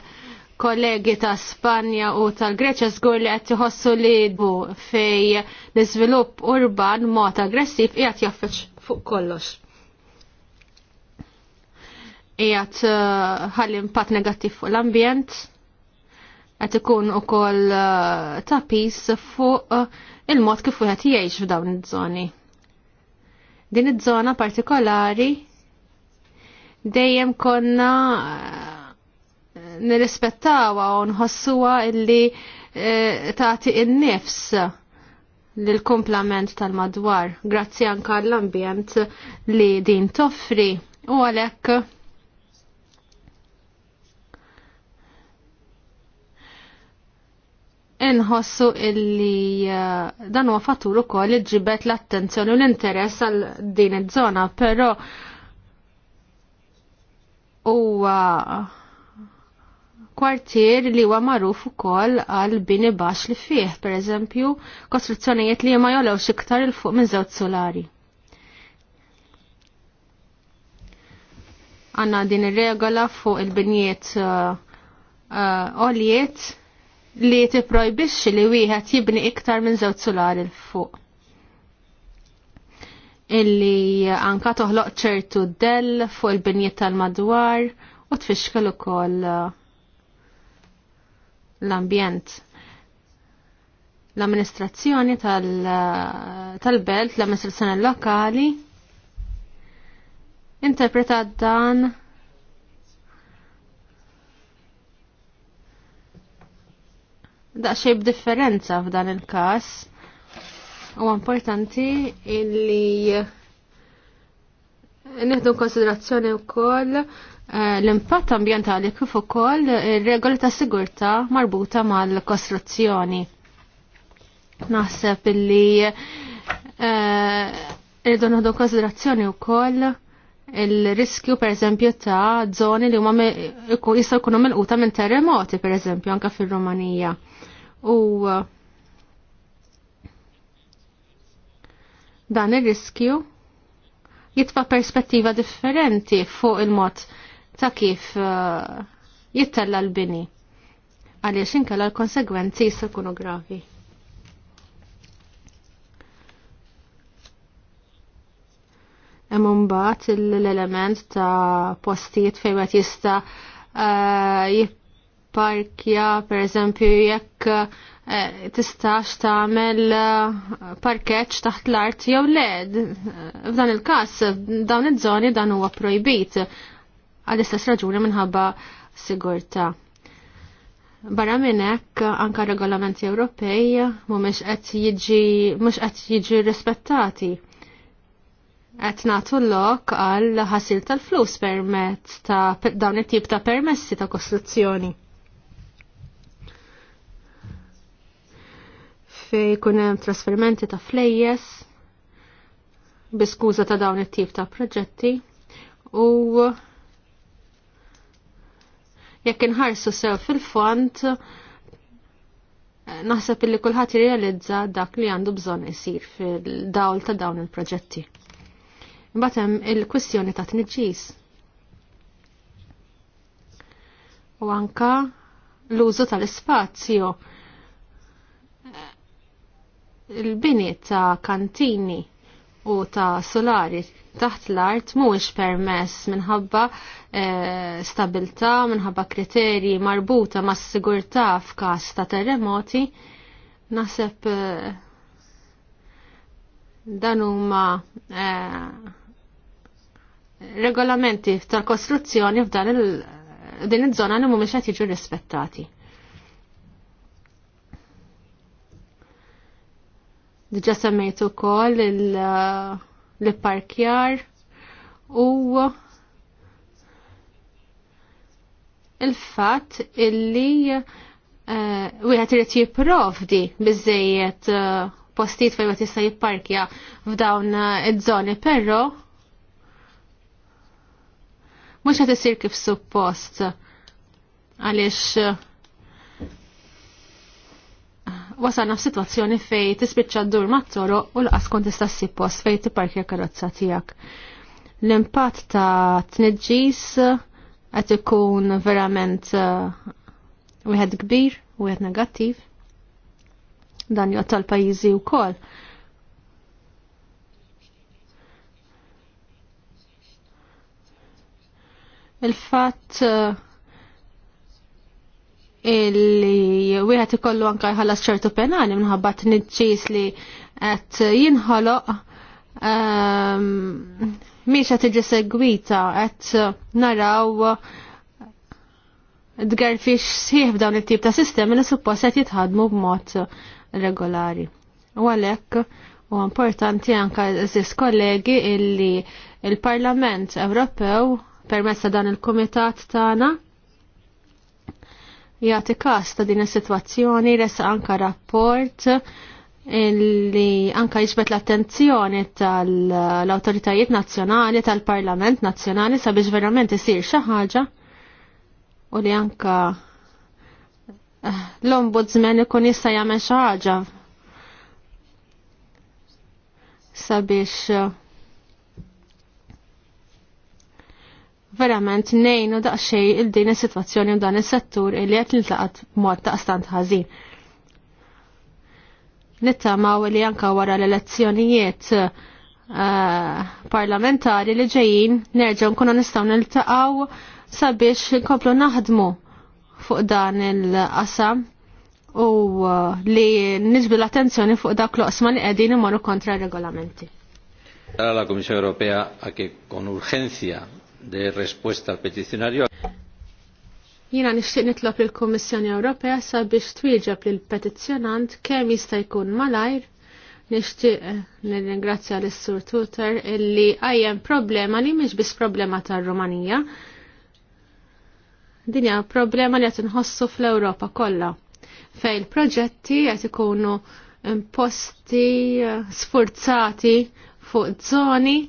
kollegi ta' Spanja u tal-Greċja żgur li qed iħossu li bu fej l-iżvilupp urban mod aggressiv qiegħed jaffeċ fuq kollox. Qiegħed uh, ħalli impatt negattiv fuq l-ambjent, qed ikun ukoll uh, pis fuq uh, il-mod kif wieħed jgħix f'dawn iż-żoni. Din iż-żona partikolari dejjem konna nirrispettawa u nħossuha illi eh, tagħti il nifs lill-kumplament tal-madwar. Grazzi anka l-ambjent li din toffri u għalhekk inħossu illi eh, dan huwa fattur ukoll li ġibet l-attenzjoni u l-interess għal din iż-żona, però huwa kwartier li huwa magħruf ukoll għal bini baxx li fih, pereżempju kostruzzjonijiet li ma jolewx iktar il fuq minn żewġ solari. Għanna din ir-regola fuq il-binjiet uh, uh, li tipprojbixxi li wieħed jibni iktar minn żewġ solari l fuq illi anka toħloq ċertu del fuq il-binjiet tal-madwar u tfixkel ukoll uh, l-ambjent l-amministrazzjoni tal-belt, tal l-amministrazzjoni lokali, interpretat dan daqxej differenza f'dan il-kas u importanti illi nieħdu konsiderazzjoni wkoll Eh, l-impatt ambjentali kif ukoll ir-regoli ta' sigurtà marbuta mal-kostruzzjoni. Naħseb illi eh, irridu naħdu konsiderazzjoni wkoll il-riskju pereżempju ta' zoni li huma jistgħu jkunu melquta minn terremoti pereżempju anke fir-Rumanija. U dan ir-riskju jitfa' perspettiva differenti fuq il-mod ta' kif uh, jittella l-bini għaliex inkella l-konsegwenzi jista' jkunu gravi. Emmun mbagħad l-element ta' postijiet fejn qed jista' uh, jipparkja pereżempju jekk uh, tistax tagħmel parkeġġ taħt l-art jew led. F'dan il-każ f'dawn id żoni dan huwa projbit għal-istess raġuni minħabba sigurta. Barra minn hekk anke regolamenti Ewropej mhumiex qed jiġi mhux qed jiġi rispettati. Qed nagħtu lok għal ħasil tal-flus permezz ta' dawn it-tip ta' permessi ta' kostruzzjoni. Fej jkun hemm trasferimenti ta' flejjes biskuża ta' dawn it-tip ta' proġetti u jekk inħarsu sew fil-font naħseb illi kulħadd jirrealizza dak li għandu bżonn isir fil-dawl ta' dawn il-proġetti. Imbagħad hemm il-kwistjoni ta' tniġġis. U anka l-użu tal-ispazju il-bini ta' kantini u ta' solari taħt l-art mhuwiex permess minħabba eh, stabilità, minħabba kriterji marbuta mas sigurtà f'każ ta' terremoti. Naħseb eh, dan huma eh, regolamenti tal-kostruzzjoni f'dan din iż-żona li mhumiex qed jiġu rispettati. Diġa semmejtu kol il- uh, li parkjar u il-fat illi u eh, għat irrit jiprovdi bizzejiet uh, eh, postiet fej għat jista jipparkja f'dawn eh, id-żoni, pero mux għat isir kif suppost għalix uh, wasalna f'sitwazzjoni fej tispiċċa d-dur mat-toro u l kont tista' s post fej t-parkja karozza tiegħek. L-impatt ta' tniġġis qed ikun verament eh, wieħed kbir, wieħed negattiv. Dan jgħat tal-pajjiżi wkoll. Il-fatt eh, illi wieħed ikollu anke jħallas ċertu penali minħabba tniċċis li qed jinħoloq miex ehm, qed tiġi segwita qed naraw tgerfix sħiħ f'dawn it-tip ta' sistemi li suppost qed jitħadmu b'mod regolari. U għalhekk u importanti anke żis kollegi illi il-Parlament Ewropew permezz dan il-Kumitat tagħna jgħati każ ta' din is-sitwazzjoni resa anka rapport li anka jiġbet l-attenzjoni tal-autoritajiet nazzjonali, tal-parlament nazzjonali sabiex verament isir xi ħaġa u li anka eh, l-ombudsman ikun jista' jagħmel xi ħaġa sabiex eh, verament nejnu daqxej il-din is-sitwazzjoni u dan is-settur il qed nintlaqat mod daqstant ħażin. Nittamaw li anka wara l-elezzjonijiet eh, parlamentari li ġejjin nerġgħu nkunu nistgħu niltaqgħu sabiex nkomplu naħdmu fuq dan il-qasam u eh, li nisbu l-attenzjoni fuq dak l-qosma li qegħdin imorru kontra regolamenti. Ara la Comisión Europea a que con urgencia de respuesta al peticionario. Jina nixtieq nitlob il-Kummissjoni Ewropea sabiex twieġeb lil petizzjonant kemm jista' jkun malajr nixtieq eh, nirringrazzja l sur Tutor illi għajjem problema li mhix biss problema tar-Rumanija. Din hija problema li qed inħossu fl-Ewropa kollha fejn proġetti qed ikunu imposti eh, sforzati fuq zoni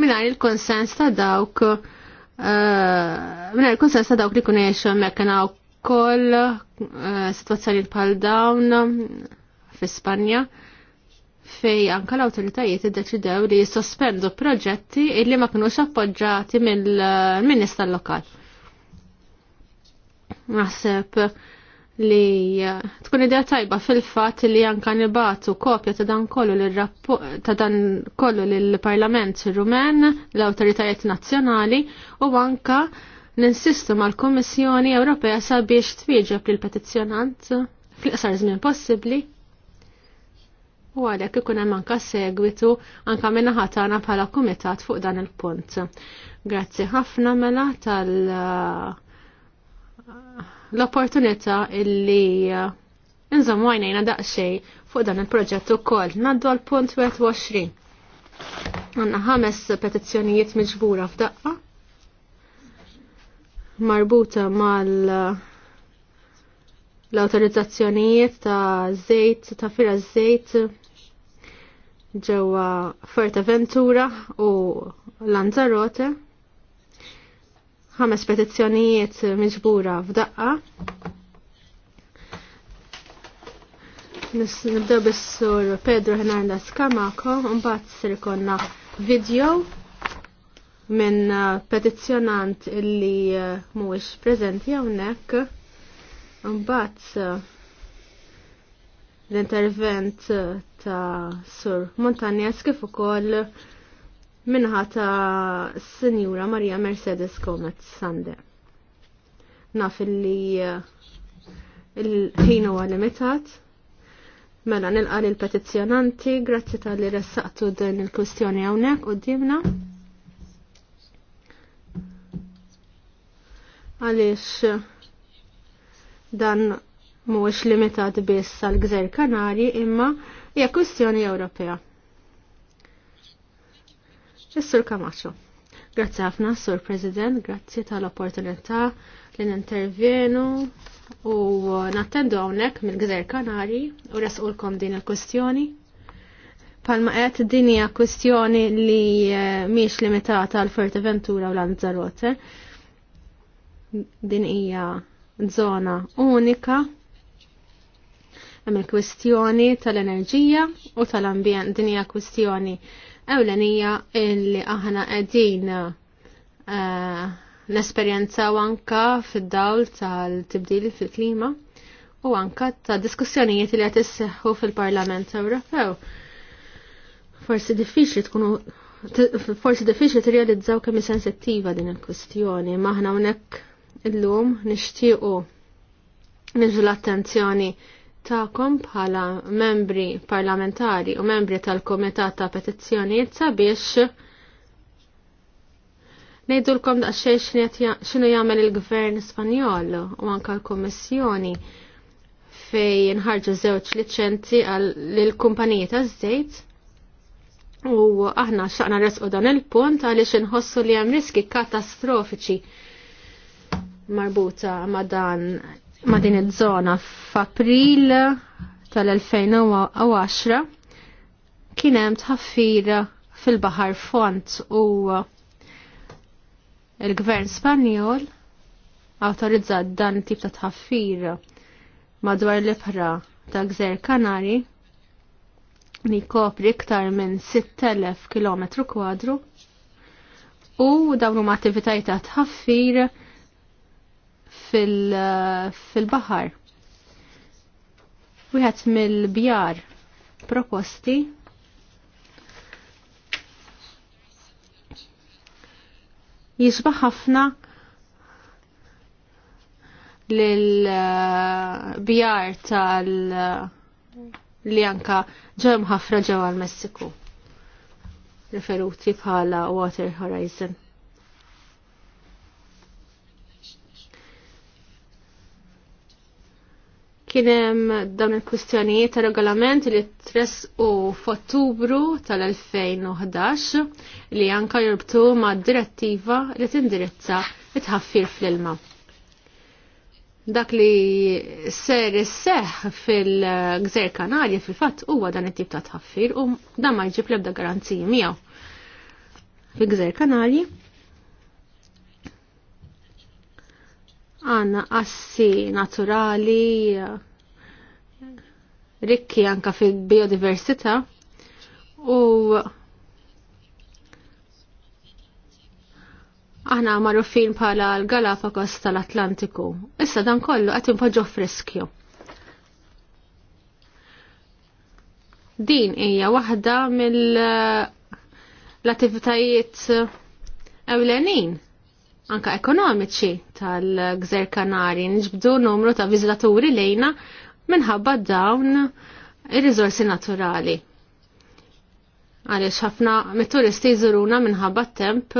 mingħajr il-konsens ta' dawk minna eh, mingħajr il-konsens ta' dawk li kun jgħixu hemmhekk kien koll eh, situazzjoni bħal dawn fi Spanja fej anka l-autoritajiet iddeċidew li jissospendu proġetti illi ma kinux appoġġati mill-ministra lokal. Naħseb li eh, tkun idea tajba fil-fat li anka nibatu kopja ta' dan kollu ta' dan kollu l-Parlament Rumen, l-Autoritajiet Nazzjonali u anka ninsistu mal-Kommissjoni Ewropea sabiex li l petizzjonant fl-qasar żmien possibbli. U għalhekk ikun hemm anka segwitu anka minna ħatana bħala kumitat fuq dan il-punt. Grazzi ħafna mela tal- uh, l-opportunità illi uh, nżom għajnejna daqxej fuq dan il-proġett ukoll. Naddu għal punt 21. Għanna ħames petizzjonijiet miġbura f'daqqa marbuta mal uh, l-autorizzazzjonijiet ta' zejt, ta' fira zejt ġewwa Fuerteventura u Lanzarote ħames petizzjonijiet miġbura f'daqqa. Nibdew bis-sur Pedro Hernandez Camaco, mbagħad sir konna video minn uh, petizzjonant illi uh, mhuwiex preżenti hawnhekk. Mbagħad uh, l-intervent ta' Sur Montagnes kif ukoll minħata Sinjura Maria Mercedes Gomez Sande. Naf li uh, il-ħin huwa limitat. Mela nilqa il petizzjonanti, grazzi tal-li ressaqtu din il kustjoni hawnhekk dimna. Għaliex uh, dan mhuwiex limitat biss għall gżer Kanari imma hija kwistjoni Ewropea. Is-Sur Kamaċo. Grazzi ħafna, Sur President, grazzi tal-opportunità li nintervjenu u nattendu hawnhekk mill-Gżer Kanari u resqulkom din il kustjoni Palma qed din hija kustjoni li eh, miex limitata għal Forteventura u Lanzarote. Din hija żona unika hemm il-kwestjoni tal-enerġija u tal-ambjent din hija kwestjoni ewlenija illi aħna qegħdin eh, nesperjenza anka fid-dawl tal-tibdil fil-klima u anka ta' diskussjonijiet li qed isseħħu fil-Parlament Ewropew. Forsi diffiċli tkunu forsi diffiċli t-realizzaw kemm sensittiva din il-kwistjoni, ma aħna hawnhekk illum nixtiequ niġu l-attenzjoni ta'kom bħala membri parlamentari u membri tal-Komitat ta' Petizzjonijiet sabiex Nejdulkom daqxej xinu jagħmel il-Gvern Spanjol u anka l-Kommissjoni fej nħarġu żewġ liċenzi lill-kumpaniji taż-żejt u aħna xaqna resqu dan il-punt għaliex inħossu li hemm riski katastrofiċi marbuta ma' dan ma' din iż-żona f'April tal-2010 kien hemm tħaffir fil-Baħar Font u il-Gvern Spanjol awtorizzat dan tip ta' tħaffir madwar l ibra ta' Gżer Kanari li kopri iktar minn 6000 km kwadru u dawn huma attivitajiet ta' tħaffir fil-bahar. Wieħed mill-bjar proposti jisbaħ ħafna lil-bjar tal- li anka ġem ħafra ġewwa l-Messiku. Referuti bħala Water Horizon. Kienem dawn il-kwistjonijiet ta' regolament li tres u f'Ottubru tal-2011 li anka jorbtu ma' direttiva li tindirizza it-ħaffir fl-ilma. Dak li ser seħ fil-gżer Kanarja fil-fatt huwa dan it-tip ta' tħaffir u dan ma jġib lebda garanzija miegħu. Fil-gżer Kanarji għanna assi naturali rikki anka fil-biodiversità u aħna marrufin pala l-Galapagos tal-Atlantiku. Issa dan kollu qed impoġġu friskju. Din hija waħda mill-attivitajiet ewlenin anka ekonomiċi tal-Gżer Kanari nġbdu numru ta' viżlaturi lejna minħabba dawn ir rizorsi naturali. Għaliex ħafna mit-turisti jżuruna minħabba temp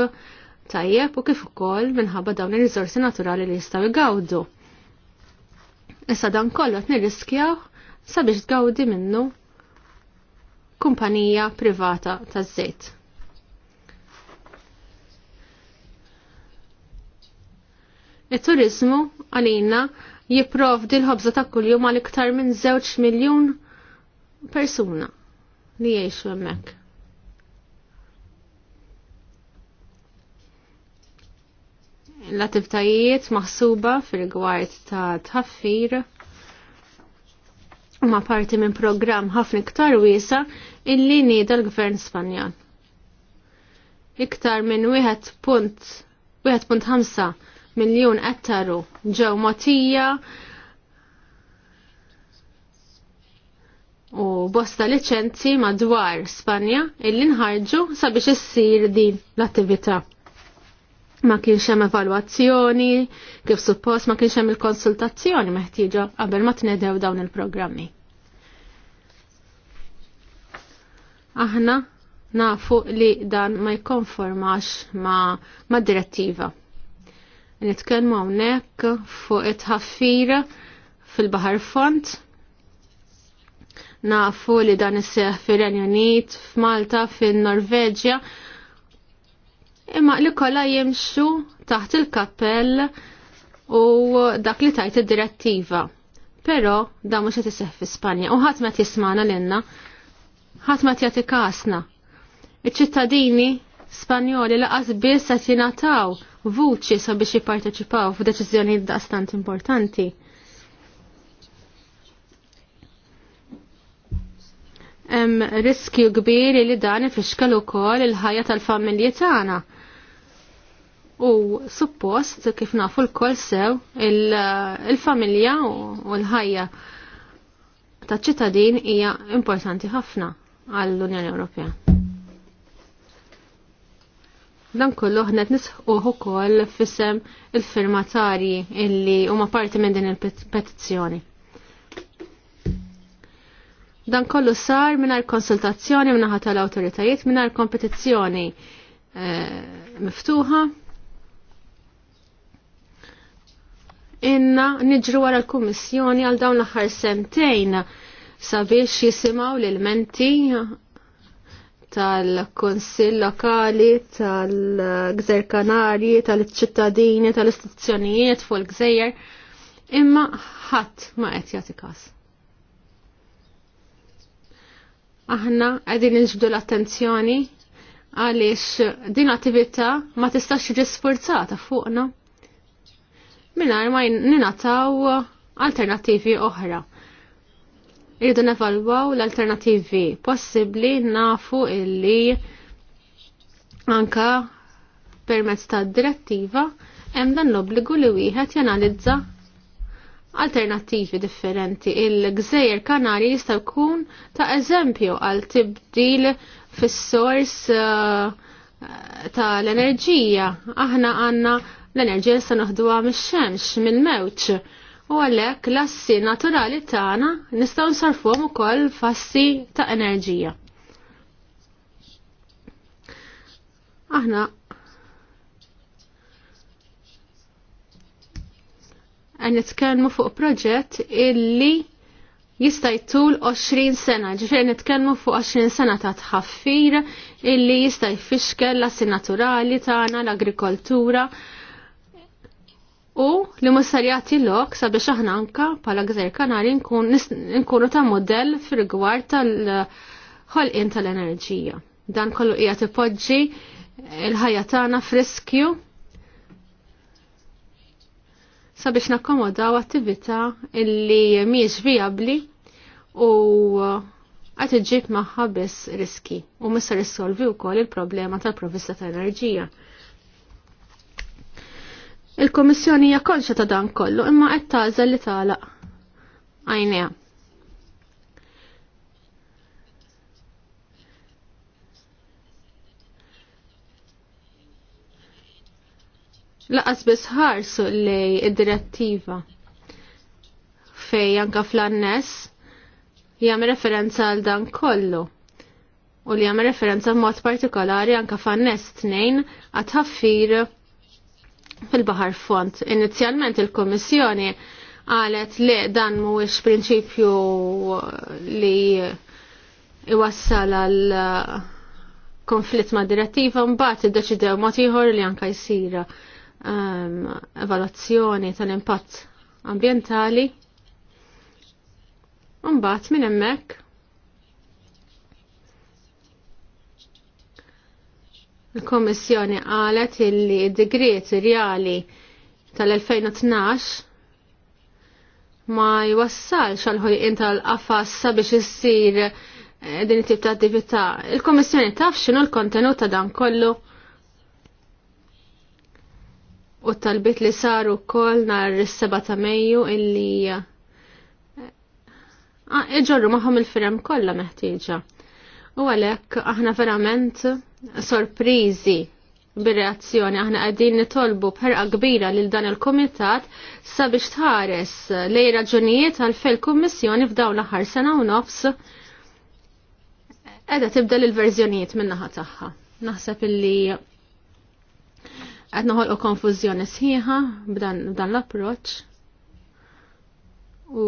tajjeb u kif ukoll minħabba dawn ir rizorsi naturali li jistgħu jgawdu. Issa dan kollu qed nirriskjaw sabiex tgawdi minnu kumpanija privata taż-żejt. Il-turizmu għalina jiprovdi l-ħobza ta' kuljum għal iktar minn żewġ miljun persuna li jgħixu hemmhekk. l attivtajiet maħsuba fil-gwart ta' tħaffir ma' parti minn programm ħafna iktar wiesa illi nieda l-Gvern Spanjan. Iktar minn 1.5 miljun ettaru ġew motija u bosta licenzi madwar Spanja illi nħarġu sabiex issir din l-attività. Ma kienx hemm evalwazzjoni, kif suppost ma kienx hemm il-konsultazzjoni meħtieġa qabel ma tnedew dawn il-programmi. Aħna nafu li dan ma jkonformax ma, ma direttiva Nitkellmu hawnhekk fuq it-ħaffira fil-Baħar Font. Nafu li dan isseħ fir-Renju Unit, f'Malta, fin-Norveġja. Imma li kollha jimxu taħt il-kappell u dak li tajt id-direttiva. Però dan mhux qed iseħħ fi Spanja u ħadd ma jismana lilna, ħadd ma jagħti kasna. Iċ-ċittadini Spanjoli laqas biss qed jingħataw vuċi sabiex jipparteċipaw f'deċiżjonijiet daqstant importanti. Hemm riskju kbir li dan ifixkel ukoll il-ħajja tal-familji tagħna. U suppost kif nafu l-koll sew il-familja u l-ħajja taċ ċittadin hija importanti ħafna għall-Unjoni Ewropea. Dan kollu ħnet nisħuħu kol fissem il-firmatari illi huma parti minn din il-petizzjoni. Dan kollu sar minar konsultazzjoni minnaħat tal-autoritajiet minar kompetizzjoni e, miftuħa. Inna niġru wara l-Kummissjoni għal dawn l-aħħar sentejn sabiex jisimaw l-elementi tal konsil lokali, tal-gżer kanari, tal-ċittadini, tal-istituzzjonijiet fuq il-gżejjer, imma ħadd ma qed jagħti każ. Aħna qegħdin inġbdu l-attenzjoni għaliex din attività ma tistax jiġi sforzata fuqna mingħajr ma ninataw alternattivi oħra Irridu nevalwaw l-alternativi possibbli nafu illi anka permezz ta' direttiva hemm dan l-obbligu li wieħed janalizza alternattivi differenti. Il-gżejjer Kanari jista' jkun ta' eżempju għal tibdil fis-sors eh, ta' l-enerġija. Aħna għandna l-enerġija se noħduha mix-xemx, mill-mewġ u għalhekk l-assi naturali tagħna nistgħu u ukoll fassi ta' enerġija. Aħna għan nitkellmu fuq proġett illi jista' jtul 20 sena, ġifieri nitkellmu fuq 20 sena ta' tħaffir illi jista' jfixkel l-assi naturali tagħna l-agrikoltura u li mussarjati l-ok sabiex aħna anka pala gżer kanari nkunu ta' modell fil-gwar tal-ħolqin tal-enerġija. Dan kollu hija tipoġġi il-ħajja tagħna friskju sabiex nakkomodaw attività illi mhijiex vijabbli u għat iġib maħħa biss riski u missa rissolvi wkoll il-problema tal-provista tal-enerġija. tal provista tal enerġija Il-Komissjoni hija konxa ta' dan kollu imma qed tażel li tagħlaq għajnejha. Laqas biss ħarsu li id-direttiva fej anka fl-annes jgħam referenza għal dan kollu u li jgħam referenza mod partikolari anka f'annes tnejn għat ħaffir fil-Bahar Font. Inizjalment il-Kommissjoni għalet li dan mhuwiex prinċipju li iwassal għal konflitt ma' direttiva mbagħad iddeċidew mod ieħor li anke jsir um, ehm, evaluazzjoni tal-impatt ambjentali. Mbagħad minn hemmhekk Il-Kommissjoni qalet illi d-degriet reali tal-2012 ma jwassalx għal ħolqien tal-qafas sabiex issir eh, din it-tip ta' attività. Il-Kommissjoni taf x'inhu l-kontenut ta' dan kollu u tal-bit li saru wkoll nhar is-7 ta' Mejju illi eh, ah, iġorru magħhom il-firem kollha meħtieġa. U għalhekk aħna verament sorprizi bil reazzjoni aħna qegħdin nitolbu bħerqa kbira lil dan il-kumitat sabiex tħares lej raġunijiet għal fil kummissjoni f'dawn l-aħħar sena u nofs qiegħda tibdel il-verżjonijiet min-naħa tagħha. Naħseb illi qed noħolqu konfużjoni sħiħa b'dan l-approċċ. U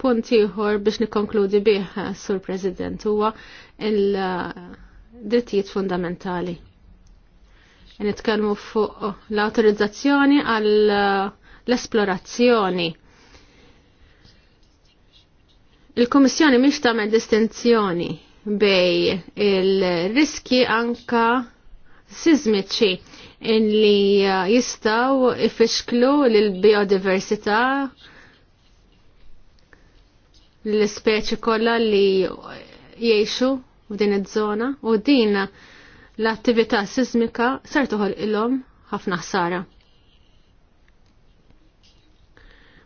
punt ieħor biex nikkonkludi bih, Sur President, huwa il- drittijiet fundamentali. Nitkellmu fuq l-autorizzazzjoni għall eh, l-esplorazzjoni. Il-Komissjoni mhix tagħmel distinzjoni bej il-riski anka sizmiċi li eh, jistaw ifixklu l-biodiversità l-speċi kollha li jgħixu f'din iż-żona u din l-attività sismika ser toħol ilhom ħafna ħsara.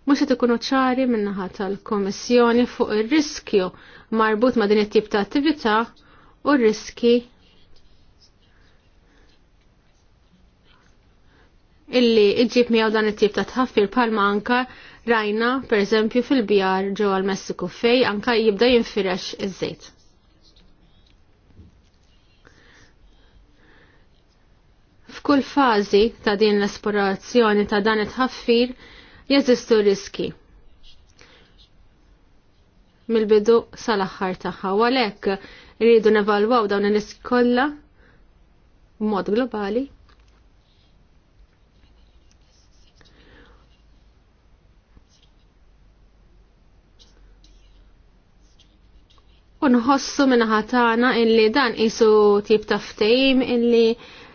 Mhux qed ikunu ċari min-naħa tal-Komissjoni fuq ir-riskju marbut ma' din it-tip ta' attività u r-riski illi iġib miegħu dan it-tip ta' tħaffir palma anka rajna pereżempju fil-bjar ġewwa l-Messiku fej anka jibda jinfirex iż-żejt. F'kull fażi ta' din l-esplorazzjoni ta' dan it-ħaffir jeżistu riski. Mill-bidu sal-aħħar tagħha u għalhekk irridu nevalwaw dawn il-riski kollha b'mod globali. unħossu minnaħatana illi dan isu tip ta' ftejim illi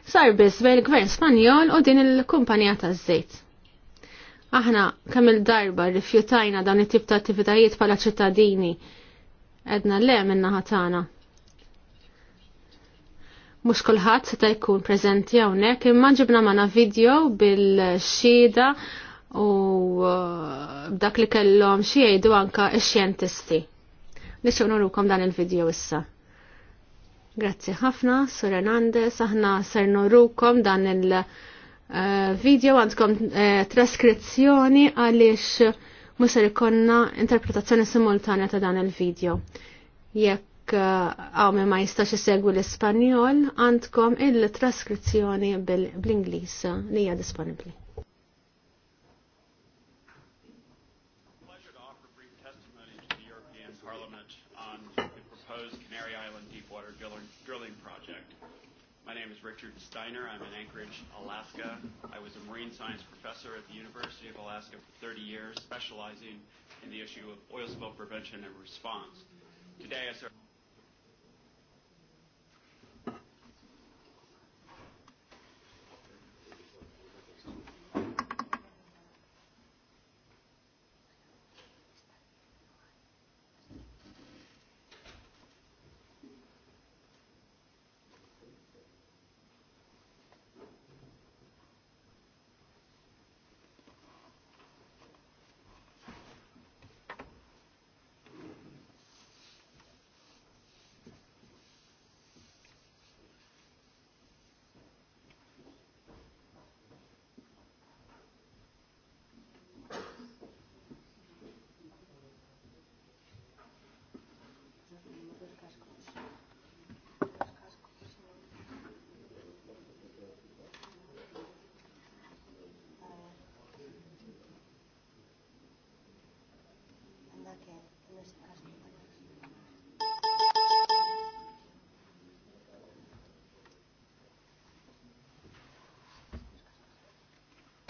sar biss bejn gvern Spanjol u din il-kumpanija taż-żejt. Aħna kemm il-darba rrifjutajna dawn it-tip ta' attivitajiet bħala ċittadini edna le minna ħatana. Mux se seta' jkun preżenti hawnhekk imma ġibna mana video bil-xhieda u uh, bdak li kellhom xi jgħidu anka x-xjentisti. Nixxu nurukom dan il-video issa. Grazzi ħafna, Sur Hernandez, aħna ser norukom dan il-video eh, għandkom eh, traskrizzjoni għaliex musar ikonna interpretazzjoni simultanja ta' dan il-video. Jekk eh, għawme ma jistax isegwu l-Ispanjol, għandkom il-traskrizzjoni bil-Inglis li hija disponibbli. Richard Steiner. I'm in Anchorage, Alaska. I was a marine science professor at the University of Alaska for 30 years, specializing in the issue of oil spill prevention and response. Today I serve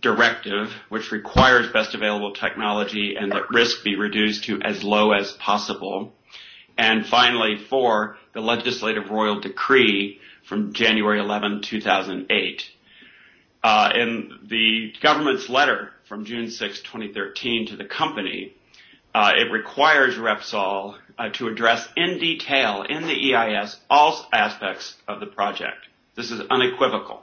directive, which requires best available technology and that risk be reduced to as low as possible. And finally, four, the legislative royal decree from January 11, 2008. Uh, in the government's letter from June 6, 2013 to the company, uh, it requires Repsol uh, to address in detail in the EIS all aspects of the project. This is unequivocal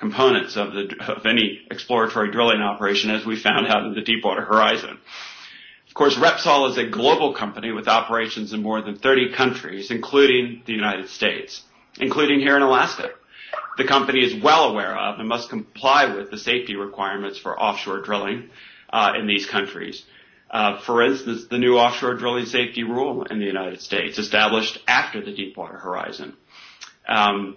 components of, the, of any exploratory drilling operation as we found out in the Deepwater Horizon. Of course, Repsol is a global company with operations in more than 30 countries, including the United States, including here in Alaska. The company is well aware of and must comply with the safety requirements for offshore drilling uh, in these countries. Uh, for instance, the new offshore drilling safety rule in the United States, established after the Deepwater Horizon. Um,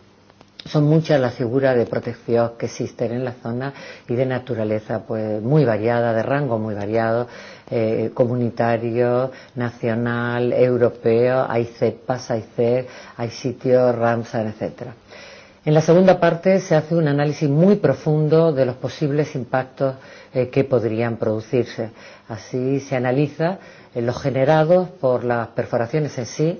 son muchas las figuras de protección que existen en la zona y de naturaleza pues muy variada, de rango muy variado, eh, comunitario, nacional, europeo, hay cepas, hay CER, hay sitios, Ramsar, etcétera. En la segunda parte se hace un análisis muy profundo de los posibles impactos eh, que podrían producirse. Así se analiza eh, los generados por las perforaciones en sí,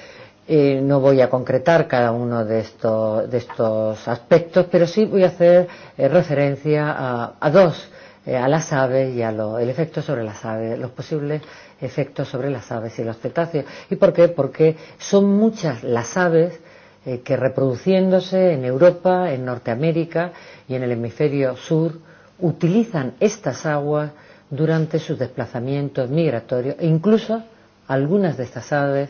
y no voy a concretar cada uno de estos, de estos aspectos, pero sí voy a hacer eh, referencia a, a dos, eh, a las aves y a lo, el efecto sobre las aves, los posibles efectos sobre las aves y los cetáceos. ¿Y por qué? Porque son muchas las aves eh, que reproduciéndose en Europa, en Norteamérica y en el hemisferio sur, utilizan estas aguas durante sus desplazamientos migratorios e incluso algunas de estas aves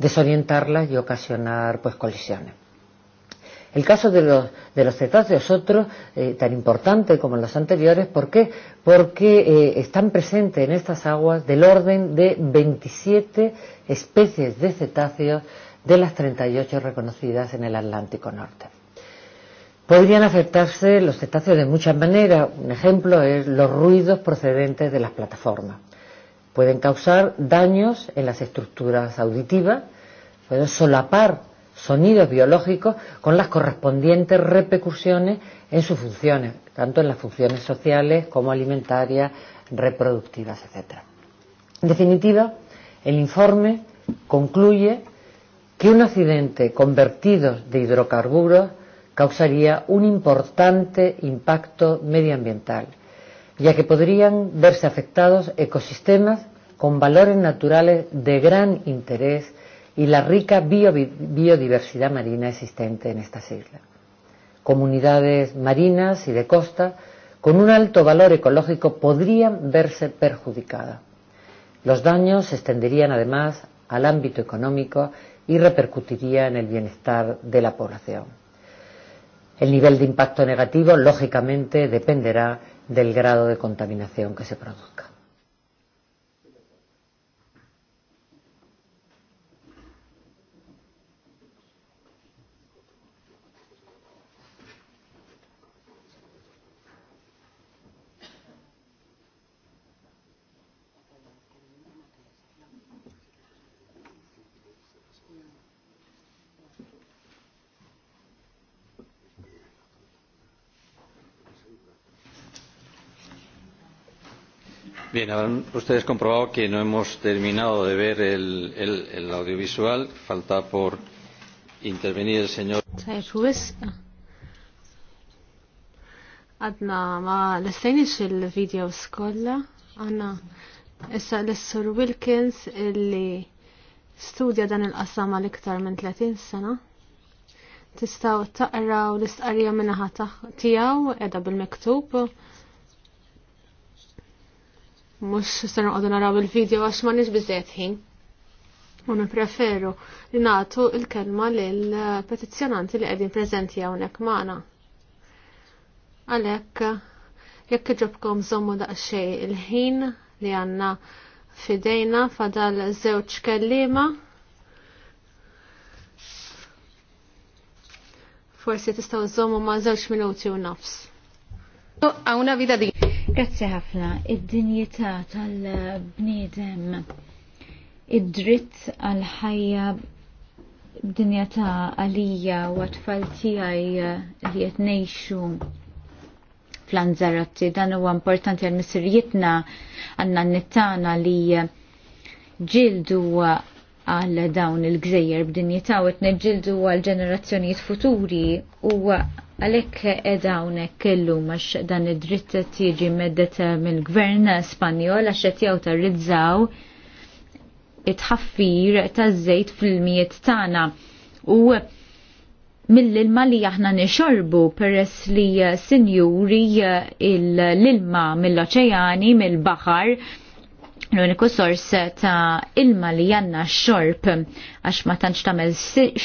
desorientarlas y ocasionar pues colisiones. El caso de los, de los cetáceos es otro eh, tan importante como los anteriores. ¿Por qué? Porque eh, están presentes en estas aguas del orden de 27 especies de cetáceos de las 38 reconocidas en el Atlántico Norte. Podrían afectarse los cetáceos de muchas maneras. Un ejemplo es los ruidos procedentes de las plataformas pueden causar daños en las estructuras auditivas, pueden solapar sonidos biológicos con las correspondientes repercusiones en sus funciones, tanto en las funciones sociales como alimentarias, reproductivas, etc. En definitiva, el informe concluye que un accidente convertido de hidrocarburos causaría un importante impacto medioambiental ya que podrían verse afectados ecosistemas con valores naturales de gran interés y la rica bio biodiversidad marina existente en estas islas. Comunidades marinas y de costa con un alto valor ecológico podrían verse perjudicadas. Los daños se extenderían además al ámbito económico y repercutiría en el bienestar de la población. El nivel de impacto negativo, lógicamente, dependerá del grado de contaminación que se produzca. Bien, habrán ustedes comprobado que no hemos terminado de ver el, el, el audiovisual. Falta por intervenir el señor. Ah. Adna, ma l-istajnix il-video skolla, għanna issa l-Sur Wilkins illi studja dan il qasama l iktar minn 30 sena. Tistaw taqraw l minna ħata tijaw edha bil-miktub Mux se noqogħdu naraw il-video għax ma nix biżejjed ħin. U nipreferu li nagħtu l-kelma l-petizjonanti li qegħdin preżenti hawnhekk magħna. Għalhekk jekk iġobkom żommu daqsxejn il-ħin li għandna fidejna fadal żewġ kellima. Forsi tistgħu zommu ma' żewġ minuti u nafs. Għawna vida di. Grazzi ħafna. Id-dinjità tal-bniedem, id-dritt għal ħajja b'dinja ta' għalija u għatfall tiegħi li qed fl anżarati dan huwa importanti għal missirietna għandna nittana li ġildu għal dawn il-gżejjer b'dinjità u qed ġildu għal ġenerazzjonijiet futuri u Għalek edawnek kellu max dan id-dritt tiġi meddet eh, mill-gvern Spanjol għax qed rizzaw it-ħaffir taż-żejt fil-mijiet tagħna. U mill-ilma li aħna nixorbu peress li eh, sinjuri eh, l-ilma mill oċejani mill-baħar, l-uniku sors ta' ilma li janna xorb għax ma tantx tagħmel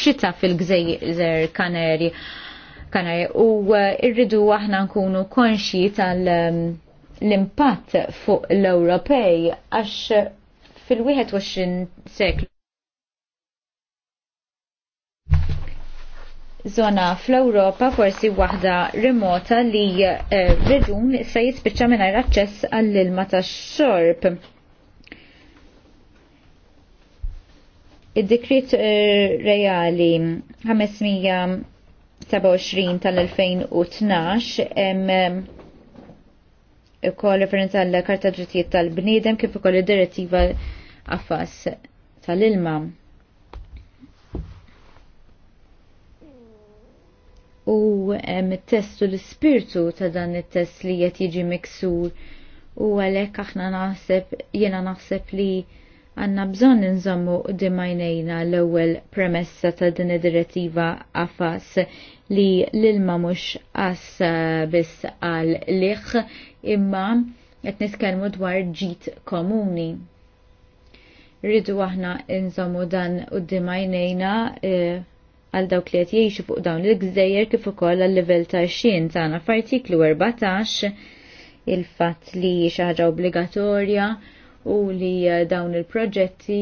xita fil-gżejjer Kaneri Kanari u eh, irridu aħna nkunu konxji tal-impatt ehm, fuq l-Ewropej għax fil-21 seklu. Zona fl-Europa forsi waħda remota li eh, reġun se jispiċċa mingħajr aċċess għall-ilma tax-xorb. Id-dekret eh, reali 500 27 tal-2012 hemm ukoll referenza għall karta drittijiet tal-bniedem kif ukoll id-direttiva affas tal-ilma. U hemm testu l-ispirtu ta' dan it-test li qed jiġi miksur u għalhekk aħna naħseb jiena naħseb li Għanna bżon nżommu dimajnejna l-ewwel premessa ta' din id-direttiva għafas li l-ilma mux għas eh, biss għal liħ imma qed niskelmu dwar ġit komuni rridu aħna inżommu dan u dimajnejna eh, għal dawk li jgħixu fuq dawn l-gżejjer kif ukoll għal livell ta' xin tagħna f'artiklu 14 il-fatt li xaħġa obbligatorja u li eh, dawn il-proġetti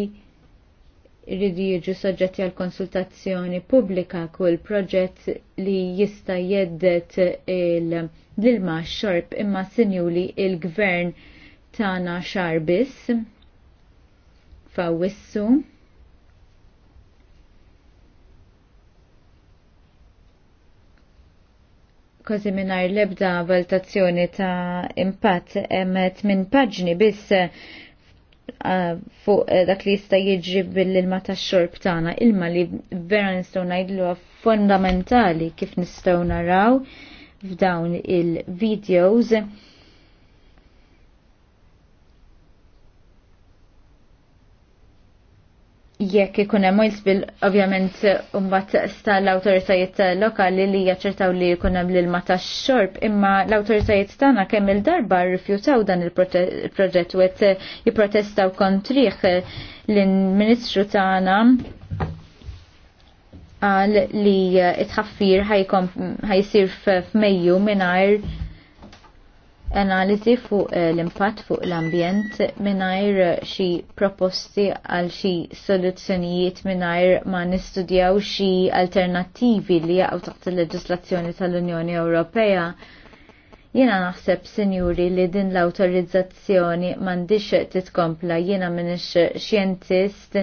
irridu jiġu soġġetti għal konsultazzjoni pubblika kull proġett li jista' jeddet l-ilma xorb imma sinjuli il-gvern tana xarbis fawissu. Kozi minar lebda valutazzjoni ta' impatt emmet minn paġni biss Eh, fuq eh, dak li jista' jiġri bil-ilma tax-xorb tagħna, ilma li vera nistgħu ngħidlu fondamentali kif nistgħu naraw f'dawn il-videos jekk ikun hemm spill, ovvjament mbagħad sta l-awtoritajiet lokali li jaċċertaw li jkun hemm l-ilma tax-xorb, imma l-awtoritajiet tagħna kemm il-darba rrifjutaw dan il-proġett u qed jipprotestaw kontrih l-Ministru tagħna qal li t tħaffir ħajsir f'Mejju mingħajr analizi fuq eh, l-impatt fuq l-ambjent mingħajr eh, xi proposti għal xi soluzzjonijiet mingħajr ma nistudjaw xi alternattivi li jaqgħu taħt il-leġislazzjoni tal-Unjoni Ewropea. Jiena naħseb, sinjuri, li din l awtorizzazzjoni m'għandix titkompla, jiena minix xjentist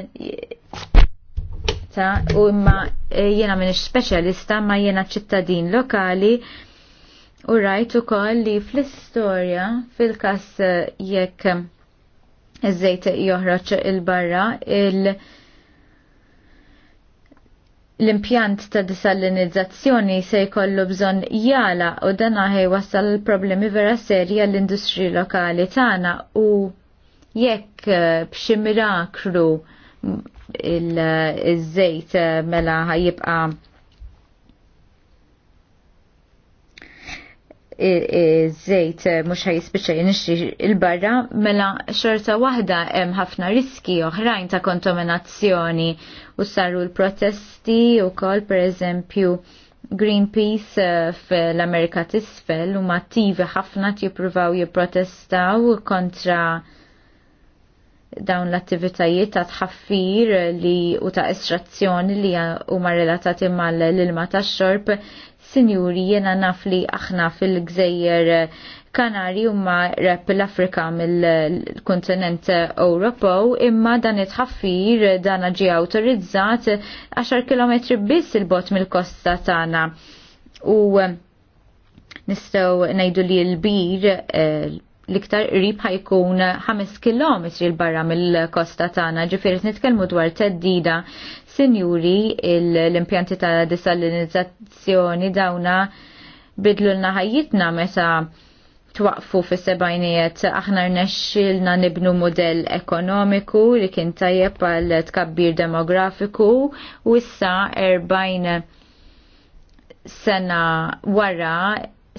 ta' u imma eh, jiena minix speċjalista ma jiena ċittadin lokali U rajt ukoll li fl-istorja fil-kas jekk iż-żejt joħroġ il-barra il- l-impjant ta' disalinizzazzjoni se jkollu bżonn jala u dan ħej wassal problemi vera serja l-industri lokali tagħna u jekk eh, b'xi miraklu mm, il-żejt eh, mela ħajibqa' Zejt mhux ħajispiċċa jinixtri il-barra, mela xorta waħda hemm ħafna riski oħrajn ta' kontaminazzjoni u saru l-protesti wkoll pereżempju Greenpeace eh, fl-Amerika tisfel u mattivi ħafna jippruvaw jipprotestaw kontra dawn l-attivitajiet ta' tħaffir li u ta' estrazzjoni li huma relatati mal-ilma tax xorb Sinjuri, jena naf li aħna fil-gżejjer Kanari huma rep l-Afrika mill-kontinent Ewropew imma dan it-ħaffir dan ġi awtorizzat 10 km biss il-bot mill-kosta tagħna. U eh, nistgħu ngħidu li l-bir eh, l-iktar rib ħajkun 5 km il barra mill-kosta tagħna, ġifieri nitkellmu dwar teddida Sinjuri, l-impjanti ta' desalinizzazzjoni dawna bidlu l-naħajitna meta twaqfu fis sebajnijiet aħna rnexxilna nibnu modell ekonomiku li kien tajjeb għal tkabbir demografiku u issa erbajn sena wara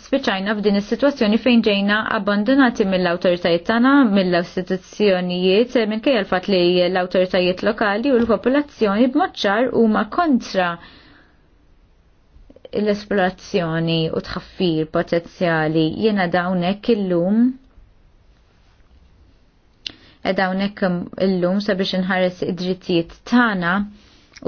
spiċajna f'din is-sitwazzjoni fejn ġejna abbandonati mill-awtoritajiet tagħna, mill-istituzzjonijiet, minkejja l-fatt li l-awtoritajiet lokali u l-popolazzjoni b'mod ċar huma kontra l-esplorazzjoni u tħaffir potenzjali jiena dawnek illum e dawnek illum sabiex inħares id-drittijiet tagħna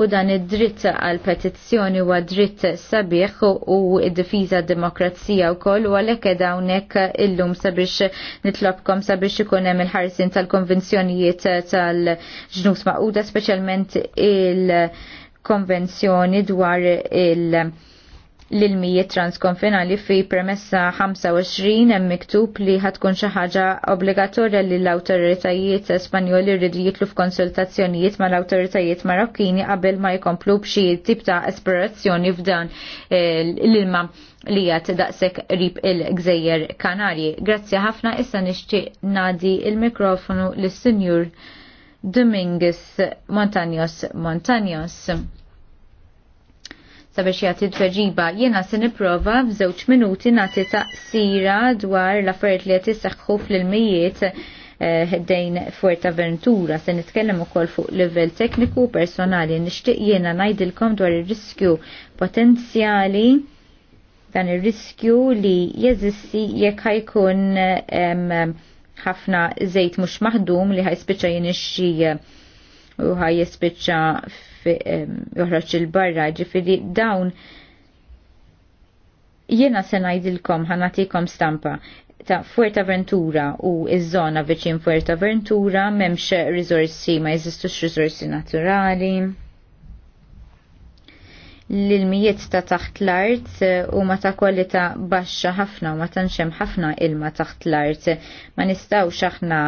u dan id-dritt għal petizzjoni huwa dritt sabiħ u id-difiża demokrazija wkoll u għalhekk ed hawnhekk illum sabiex nitlobkom sabiex ikun hemm il-ħarsin tal-konvenzjonijiet tal-ġnus maquda speċjalment il-konvenzjoni dwar il-, -konvenzjoni il l-ilmijiet transkonfinali fi premessa 25 hemm miktub li ħatkun xi ħaġa obbligatorja li l-awtoritajiet Spanjoli rridu jitlu f'konsultazzjonijiet mal-awtoritajiet Marokkini qabel ma jkomplu b'xi tip ta' esplorazzjoni f'dan eh, l-ilma li jgħat daqsek rib il-gżejjer Kanarji. Grazzi ħafna issa nixtieq nadi il-mikrofonu l-Sinjur Dominguez Montanios. Montaños sabiex jagħti tweġiba. Jiena se nipprova f'żewġ minuti nagħti taqsira dwar l-affarijiet li qed iseħħu fl-ilmijiet ħdejn eh, Ventura. se nitkellem ukoll fuq livell tekniku personali nixtieq jiena ngħidilkom dwar ir-riskju potenzjali dan ir-riskju li jeżisti jekk ħajkun ħafna żejt mhux maħdum li ħajspiċċa jinixxi u ħaj jispiċċa joħroġ il-barra ġifiri dawn jiena se ngħidilkom ħanatikom stampa ta' Fuerteventura u iż-żona viċin Fuerteventura m'hemmx rizorsi ma jeżistux rizorsi naturali l-ilmijiet ta' taħt l-art eh, u ma ta' kwalità baxxa ħafna u ma tanxem ħafna ilma taħt l-art. Ma nistawx aħna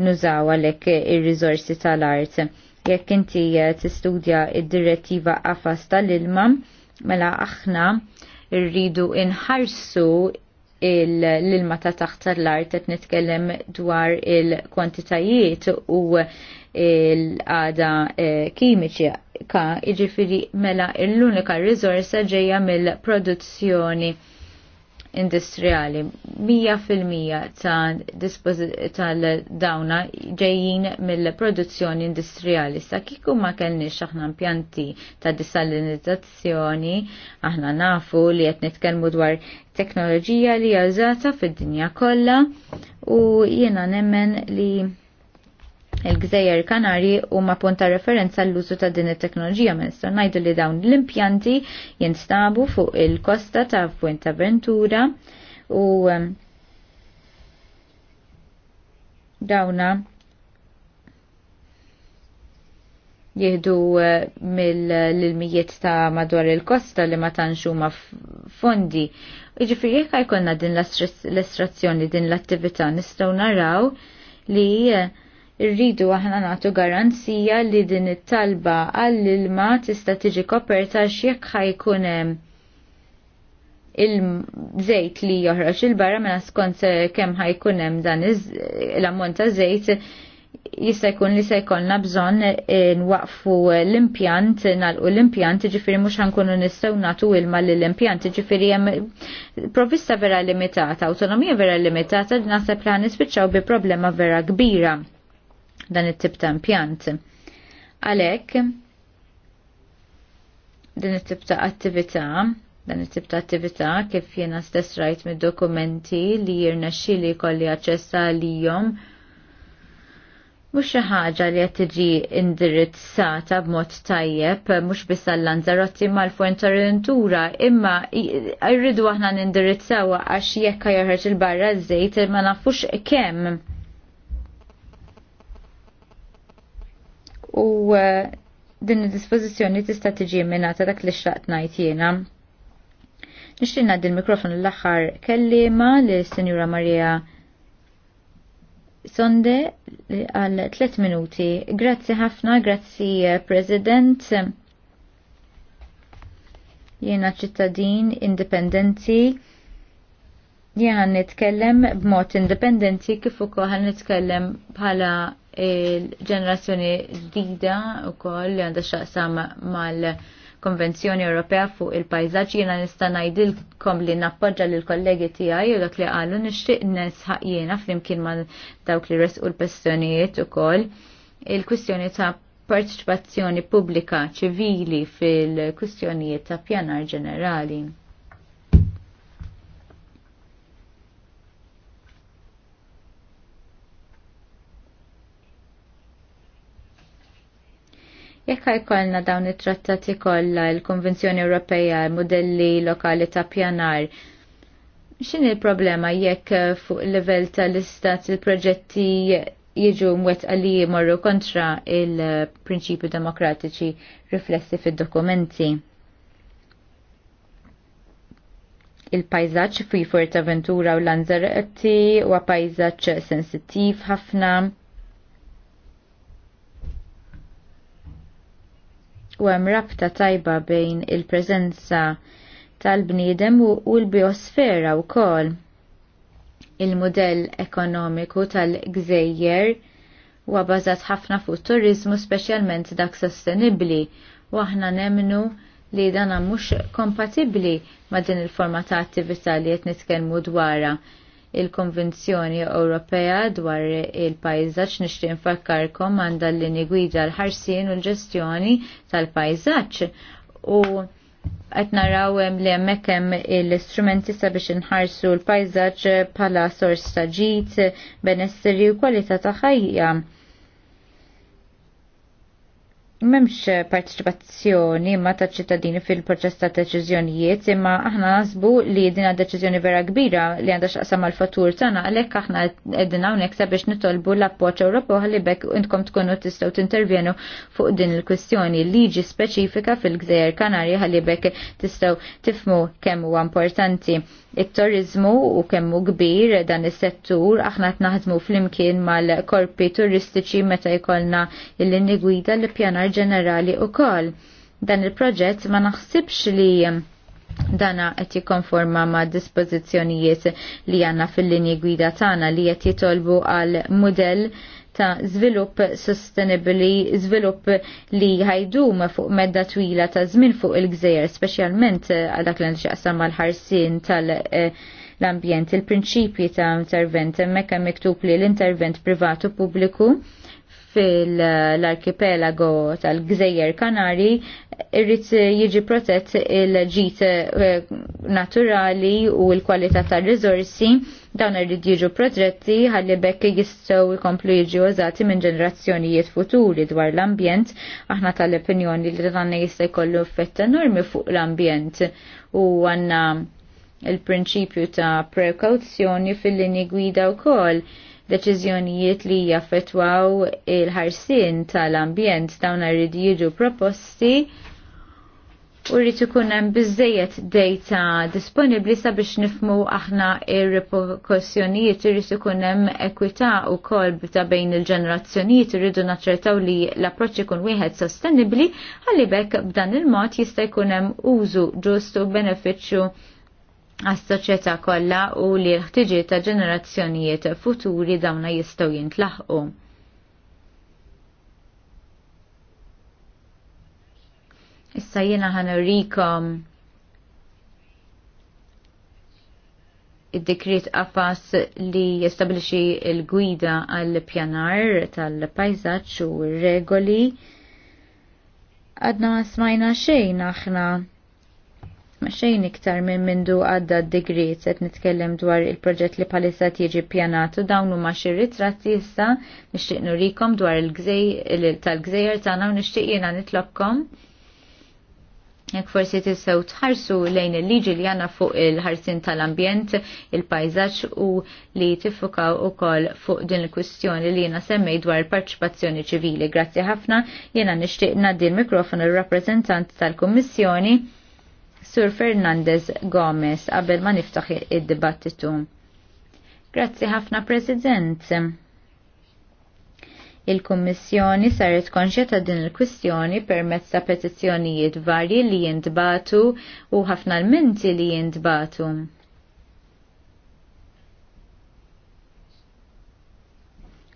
nużaw għalhekk ir-riżorsi tal-art jekk inti eh, tistudja id-direttiva qafas tal-ilma, mela aħna rridu inħarsu l-ilma ta' taħt tal art qed nitkellem dwar il-kwantitajiet u l-għada eh, kimiċi ka iġifiri mela l-unika risorsa ġeja mill-produzzjoni industrijali. fil-mija tal-dawna ġejjin mill-produzzjoni industrijali. Sa kiku ma kellniex aħna impjanti ta' disalinizzazzjoni, aħna nafu li qed nitkellmu dwar teknoloġija li użata fid-dinja kollha u jiena nemmen li il-Gżejjer Kanari huma punta referenza l-użu ta' din it-teknoloġija minister ngħidu li dawn l-impjanti jinstabu fuq il-kosta ta' Fuente Ventura u dawna jihdu eh, mill-mijiet ta' madwar il-kosta li ma tanxu ma fondi. Iġifiri, jekk jkollna din l-estrazzjoni, din l-attività, nistgħu naraw li eh, Irridu aħna nagħtu garanzija li din it-talba għall-ilma tista' tiġi koperta x'jekk ħajkun hemm il-żejt li joħroġ il-barra mela skont eh, kemm ħajkun hemm dan eh, l-ammont ta' żejt jista' jkun li se jkollna bżonn eh, nwaqfu l-impjant, nalqu l-impjant, ġifieri mhux ħankunu nistgħu nagħtu ilma lill-impjant, ġifieri hemm provvista vera limitata, awtonomija vera limitata, naħseb li ħanispiċċaw bi problema vera kbira dan it-tip ta' impjant. Għalhekk din it-tip ta' attività dan it-tip ta' attività kif jiena stess rajt mid-dokumenti li jirna xili kolli aċċessa għalihom mhux xi ħaġa li qed tiġi indirizzata b'mod tajjeb mhux biss għall-Lanzarotti mal fuentorentura imma jridu aħna nindirizzawha għax jekk jeħreġ il-barra żejt ma nafux kemm u eh, din id-dispożizzjoni tista' tiġi minata dak li x-xraqt ngħid jiena. Nixtieq ngħaddi l-mikrofon l-aħħar kellima li Sinjura Marija Sonde għal 3 minuti. Grazzi ħafna, grazzi eh, President. Jena ċittadin indipendenti. Jena nitkellem b'mod indipendenti kif ukoll nitkellem bħala il-ġenerazzjoni ġdida u koll li għandha xaqsam mal-Konvenzjoni Ewropea fuq il-pajzaġġ jiena nista' ngħidilkom li nappoġġa l kollegi tiegħi u dak li qalu nixtieq nisħaq jiena flimkien ma' dawk li resqu l pestjonijiet ukoll il-kwistjoni ta' parteċipazzjoni pubblika ċivili fil-kwistjonijiet ta' pjanar ġenerali. Jekk jkollna dawn it-trattati kollha l-Konvenzjoni Ewropea l-modelli lokali ta' pjanar, x'inhi il-problema jekk eh, fuq livell tal-istat il-proġetti jiġu mwet li jmorru kontra il-prinċipju demokratiċi riflessi fid-dokumenti. Il-pajzaġġ fi Fuerteventura u Lanzarotti huwa pajzaġġ sensittiv ħafna u hemm rabta tajba bejn il-preżenza tal-bniedem u l-biosfera wkoll. Il-modell ekonomiku tal-gżejjer huwa bażat ħafna fuq turizmu speċjalment dak sostenibbli u aħna nemnu li dana mhux kompatibbli ma' din il-forma ta' attività li qed nitkellmu dwarha il-Konvenzjoni Ewropea dwar il-pajzaġġ nixtieq infakkarkom għandha l linji gwida l-ħarsien u l-ġestjoni tal-pajzaġġ u qed naraw hemm li hemmhekk hemm l-istrumenti sabiex inħarsu l-pajzaġġ bħala sors ta' ġid, benesseri u kwalità ta' ħajja memx partiċipazzjoni ma ta' ċittadini fil-proċess ta' deċiżjonijiet imma aħna nasbu li dina deċiżjoni vera kbira li għandha x'aqsam mal fatur tagħna għalhekk aħna qegħdin hawnhekk sabiex nitolbu l-appoġġ Ewropew ħalibek bekk intkom tkunu tistgħu tintervjenu fuq din il-kwistjoni liġi speċifika fil-Gżejjer Kanarji ħalibek bekk tistgħu tifmu kemm huwa importanti it-turizmu u kemm hu kbir dan is-settur aħna qed naħdmu flimkien mal-korpi turistiċi meta jkollna l-inni gwida l pjanar ġenerali u kol. Dan il-proġett ma naħsibx li dana qed jikkonforma ma' dispożizzjonijiet li għanna fil-linji gwida tagħna li qed jitolbu għal mudell ta' zvilupp sustenibli, zvilupp li ħajdum fuq medda twila ta' żmien fuq il-gżejjer, speċjalment għal dak li nxaqsam mal-ħarsin tal- l-ambjent, il-prinċipji ta' intervent, mekka miktub li l-intervent privatu pubbliku fil-arkipelago tal-Gżejjer Kanari irrit jiġi protett il-ġit eh, naturali u l-kwalità tal-rizorsi dawn irrit jiġu protetti ħalli bekk jistgħu jkomplu jiġu użati minn ġenerazzjonijiet futuri dwar l-ambjent aħna tal-opinjoni li dan jista' jkollu effett enormi fuq l-ambjent u għandna il-prinċipju ta' prekawzjoni fil-lini gwida wkoll deċiżjonijiet li jaffetwaw il-ħarsin tal-ambjent dawn rrid jiġu proposti u rrid ikun hemm biżejjed data disponibbli sabiex nifmu aħna ir-reperkussjonijiet irrid ikun hemm ekwità wkoll ta' bejn il-ġenerazzjonijiet irridu naċċertaw li l-approċċ ikun wieħed sostenibbli ħalli bekk b'dan il-mod jista' jkun hemm użu ġustu benefiċċju għas-soċjetà kollha u li l-ħtiġiet ta' ġenerazzjonijiet futuri dawna jistgħu jintlaħqu. Issa jiena ħanurikom id-dekret qafas li jistabilixi l-gwida għall-pjanar tal-pajzaċ u r regoli għadna smajna xejn aħna ma xejn iktar minn mindu għadda d degri set nitkellem dwar il-proġett li palissa tiġi pjanatu Dawn ma xir ritratti issa nixtieq nurikom dwar il-gżej tal-gżejjer tagħna u nixtieq jiena nitlokkom. jekk forsi tissew tħarsu lejn il-liġi li jana fuq il-ħarsin tal-ambjent, il pajzaċ u li tiffukaw ukoll fuq din il-kwistjoni li jiena semmej dwar il-parċipazzjoni ċivili. Grazzi ħafna, jiena nixtieq ngħaddi l mikrofon r rappresentant tal-Kummissjoni Sur Fernandez Gomez qabel ma niftaħ id-dibattitu. Grazzi ħafna President. Il-Kummissjoni saret konxja ta' din il-kwistjoni permezz ta' petizzjonijiet varji li jintbatu u ħafna l-menti li jintbatu.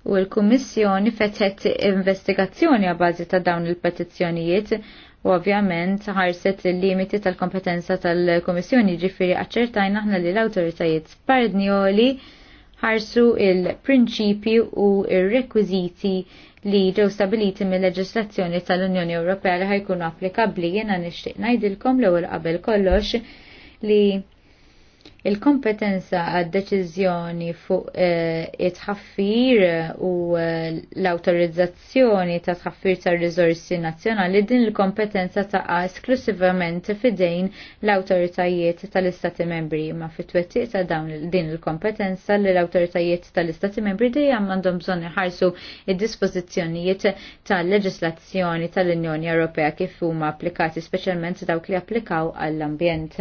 U l-Kummissjoni fetħet investigazzjoni għabazi ta' dawn il-petizzjonijiet u ovvjament ħarset il-limiti tal-kompetenza tal-Komissjoni ġifiri aċċertajna aħna li l-autoritajiet spardnjoli ħarsu il-prinċipi u il-rekwiziti li ġew stabiliti mill-leġislazzjoni tal-Unjoni Ewropea li ħajkunu applikabbli jiena nixtieq ngħidilkom l-ewwel qabel kollox li Il-kompetenza għad deċiżjoni fuq eh, it-ħaffir u eh, l-autorizzazzjoni ta' tħaffir ta' rizorsi nazzjonali din il-kompetenza ta' esklusivament fidejn l-autoritajiet tal-Istati membri ma' fit-twettiq ta' dawn din il-kompetenza li l-autoritajiet tal-Istati membri dejjem għandhom bżonn iħarsu id-dispożizzjonijiet tal-leġislazzjoni tal-Unjoni Ewropea kif huma applikati speċjalment dawk li applikaw għall-ambjent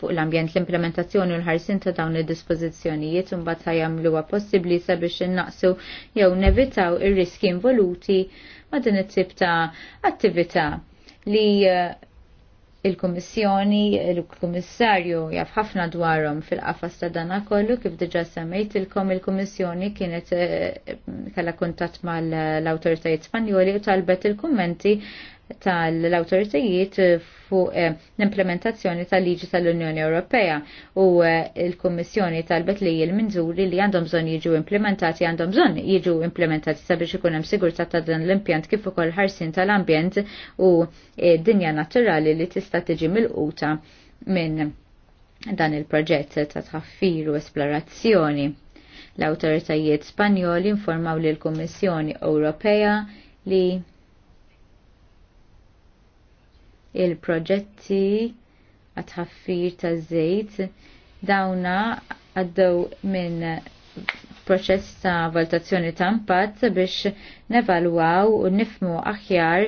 fuq l-ambjent l-implementazzjoni u l-ħarsin ta' dawn id-dispożizzjonijiet imbagħad ħajamluha possibbli sabiex innaqsu jew nevitaw ir-riski involuti ma' din it-tip ta' attività li uh, il-Kummissjoni, il-Kummissarju jaf ħafna dwarhom fil-qafas ta' dana kollu kif diġà semmejt ilkom il-Kummissjoni kienet uh, kalla kuntatt mal-awtoritajiet Spanjoli u talbet il-kummenti tal-autoritajiet eh, fuq eh, l-implementazzjoni tal-liġi tal-Unjoni Ewropea u eh, l-Kummissjoni talbet li l-minżuri li għandhom bżonn jiġu implementati għandhom bżonn jiġu implementati sabiex ikun hemm sigurtà ta' dan l-impjant kif ukoll ħarsin tal-ambjent u dinja naturali li tista' tiġi milquta minn dan il-proġett ta' tħaffir u esplorazzjoni. L-autoritajiet Spanjoli informaw li l-Kummissjoni Ewropea li il-proġetti għatħaffir ta' żejt dawna għaddew minn proċess ta' valutazzjoni ta' impatt biex nevalwaw u nifmu aħjar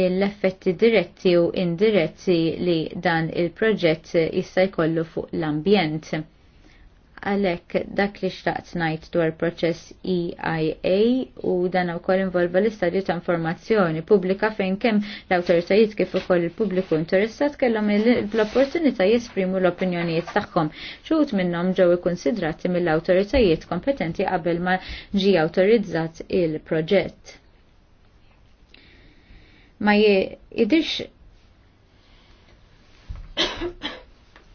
l-effetti diretti u indiretti li dan il-proġett jista' jkollu fuq l-ambjent għalek dak li xtaqt najt dwar proċess EIA u dan ukoll involva l-istadju ta' informazzjoni pubblika fejn kemm l-awtoritajiet kif ukoll il-pubbliku interessat kellhom l-opportunità jesprimu l-opinjonijiet tagħhom. Xut minnhom ġew ikkunsidrati mill-awtoritajiet kompetenti qabel ma ġi awtorizzat il-proġett. Ma jidirx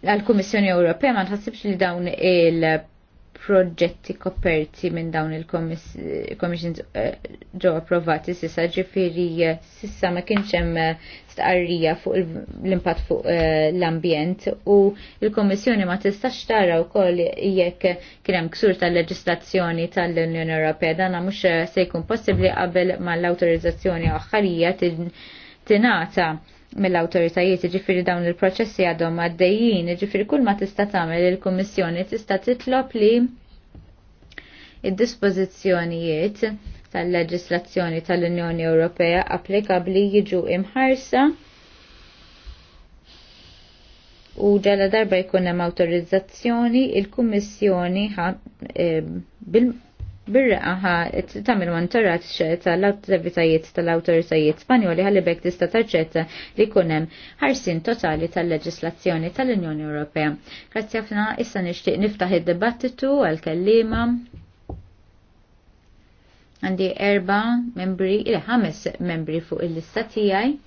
għal-Kummissjoni Ewropea ma nħassibx li dawn il-proġetti koperti minn dawn il-commissions eh, ġo approvati sissa ġifiri eh, sissa ma kienx hemm eh, stqarrija fuq l-impatt fuq l-ambjent u il-Kommissjoni ma tistax tara wkoll jekk kien hemm ksur tal-leġislazzjoni tal-Unjoni Ewropea dan mhux se jkun possibbli qabel ma l-awtorizzazzjoni aħħarija tinata mill-autoritajiet, ġifiri dawn il-proċessi għadhom għaddejjin, ġifiri kull ma tista tagħmel il-Kummissjoni tista titlob li id-dispożizzjonijiet tal-leġislazzjoni tal-Unjoni Ewropea applikabli jiġu imħarsa u ġala darba jkun hemm awtorizzazzjoni il-Kummissjoni e, bil birraqa torrat monitorat tal-attivitajiet tal-awtoritajiet Spanjoli ħalli tista' tarċetta li jkun hemm ħarsin totali tal-leġislazzjoni tal-Unjoni Ewropea. Grazzi ħafna issa nixtieq niftaħ id-dibattitu għal kelliema għandi erba membri il ħames membri fuq il-lista tiegħi.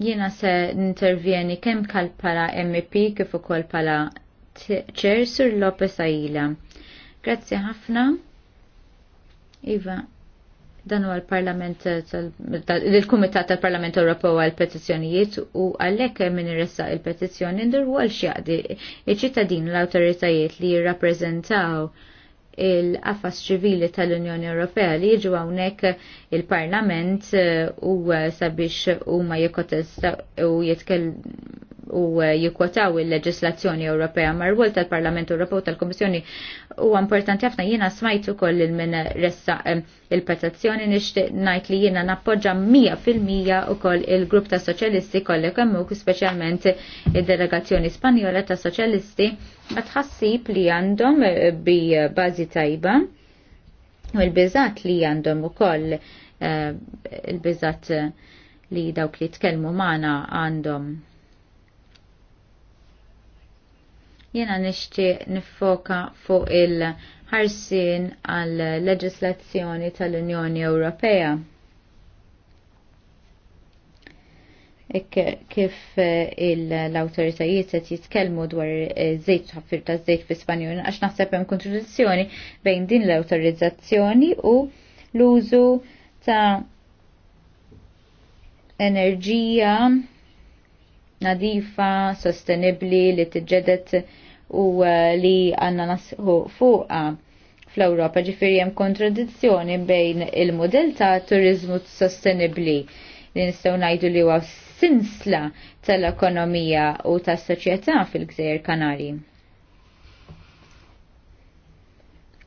Jiena se intervjeni kemm kal pala MP kif ukoll pala ċer sur Lopez Aila. Grazzi ħafna. Iva, dan huwa l-Parlament il-Kumitat tal-Parlament Ewropew għal petizzjonijiet u għalhekk min irressa il-petizzjoni ndur wal x'jaqdi iċ-ċittadin l-awtoritajiet li jirrappreżentaw il-qafas ċivili tal-Unjoni Ewropea li jiġu hawnhekk il-Parlament eh, u eh, sabiex huma jikkotesta u jitkellmu u eh, jikwotaw il-leġislazzjoni Ewropea mar rwol tal-Parlament Ewropew tal-Komissjoni u importanti ħafna jiena smajt ukoll il-min ressa eh, il-petazzjoni nixtieq ngħid li jiena nappoġġa 100% ukoll il-grupp ta' soċjalisti kollek hemmhekk speċjalment id-delegazzjoni Spanjola ta' soċjalisti ma tħassib li għandhom bi bażi tajba u l-biżat li għandhom ukoll eh, il-biżat li dawk li tkellmu magħna għandhom Jena nishti nifoka fuq il-ħarsin għal leġislazzjoni tal-Unjoni Ewropea. kif eh, l-autoritajiet qed jitkellmu dwar eh, żejt ħaffir ta' żejt fi Spanjol għax naħseb hemm kontradizzjoni bejn din l-awtorizzazzjoni u l-użu ta' enerġija nadifa, sostenibli li tiġġedet u eh, li għanna nasħu fuqa fl-Europa ġifiri jem kontradizzjoni bejn il-modell ta' turizmu sostenibli li nistaw najdu li huwa sinsla tal-ekonomija u tas-soċjetà fil-Gżejjer Kanari.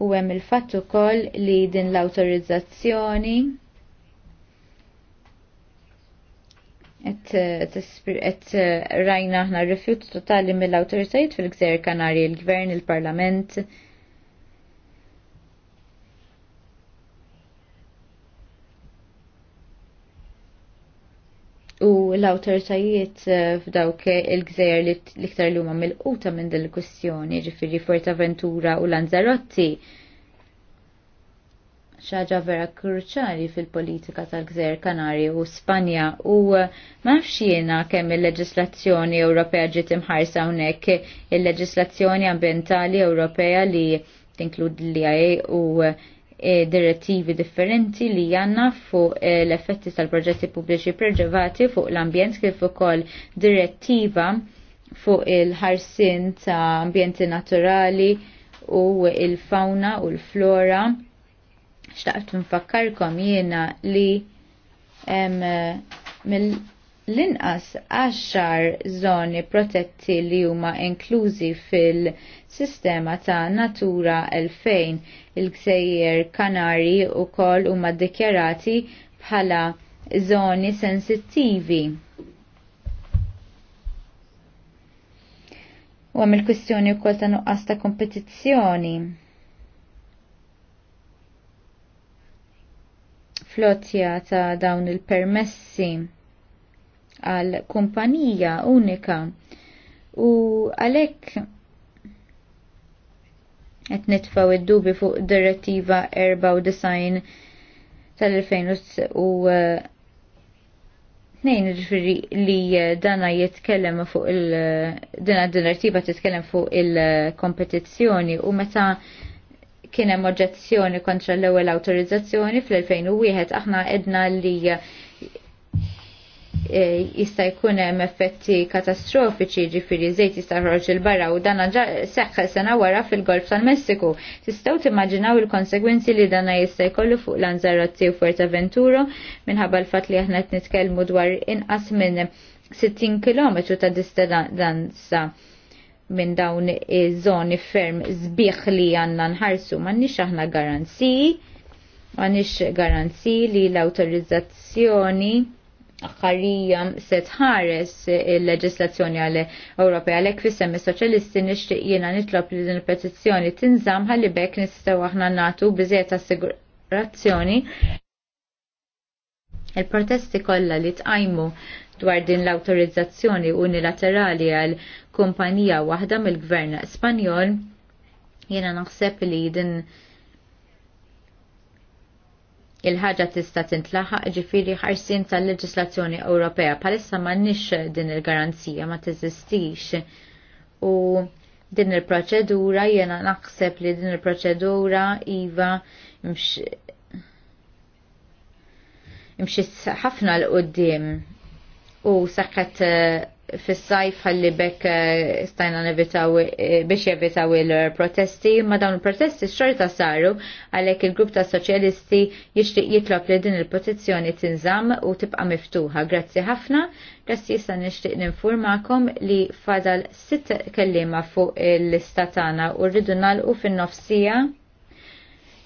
U hemm il-fatt ukoll li din l-awtorizzazzjoni Et eh, rajna ħna rifjut totali mill autoritajt fil-Gżer Kanari, il-Gvern, il-Parlament. U l-autoritajiet eh, f'dawk il-gżer li iktar l-huma mill-quta minn dil-kwestjoni, ġifiri Fortaventura u Lanzarotti xaġa vera kruċali fil-politika tal-Gżer Kanari u Spanja u eh, nafx jiena kemm il-leġislazzjoni Ewropea ġiet imħarsa hawnhekk il-leġislazzjoni ambientali Ewropea li tinkludi l-IA u eh, direttivi differenti li janna fuq eh, l-effetti tal-proġetti pubbliċi preġevati fuq l-ambjent kif ukoll direttiva fuq il-ħarsin ta' ambjenti naturali u il-fauna u l-flora. il fauna u l flora xtaqt nfakkarkom jiena li mill-inqas għaxar zoni protetti li huma inklużi fil-sistema ta' Natura 2000 il-gżejjer Kanari u kol huma dikjarati bħala zoni sensittivi. U għam il-kwistjoni u kol ta' nuqqas ta' kompetizzjoni. flotja ta' dawn il-permessi għal kumpanija unika u għalek qed nitfaw id-dubi fuq direttiva 94 tal-2000 u Nejn ġifiri li dana jitkellem fuq il- dana direttiva titkellem fuq il-kompetizzjoni u meta kien hemm oġġezzjoni kontra l-ewwel awtorizzazzjoni fl-2001 aħna edna li eh, jista' jkun hemm effetti katastrofiċi ġifieri żejt jista' ħroġ il-barra u dan seħħ sena wara fil-Golf tal-Messiku. Tistgħu timmaġinaw il-konsegwenzi li dan jista' jkollu fuq Lanzarote u Fuerteventura minħabba l-fatt li aħna qed nitkellmu dwar inqas minn 60 km ta' distanza minn dawn iż-żoni ferm zbieħ li għanna nħarsu m'għandniex aħna garanziji, m'għandniex garanzi li l-awtorizzazzjoni ħarija se tħares il-leġislazzjoni għal Ewropea għalhekk fis-semmi soċjalisti nixtieq jiena nitlob li din il-petizzjoni tinżamm ħalli bekk nistgħu aħna nagħtu biżejjed assigurazzjoni il-protesti kollha li tqajmu dwar din l-autorizzazzjoni unilaterali għal kumpanija waħda mill-gvern Spanjol, jena naħseb li din il-ħaġa tista' tintlaħaq ġifieri ħarsin tal-leġislazzjoni Ewropea palissa m'għandniex din il-garanzija ma teżistix. U din il-proċedura jena naħseb li din il-proċedura iva mx ħafna l-qoddim u saqqet eh, fis-sajf ħalli bekk eh, stajna nevitaw eh, biex jevitaw il-protesti, ma dawn il-protesti xorta saru għalhekk il-grupp ta' soċjalisti jixtieq jitlob li din il-protezzjoni tinżamm u tibqa' miftuħa. Grazzi ħafna, grazzi issa nixtieq ninfurmakom li fadal sitt kellima fuq il-istatana u rridu nagħlqu fin-nofsija.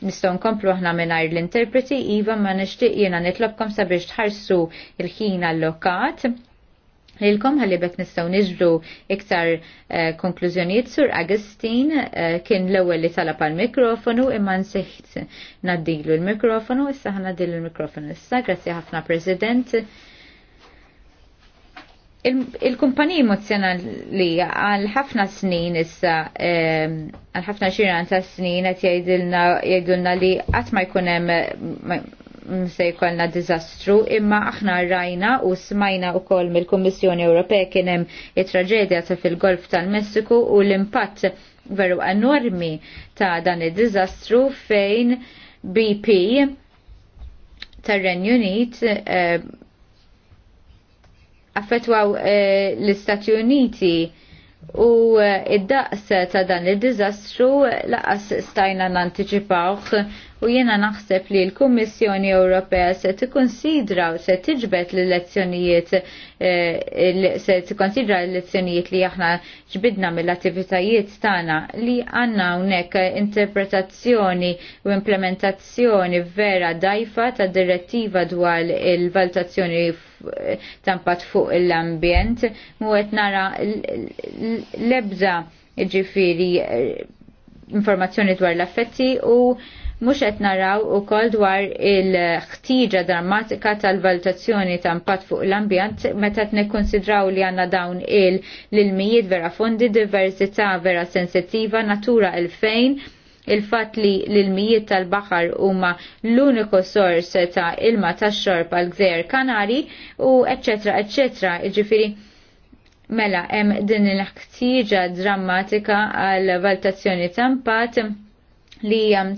Nistgħu nkomplu aħna mingħajr l-interpreti iva ma nixtieq jiena nitlobkom sabiex tħarsu il-ħin allokat. Lilkom ħalli bek nistgħu niġbdu iktar eh, konklużjonijiet sur Agustin eh, kien l-ewwel li talab għal mikrofonu imma nsiħt naddilu l-mikrofonu issa ħanadilu l-mikrofonu issa grazzi ħafna President. Il-kumpaniji emozjonali għal ħafna snin issa għal ħafna xiran ta' snin qed jgħidilna li qatt ma jkun hemm se jkollna diżastru imma aħna rajna u smajna wkoll mill-Kummissjoni Ewropea kien hemm it-traġedja ta' fil-Golf tal-Messiku u l-impatt veru enormi ta' dan id-diżastru fejn BP tar-Renju Unit eh, Affetwaw eh, l-Istati Uniti u eh, id-daqs ta' dan il-dizastru eh, laqas stajna nantiċipawħ u jena naħseb li l-Kummissjoni Ewropea se tikkonsidra u se tiġbed l-elezzjonijiet eh, se tikkonsidra l-elezzjonijiet li aħna ġbidna mill-attivitajiet tagħna li għandna hawnhekk interpretazzjoni u implementazzjoni vera dajfa ta' direttiva dwar il-valutazzjoni tampat fuq l-ambjent mu qed nara l-ebda ġifiri eh, informazzjoni dwar l-affetti u Mhux qed naraw ukoll dwar il-ħtiġa drammatika tal-valutazzjoni ta' impatt fuq l-ambjent meta qed nikkonsidraw li għandna dawn il-ilmijiet vera fondi, diversità vera sensittiva, natura il-fejn, il-fat li l-ilmijiet tal-baħar huma l-uniku sors ta' ilma tax xorb għal gżejjer Kanari u eċċetra eċċetra, jiġifieri mela hemm din il-ħtiġa drammatika għal valutazzjoni ta' impatt li jam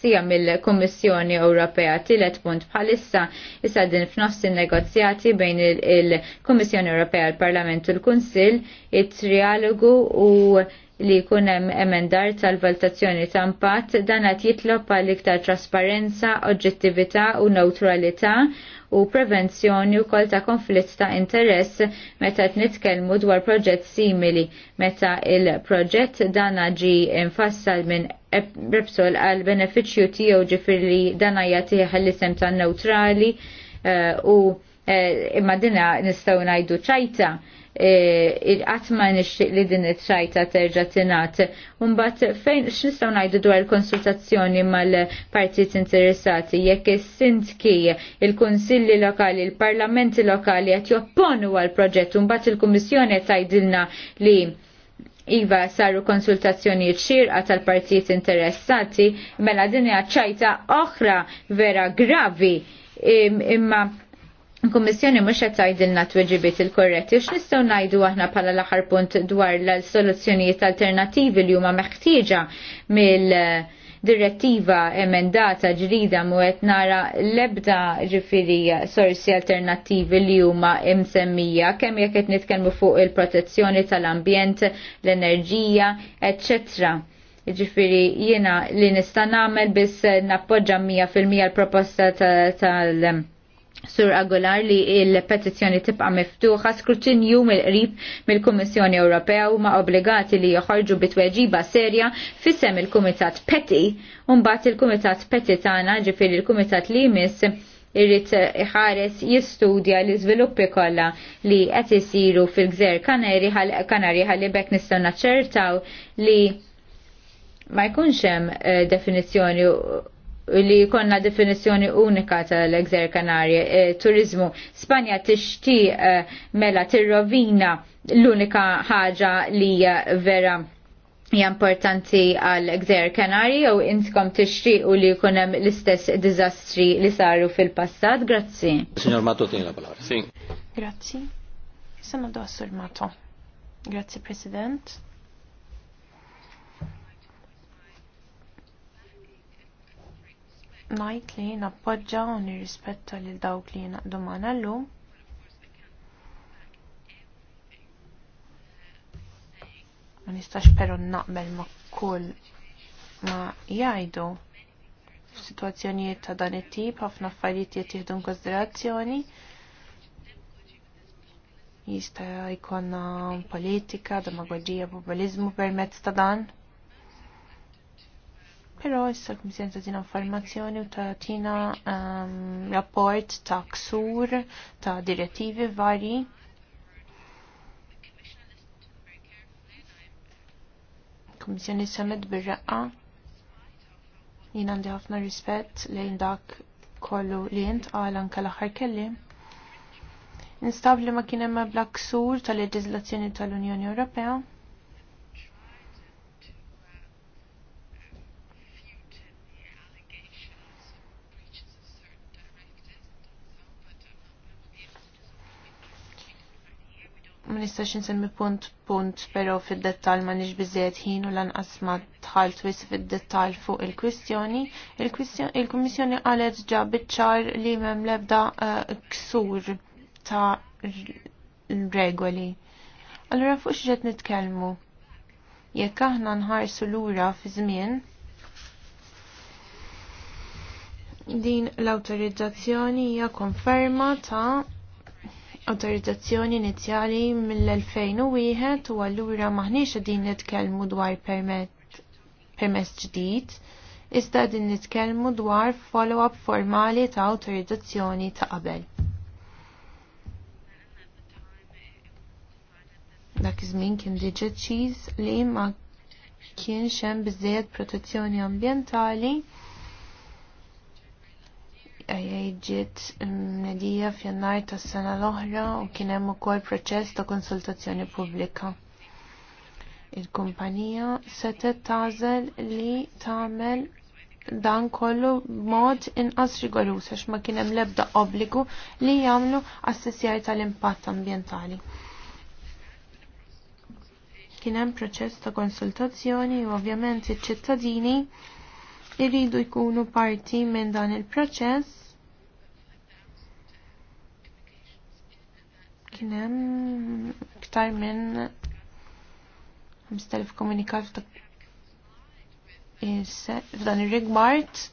sija mill-Kommissjoni Ewropea tilet punt bħalissa issa din f'nofs negozjati bejn il-Kommissjoni Ewropea, il-Parlament u l-Kunsil, it-trialogu u li jkun hemm emendar tal-valutazzjoni ta' impatt dan qed jitlob għal iktar trasparenza, oġġettività u neutralita u prevenzjoni wkoll ta' konflitt ta' interess meta qed nitkellmu dwar proġett simili meta il-proġett dan ġi infassal minn Repsol għal benefiċċju tiegħu ġifieri dan jagħtih l-isem ta' neutrali uh, u uh, imma dina nistgħu ngħidu ċajta E, il-qatma nixtieq li din it-trajta terġa' tingħat. Imbagħad fejn x'nistgħu ngħidu dwar il-konsultazzjoni mal-partit interessati jekk is-sindki, il-kunsilli lokali, il-parlamenti lokali qed jopponu għall proġett u mbagħad il-Kummissjoni qed tgħidilna li Iva saru konsultazzjoni ċirqa tal-partijiet interessati, mela din hija ċajta oħra vera gravi imma im Kummissjoni mhux qed tgħidilna tweġibiet il-korretti U x'nistgħu ngħidu aħna bħala l-aħħar punt dwar l-soluzzjonijiet alternattivi li huma meħtieġa mill- direttiva emendata ġrida mu qed nara l-ebda ġifiri sorsi alternattivi li huma imsemmija kemm jekk qed nitkellmu fuq il-protezzjoni tal-ambjent, l-enerġija, etc. Ġifiri jiena li nista' nagħmel biss nappoġġa 100% l-proposta tal-, tal Sur Agolar li il-petizzjoni tibqa' miftuħa skrutinju mill-qrib mill-Kummissjoni Ewropea u ma' obbligati li joħorġu bitweġiba serja fissem il-Kumitat Peti. mbagħad il-Kumitat Peti tagħna ġifieri il-Kumitat li jmiss irrit iħares jistudja l iżviluppi kollha li qed isiru fil-Gżer Kanari Kanari bekk nistgħu naċċertaw li ma jkunx hemm eh, definizzjoni li konna definizjoni unika tal-Egżer Kanarje, eh, turizmu. Spanja tixti eh, mela tirrovina l-unika ħaġa li eh, vera hija importanti għal Gżer Kanari u intkom u li jkun hemm l-istess dizastri li saru fil-passat. Grazzi. Signor Mato tieni la Grazzi. Sema do Mato. Grazzi President. najt li nappoġġa u nirrispetta lil dawk li naqdu magħna llum. Ma nistax però naqbel ma' kull ma jgħidu f'sitwazzjonijiet ta' dan it-tip ħafna affarijiet jittieħdu konsiderazzjoni jista' jkollna politika, demagogija, populizmu permezz ta' dan. Pero issa l-Kummissjoni ta' tina informazzjoni u ta' tina um, rapport ta' ksur ta' direttivi vari. Kummissjoni semmet bir-raqqa. Jien għandi ħafna rispett lejn dak kollu li jint għalan anka l-aħħar kelli. Nistab li ma kien hemm ksur tal-leġiżlazzjoni tal-Unjoni Ewropea. ma nistax nsemmi punt punt però fid-dettal ma nix biżiet ħin u lanqas ma tħal wis fid-dettal fuq il-kwistjoni. Il-Kummissjoni qalet ġa bitċar ċar li m'hemm l-ebda eh, ksur ta' regoli. Allura fuq x'ġed nitkellmu? Jekk aħna nħarsu lura fi żmien, din l-autorizzazzjoni hija konferma ta' autorizzazzjoni inizjali mill-2001 u allura maħniex għadin nitkellmu dwar permess ġdid, iżda din nitkellmu dwar follow-up formali ta' autorizzazzjoni ta' qabel. dak iż-żmien kien diġa li ma kienx hemm biżżejjed protezzjoni ambjentali ġiet nedija f'jannar tas sena l-oħra u kien hemm ukoll proċess ta' konsultazzjoni pubblika. Il-kumpanija setet tażel li tagħmel dan kollu mod inqas rigorus għax ma kien hemm l-ebda obbligu li jagħmlu assessjar tal-impatt ambjentali kien hemm proċess ta' konsultazzjoni u ovvjament iċ-ċittadini Iridu jkunu parti minn dan il-proċess. Kienem ktar minn 5000 komunikat f'dan ir rigward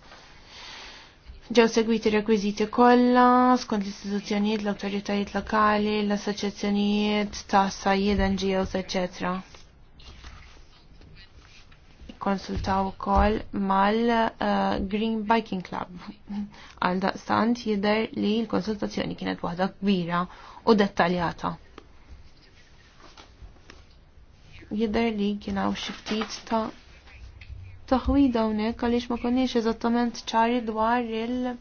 Ġew segwiti rekwiżiti kollha skont l-istituzzjonijiet, l-awtoritajiet lokali, l-assoċjazzjonijiet ta' sajjed NGOs, eċċetera konsultaw ukoll mal-Green eh, Biking Club. Għal daqstant jidher li l-konsultazzjoni kienet waħda kbira u dettaljata. Jidher li kien hawn xi ftit ta' taħwi hawnhekk għaliex ma konniex eżattament ċari dwar il-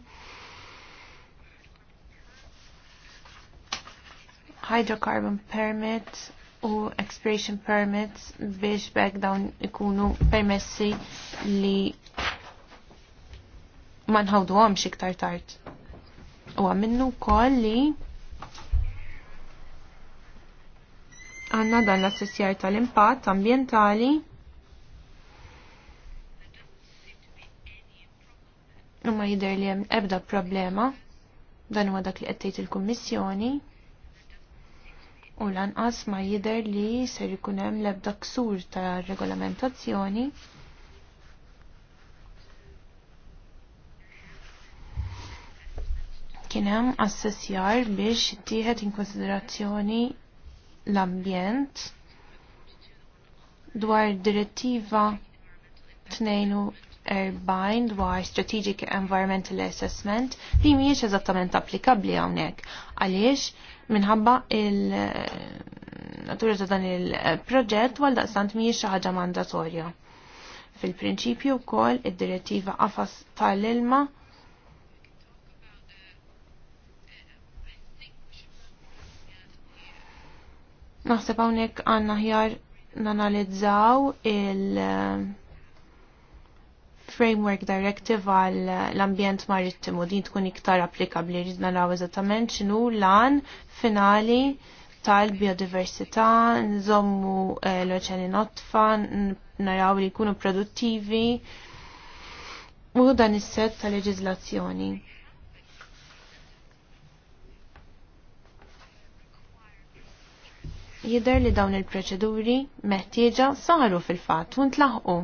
hydrocarbon permit u expiration permits biex back dawn ikunu permessi li ma għam għom xiktar tart. U għamennu kol li għanna dan l-assessjar tal-impatt ambientali u ma jider li jem ebda problema dan huwa dak li qed il-kummissjoni u lanqas ma jider li ser ikun hemm l-ebda ksur ta' regolamentazzjoni. Kien hemm assessjar biex tieħed in konsiderazzjoni l-ambjent dwar direttiva 40 dwar Strategic Environmental Assessment li mhijiex eżattament applikabbli hawnhekk. Għaliex minħabba il natura ta' dan il-proġett għal daqstant mhijiex xi ħaġa mandatorja. Fil-prinċipju wkoll id-direttiva għafas tal-ilma Naħseb hawnhekk għandna ħjar nanalizzaw il- framework directive għal eh, l-ambjent marittimu din tkun iktar applikabli rridna naraw eżattament x'inhu lan finali tal-biodiversità, nżommu eh, l oċeani notfa, naraw li jkunu produttivi u dan is-set ta' leġiżlazzjoni. Jider li dawn il-proċeduri meħtieġa saru fil-fatt u ntlaħqu.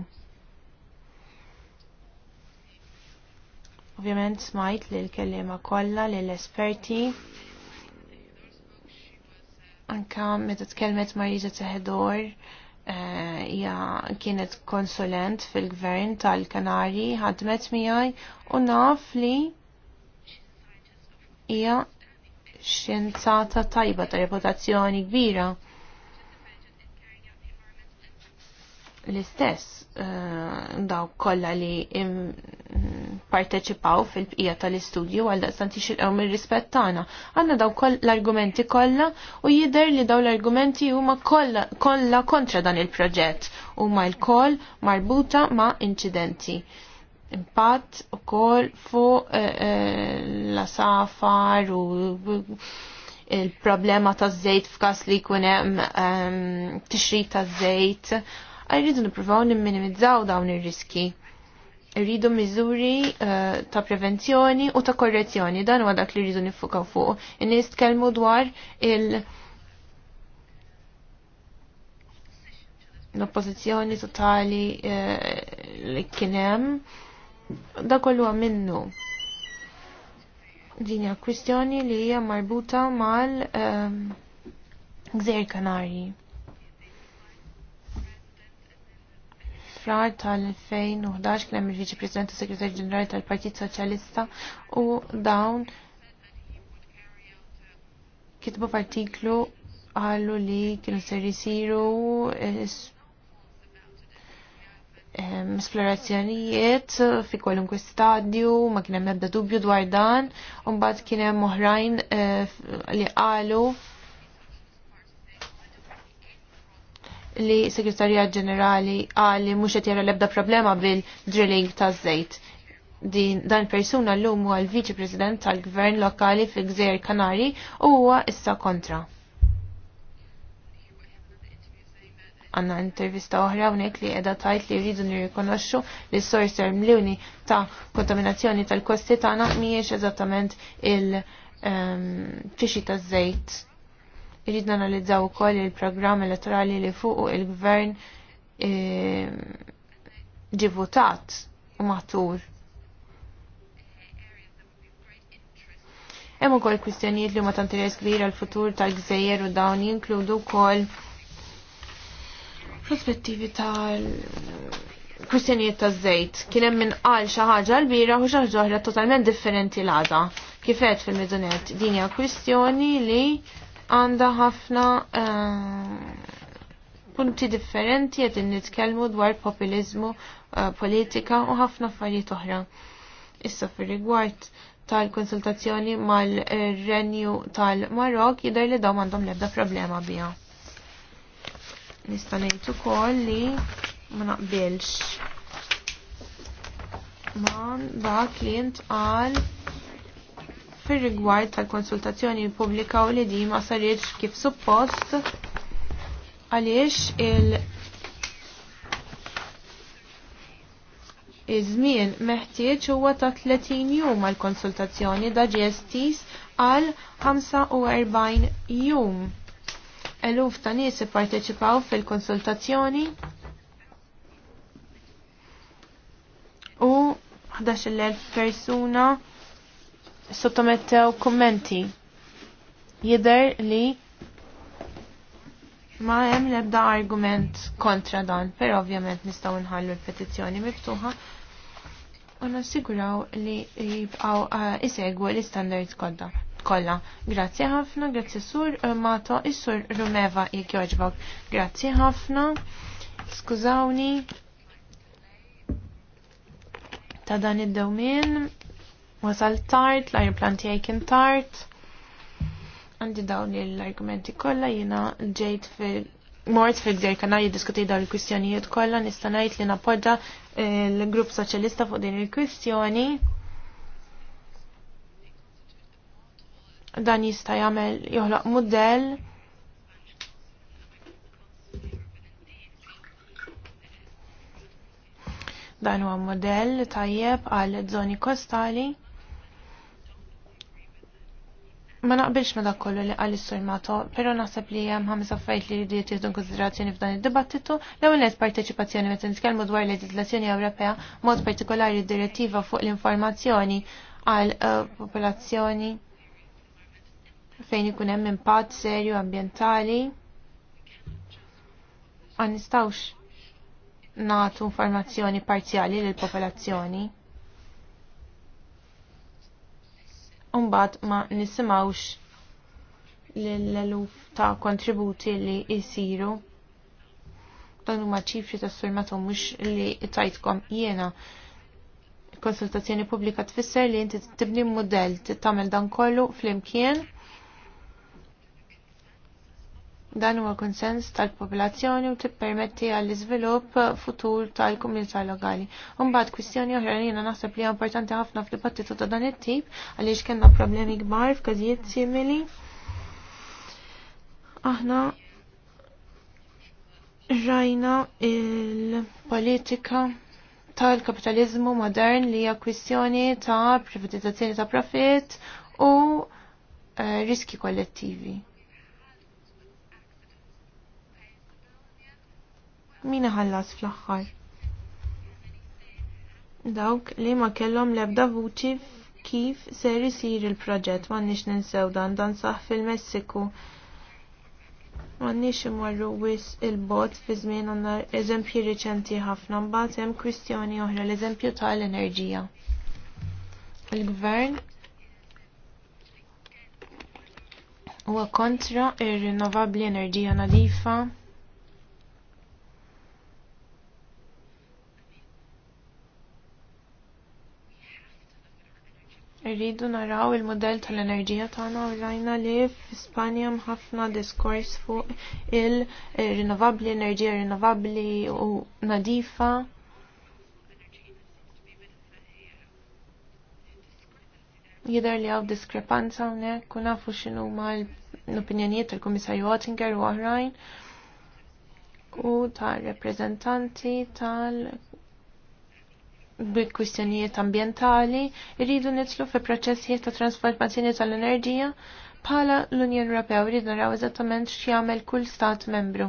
Ovvjament smajt li l-kellima kollha li l-esperti anka meta tkellmet Marisa Teħedor eh, hija kienet konsulent fil-gvern tal-Kanari ħadmet miegħi u naf li hija xjenzata tajba ta' reputazzjoni kbira. L-istess Eh, daw kolla li parteċipaw fil-bqija tal-istudju għal daqstan tixilqaw mir rispett tagħna. Għandna daw l-argumenti kollha u jidher li daw l-argumenti huma kollha kontra dan il-proġett huma l-koll marbuta ma' inċidenti. Impatt ukoll fu eh, eh, la safar u il-problema ta' żejt f'kas li jkun hemm ehm, tixrid ta' żejt Għarridu nippruvaw nimminimizzaw dawn ir-riski. Rridu miżuri uh, ta' prevenzjoni u ta' korrezzjoni. Dan huwa dak li rridu nifukaw fuq. in tkellmu dwar il- l-oppozizjoni totali eh, li kienem da kollu minnu din hija kwistjoni li hija marbuta mal eh, gżer Kanari. frar tal-2011 kien hemm il-Viċi President u Segretarju Ġenerali tal-Partit Soċjalista u dawn kitbu f'artiklu għallu li kienu ser jisiru esplorazzjonijiet fi kwalunkwe stadju, ma hemm ebda dubju dwar dan, mbagħad kien hemm oħrajn eh, li qalu li Segretarja Ġenerali għali mux qed jara l-ebda problema bil-drilling ta' żejt. Din dan persuna l-lum huwa l-Viċi President tal-Gvern Lokali fi Gżejjer Kanari u huwa issa kontra. Għanna intervista oħra unek li edha tajt li rridu nirrikonoxxu li s-sorser mluni ta' kontaminazzjoni tal-kosti tagħna mhijiex eżattament il-fixi ehm, um, ta' żejt Irrid nanalizzaw ukoll il-programm elettorali li fuq il-gvern eh, ġivutat u matur. Hemm ukoll kwistjonijiet li huma ta' interess kbir għall futur tal-Gżejjer u dawn jinkludu wkoll prospettivi tal kwistjonijiet ta' żejt. Kien hemm min qal xi ħaġa l-bira u xi ħaġa totalment differenti l-għada. Kifet fil-midunet din hija kwistjoni li għanda ħafna eh, punti differenti għed nitkellmu dwar populizmu eh, politika u ħafna affarijiet oħra. Issa fir rigward tal-konsultazzjoni mal-renju tal-Marok jidher li daw għandhom l-ebda problema biha. Nista' ngħid ukoll li ma naqbilx ma dak li intqal fil rigward tal-konsultazzjoni pubblika u li di ma saritx kif suppost għaliex il- Iż-żmien meħtieġ huwa ta' 30 jum għal konsultazzjoni da' ġestis għal 45 jum. Eluf ta' nies ipparteċipaw fil-konsultazzjoni u 11.000 persuna sottomettew kummenti. Jider li ma hemm l-ebda argument kontra dan, per ovvjament nistgħu nħallu l-petizzjoni miftuħa u nassiguraw li jibqgħu uh, isegwu l-istandards kodda kolla. Grazzi ħafna, grazzi sur Mato, is-sur Rumeva jek joġbok. Grazzi ħafna, skużawni ta' dan id-dawmin wasal tard, l-ajruplan tiegħi kien tard. Għandi dawn l-argumenti kollha jiena ġejt fil mort fil-gżer kanal jiddiskuti dawn il-kwistjonijiet kollha nista' ngħid li nappoġġa eh, l-grupp soċjalista fuq din il-kwistjoni. Dan jista' jagħmel joħloq mudell dan huwa modell tajjeb għal żoni kostali. Ma naqbilx ma dak kollu li qal is-sur Mato, però naħseb li hemm ħames affarijiet li jridu jittieħdu konsiderazzjoni f'dan id-dibattitu l-ewwel net parteċipazzjoni meta nitkellmu dwar leġislazzjoni Ewropea, mod partikolari d-direttiva fuq l-informazzjoni għal eh, popolazzjoni fejn ikun hemm impatt serju ambjentali. Ma nistgħux nagħtu informazzjoni parzjali lill popolazzjoni umbat ma nisimawx l-eluf ta' kontributi li jisiru. Dan huma ċifri ta' sfirmatom mhux li tajtkom jiena. Konsultazzjoni pubblika tfisser li inti tibni modell tagħmel dan kollu flimkien Dan huwa konsens tal-popolazzjoni u tippermetti għall iżvilupp futur tal-komunità lokali. Imbagħad kwistjoni oħra li jiena naħseb li hija importanti ħafna fil ta' dan it-tip għaliex kellna problemi kbar f'każijiet simili. Aħna rajna il-politika tal-kapitalizmu modern li hija kwistjoni ta' privatizzazzjoni ta' profit u eh, riski kollettivi. Min ħallas fl-aħħar? Dawk li ma kellhom l-ebda vuċi kif ser isir il-proġett m'għandniex ninsew dan dan saħ fil-Messiku. M'għandniex imorru wis il-bot fi żmien għandna eżempji riċenti ħafna mbagħad hemm kwistjoni oħra l-eżempju tal-enerġija. Il-gvern huwa kontra ir-rinnovabbli enerġija nadifa Irridu naraw il-modell tal-enerġija tagħna u rajna li f'Ispanja ħafna diskors fuq il-rinnovabbli, enerġija rinnovabbli u nadifa. Jidher li għaw diskrepanza hawnhekk u nafu x'inhu l-opinjonijiet tal kummissarju Oettinger u oħrajn u tal-reprezentanti tal bil-kwistjonijiet ambientali, rridu nitlu fi proċessijiet ta' transformazzjoni tal-enerġija bħala l-Unjoni Ewropea rridu naraw eżattament x'jagħmel kull stat membru.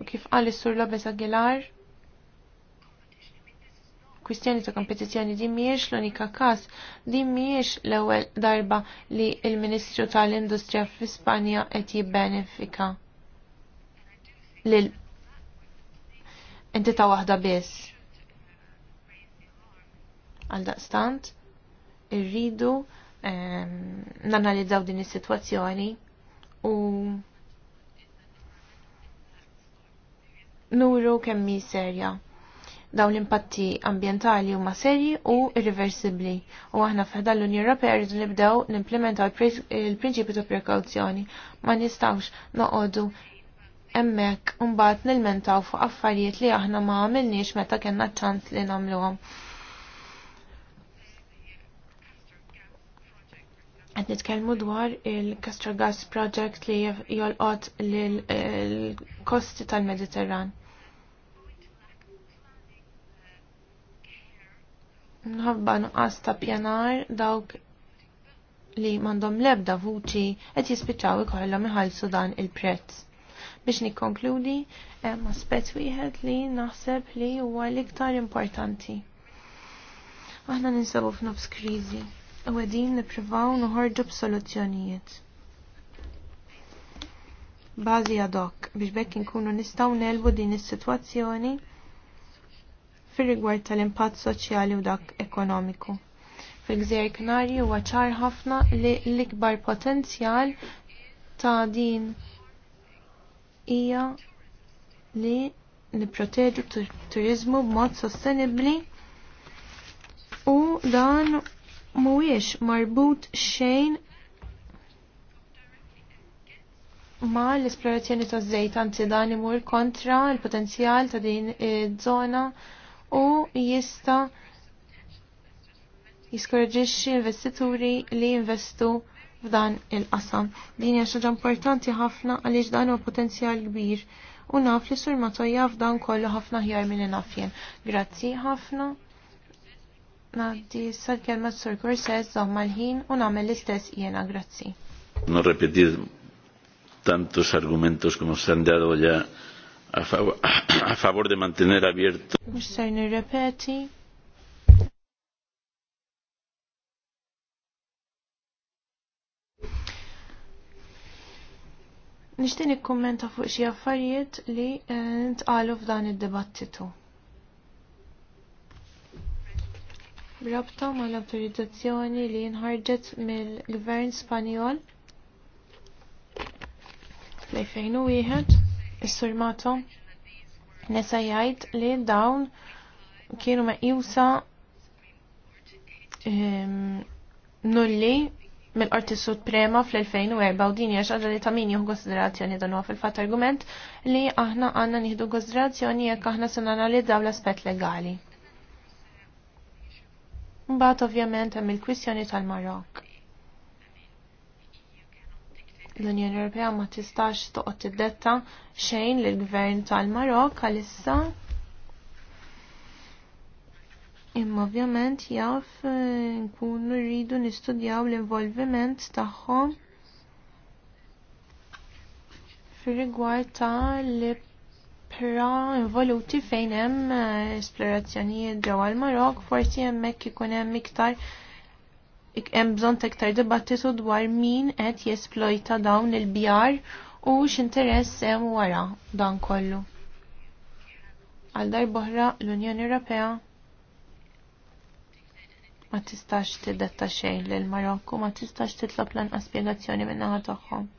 U kif qal is-Sur Lopez Aguilar, kwistjoni ta' kompetizzjoni din mhijiex l-unika każ, din mhijiex l-ewwel darba li l-Ministru tal-Industrija fi Spanja qed jibbenefika lil entità waħda biss Għal daqstant, irridu ehm, nanalizzaw din is-sitwazzjoni u nuru kemmi serja. Dawn l-impatti ambientali huma serji u irreversibli u aħna f'ħda l-Unjoni Ewropea rridu nibdew nimplementaw il-prinċipju ta' prekawzjoni. Ma nistgħux noqogħdu hemmhekk u mbagħad nilmentaw fuq affarijiet li aħna ma għamilniex meta kellna ċans li nagħmluhom. Għed nitkellmu dwar il-Castra Gas Project li jolqot l-kosti eh, tal-Mediterran. Nħabba nuqqas ta' pjanar dawk li mandom lebda vuċi qed jispiċċaw ikollhom iħallsu dan il-prezz. Biex nikkonkludi, hemm aspett wieħed li naħseb li huwa l-iktar importanti. Aħna ninsabu f'nofs kriżi u għedin niprivaw nħorġu b'soluzzjonijiet. Bazi għadok, biex bekk inkunu nistgħu nelbu din is-sitwazzjoni fir-rigward tal-impatt soċjali u dak ekonomiku. Fil-Gżejjer knarju huwa ċar ħafna li l-ikbar potenzjal ta' din hija li nipproteġu turizmu b'mod sostenibbli u dan mhuwiex marbut xejn ma l-esplorazzjoni ta' żejt anzi dan imur kontra l-potenzjal ta' din iż-żona u jista' jiskoraġixxi investituri li jinvestu f'dan il-qasam. Din hija xaġa importanti ħafna għaliex dan huwa potenzjal kbir u naf li sur ma f'dan kollu ħafna ħjar minn nafjen. Grazzi ħafna. Naddi sal-kelma s-sur kurses, zoħma l-ħin u namel l-istess jena, grazzi. Non repetir tantos argumentos como s-san dado ya a, fav a favor de mantener abierto. Mux ser repeti. Nishtin kommenta fuq xie affarijiet li eh, ntqalu f'dan id debattitu rabta ma l-autorizzazzjoni li nħarġet mill-gvern Spanjol fl-2001 is-sur Mato nesa jgħid li dawn kienu meqjusa ehm, nulli mill-Qorti Suprema fl-2004 u din hija xaġa li ta' min jieħu konsiderazzjoni dan huwa fil-fatt argument li aħna għandna nieħdu konsiderazzjoni jekk aħna se nanalizzaw l-aspett legali. Mbagħad ovvjament hemm il-kwistjoni tal-Marok. L-Unjoni Ewropea ma tistax toqgħod tiddetta xejn lill-Gvern tal-Marok għalissa Imma ovvjament jaf eh, nkunu rridu nistudjaw l-involviment tagħhom fir-rigward ta' lib. Pero involuti fejn hemm eh, esplorazzjonijiet ġewwa l-Marok, forsi hemmhekk ikun hemm iktar hemm bżonn ta' iktar dibattitu dwar min qed jesplojta dawn il-bjar u x'interess hemm wara dan kollu. Għal darb'oħra l-Unjoni Ewropea ma tistax tiddetta xejn lil Marokku, ma tistax titlob lanqas spjegazzjoni min-naħa tagħhom.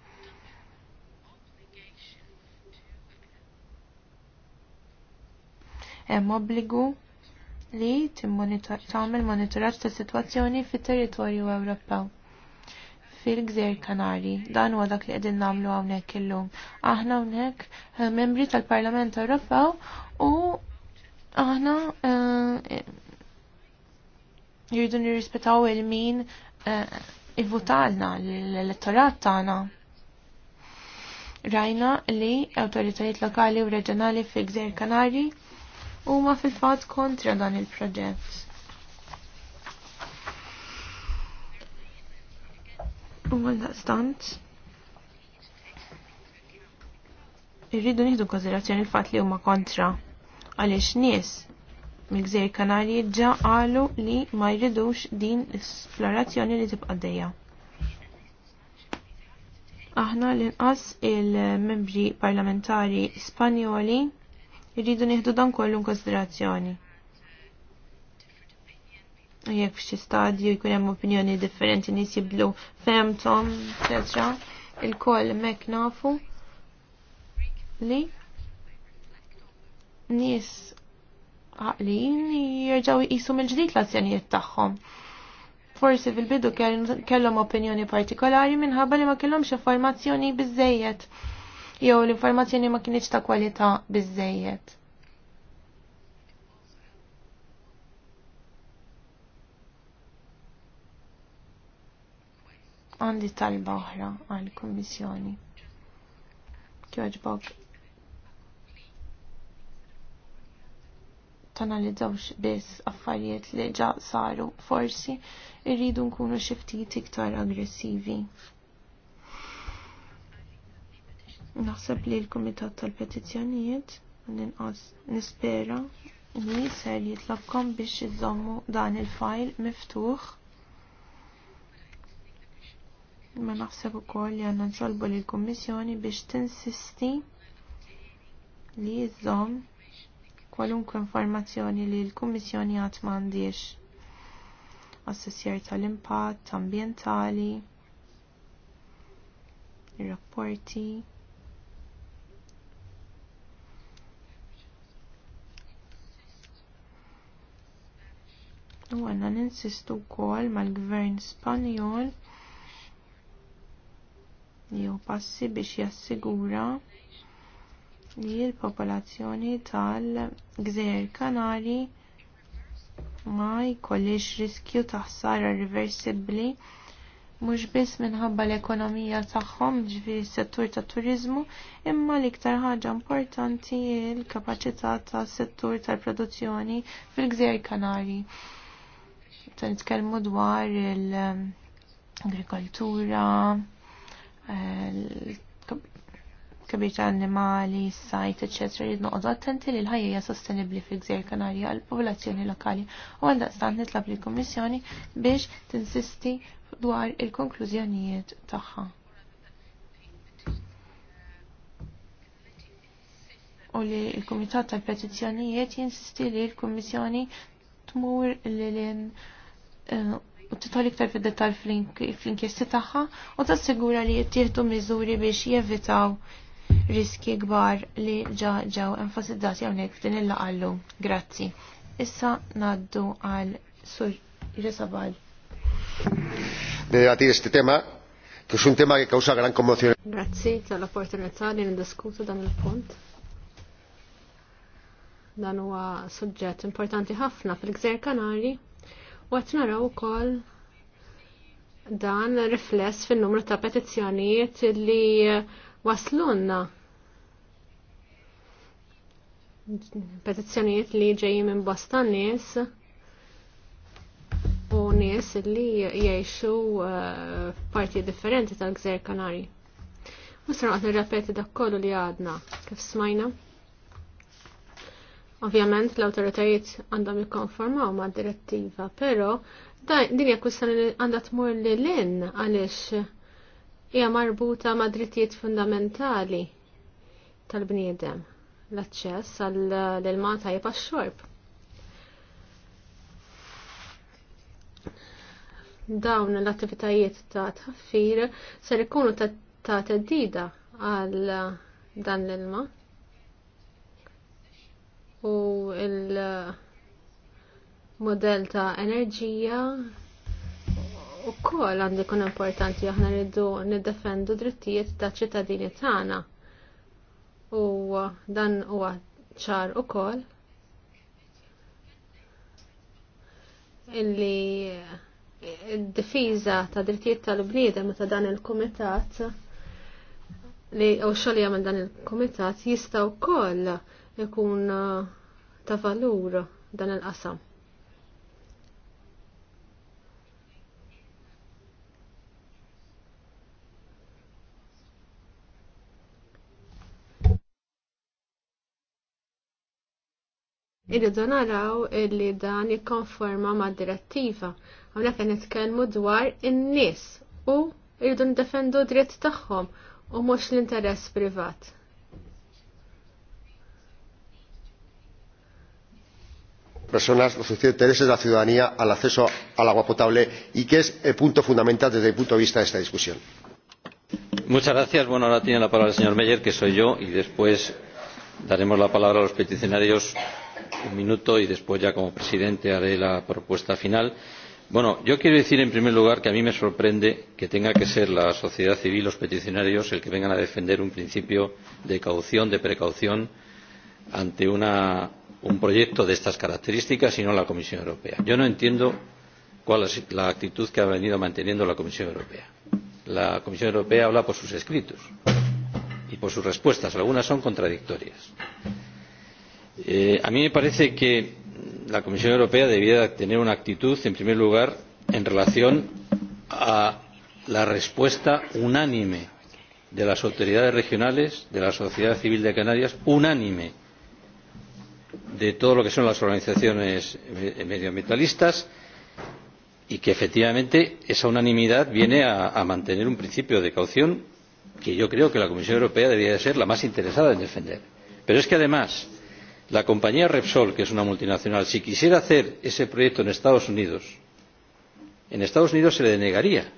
hemm obbligu li tagħmel monitoraġġ ta' sitwazzjoni fit-territorju Ewropew fil-Gżejjer Kanari. Dan huwa dak li qegħdin nagħmlu hawnhekk illum. Aħna hawnhekk eh, membri tal-Parlament Ewropew u aħna jridu eh, nirrispettaw il-min eh, ivvutalna l-elettorat tagħna. Rajna li awtoritajiet lokali u reġjonali fil-Gżejjer Kanari huma fil-fatt kontra dan il-proġett. U għal-daqstant, irridu nieħdu konsiderazzjoni il fatt li huma kontra għaliex nies mill-Gżejjer Kanarji ġa qalu li ma jridux din l-esplorazzjoni li tibqa' dejja. Aħna l-inqas il-membri parlamentari Spanjoli Irridu nieħdu dan kollu konsiderazzjoni. Jekk f'xi stadju jkun hemm opinjoni differenti nies jiblu femtom, etc. Il-koll mek nafu li nies għaqlin jirġaw jisu mill-ġdid l-azzjonijiet tagħhom. Forsi fil-bidu kellhom opinjoni partikolari minħabba li ma kellhomx informazzjoni biżejjed jew l-informazzjoni ma kienx ta' kwalità biżejjed. għandi talba oħra għal kummissjoni. Kjoġbok. Tanalizzawx biss affarijiet li ġa saru, forsi irridu nkunu xi ftit iktar aggressivi. Naħseb li l-Kumitat tal-Petizzjonijiet ninqas nispera li ser jitlabkom biex iżommu dan il-fajl miftuħ. Ma naħseb ukoll li għandna nċolbu lill kummissjoni biex tinsisti li jżomm kwalunkwe informazzjoni li l-Kummissjoni għat m'għandix. Assessjar tal-impatt ambjentali, ir-rapporti. u għanna ninsistu wkoll mal-gvern Spanjol jew passi biex jassigura li l-popolazzjoni tal-Gżejjer Kanari ma jkollix riskju ta' ħsara reversibbli mhux biss minħabba l-ekonomija tagħhom ġifieri settur tat turiżmu imma l-iktar ħaġa importanti l-kapaċità tas settur tal-produzzjoni fil-Gżejjer Kanari ta' nitkellmu dwar l-agrikoltura, kabir ta' animali, sajt, ecc. Jidnoqdu attenti li l-ħajja sostenibli fi gżir Kanarja għal popolazzjoni lokali u għal stant nitlab li kommissjoni biex tinsisti dwar il-konklużjonijiet tagħha. U li l-Kumitat tal-Petizzjonijiet jinsisti li l-Kummissjoni tmur l-lin eh, u titħol iktar fil dettal fl-inkjesti taħħa u tassigura li jittieħdu miżuri biex jevitaw riski kbar li ġa ġew enfasizzati hawnhekk f'din il-laqallu. Grazzi. Issa naddu għal Sur Jirisabal. Nirati eh, este tema, kux tema għi causa gran commozione. Grazzi tal-opportunità li ndiskutu dan il-punt dan huwa suġġett importanti ħafna fil-Gżer Kanari u qed naraw ukoll dan rifless fin-numru ta' petizzjonijiet li waslunna petizzjonijiet li ġejjin minn bosta nies u nies li jgħixu uh, parti differenti tal-Gżer Kanari. Musra għat nirrapeti dak kollu li għadna, kif smajna. Ovvjament l-autoritajiet għandhom jikkonformaw ma' direttiva, pero din hija kwistjoni li għandha tmur li lin għaliex hija marbuta ma' drittijiet fundamentali tal-bniedem l-aċċess għall-ilma tajjeb għax-xorb. Dawn l-attivitajiet ta' tħaffir ser ikunu ta' teddida għal dan l-ilma u l uh, modell ta' enerġija u kol għandu kun importanti aħna rridu niddefendu drittijiet ta' ċittadini tagħna. U uh, dan huwa ċar ukoll illi uh, d difiża ta' drittijiet tal-bniedem ta' dan il-kumitat li u xogħol jagħmel dan il-kumitat jista' wkoll ikun eh, ta' valur dan il-qasam. Irridu naraw illi dan jikkonforma ma' direttiva. Għamna qed nitkellmu dwar in-nies u irridu ndefendu dritt tagħhom u mhux l-interess privat. personas los intereses de la ciudadanía al acceso al agua potable y que es el punto fundamental desde el punto de vista de esta discusión. Muchas gracias. Bueno, ahora tiene la palabra el señor Meyer, que soy yo, y después daremos la palabra a los peticionarios un minuto y después ya como presidente haré la propuesta final. Bueno, yo quiero decir en primer lugar que a mí me sorprende que tenga que ser la sociedad civil, los peticionarios, el que vengan a defender un principio de caución, de precaución ante una un proyecto de estas características, sino la Comisión Europea. Yo no entiendo cuál es la actitud que ha venido manteniendo la Comisión Europea. La Comisión Europea habla por sus escritos y por sus respuestas. Algunas son contradictorias. Eh, a mí me parece que la Comisión Europea debía tener una actitud, en primer lugar, en relación a la respuesta unánime de las autoridades regionales, de la sociedad civil de Canarias, unánime de todo lo que son las organizaciones medioambientalistas y que efectivamente esa unanimidad viene a, a mantener un principio de caución que yo creo que la Comisión Europea debería ser la más interesada en defender. Pero es que además la compañía Repsol, que es una multinacional, si quisiera hacer ese proyecto en Estados Unidos, en Estados Unidos se le denegaría,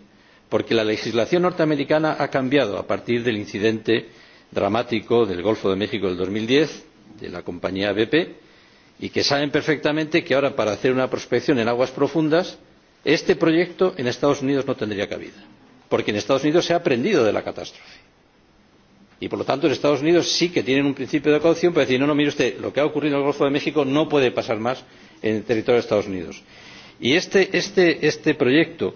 porque la legislación norteamericana ha cambiado a partir del incidente dramático del Golfo de México del dos mil diez de la compañía BP y que saben perfectamente que ahora para hacer una prospección en aguas profundas este proyecto en Estados Unidos no tendría cabida, porque en Estados Unidos se ha aprendido de la catástrofe. Y por lo tanto, en Estados Unidos sí que tienen un principio de caución para decir, no, no, mire usted, lo que ha ocurrido en el Golfo de México no puede pasar más en el territorio de los Estados Unidos. Y este, este, este proyecto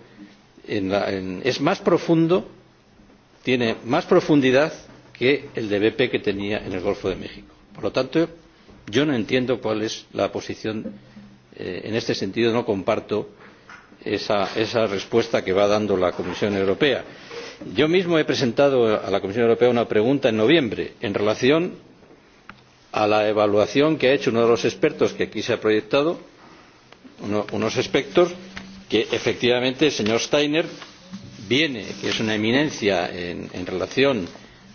en la, en, es más profundo, tiene más profundidad que el de BP que tenía en el Golfo de México. Por lo tanto, Yo no entiendo cuál es la posición, eh, en este sentido no comparto esa, esa respuesta que va dando la Comisión Europea. Yo mismo he presentado a la Comisión Europea una pregunta en noviembre en relación a la evaluación que ha hecho uno de los expertos que aquí se ha proyectado, uno, unos expertos que efectivamente el señor Steiner viene, que es una eminencia en, en relación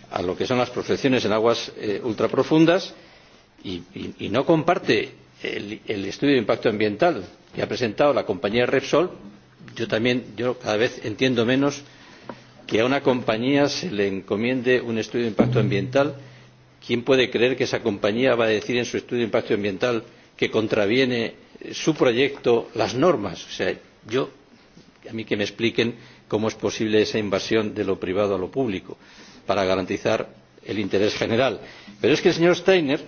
a lo que son las profesiones en aguas eh, ultraprofundas, y, y, y no comparte el, el estudio de impacto ambiental que ha presentado la compañía Repsol, yo también yo cada vez entiendo menos que a una compañía se le encomiende un estudio de impacto ambiental. ¿Quién puede creer que esa compañía va a decir en su estudio de impacto ambiental que contraviene su proyecto las normas? O sea, yo, a mí que me expliquen cómo es posible esa invasión de lo privado a lo público para garantizar el interés general. Pero es que el señor Steiner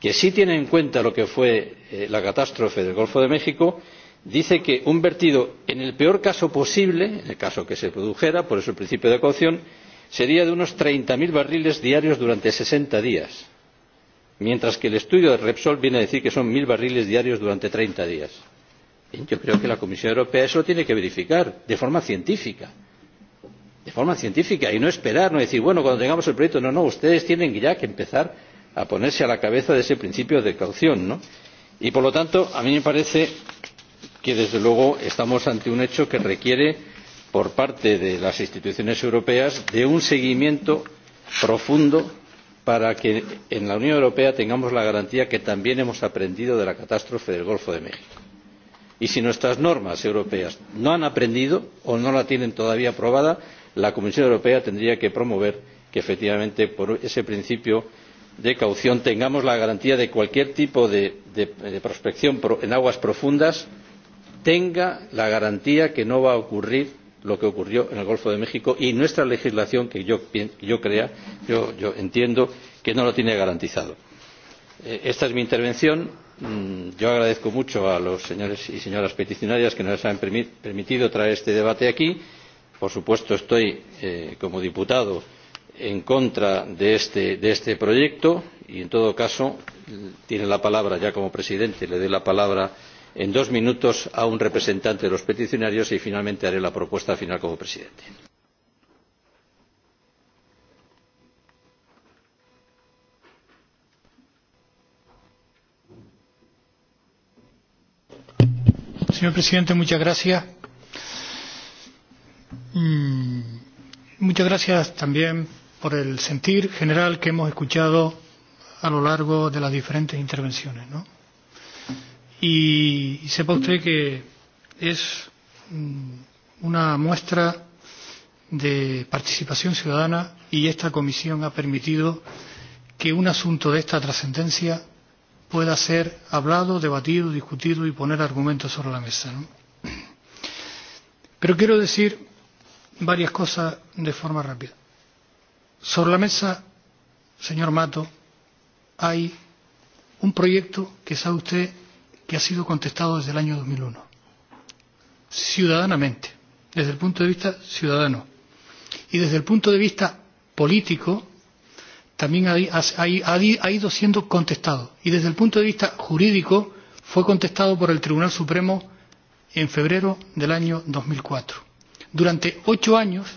que sí tiene en cuenta lo que fue eh, la catástrofe del Golfo de México, dice que un vertido en el peor caso posible, en el caso que se produjera, por eso el principio de caución, sería de unos treinta mil barriles diarios durante sesenta días, mientras que el estudio de Repsol viene a decir que son mil barriles diarios durante treinta días. Bien, yo creo que la Comisión Europea eso lo tiene que verificar de forma científica. De forma científica y no esperar, no decir, bueno, cuando tengamos el proyecto, no, no, ustedes tienen ya que empezar a ponerse a la cabeza de ese principio de caución. ¿no? Y por lo tanto, a mí me parece que desde luego estamos ante un hecho que requiere por parte de las instituciones europeas de un seguimiento profundo para que en la Unión Europea tengamos la garantía que también hemos aprendido de la catástrofe del Golfo de México. Y si nuestras normas europeas no han aprendido o no la tienen todavía aprobada, la Comisión Europea tendría que promover que efectivamente por ese principio de caución tengamos la garantía de cualquier tipo de, de, de prospección en aguas profundas tenga la garantía de que no va a ocurrir lo que ocurrió en el Golfo de México y nuestra legislación que yo, yo crea, yo, yo entiendo que no lo tiene garantizado. Eh, esta es mi intervención. Mm, yo agradezco mucho a los señores y señoras peticionarias que nos han permitido traer este debate aquí. Por supuesto, estoy eh, como diputado en contra de este, de este proyecto y, en todo caso, tiene la palabra ya como presidente, le doy la palabra en dos minutos a un representante de los peticionarios y finalmente haré la propuesta final como presidente. Señor presidente, muchas gracias. Mm, muchas gracias también por el sentir general que hemos escuchado a lo largo de las diferentes intervenciones. ¿no? Y, y sepa usted que es mm, una muestra de participación ciudadana y esta comisión ha permitido que un asunto de esta trascendencia pueda ser hablado, debatido, discutido y poner argumentos sobre la mesa. ¿no? Pero quiero decir varias cosas de forma rápida. Sobre la mesa, señor Mato, hay un proyecto que sabe usted que ha sido contestado desde el año 2001, ciudadanamente, desde el punto de vista ciudadano. Y desde el punto de vista político, también ha, ha, ha ido siendo contestado. Y desde el punto de vista jurídico, fue contestado por el Tribunal Supremo en febrero del año 2004. Durante ocho años,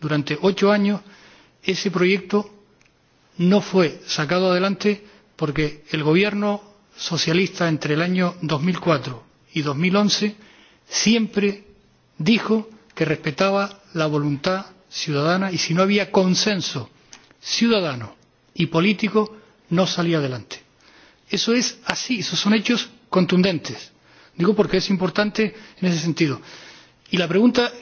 durante ocho años, ese proyecto no fue sacado adelante porque el gobierno socialista entre el año 2004 y 2011 siempre dijo que respetaba la voluntad ciudadana y si no había consenso ciudadano y político no salía adelante. Eso es así, esos son hechos contundentes. Digo porque es importante en ese sentido. Y la pregunta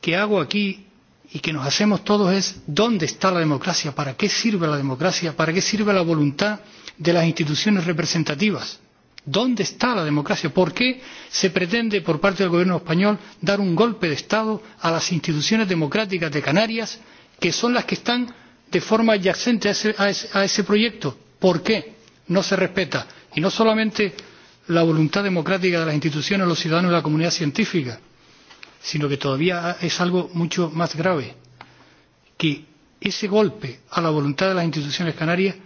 que hago aquí y que nos hacemos todos es dónde está la democracia, para qué sirve la democracia, para qué sirve la voluntad de las instituciones representativas. ¿Dónde está la democracia? ¿Por qué se pretende por parte del gobierno español dar un golpe de Estado a las instituciones democráticas de Canarias, que son las que están de forma adyacente a ese, a ese, a ese proyecto? ¿Por qué no se respeta? Y no solamente la voluntad democrática de las instituciones, los ciudadanos y la comunidad científica, sino que todavía es algo mucho más grave, que ese golpe a la voluntad de las instituciones canarias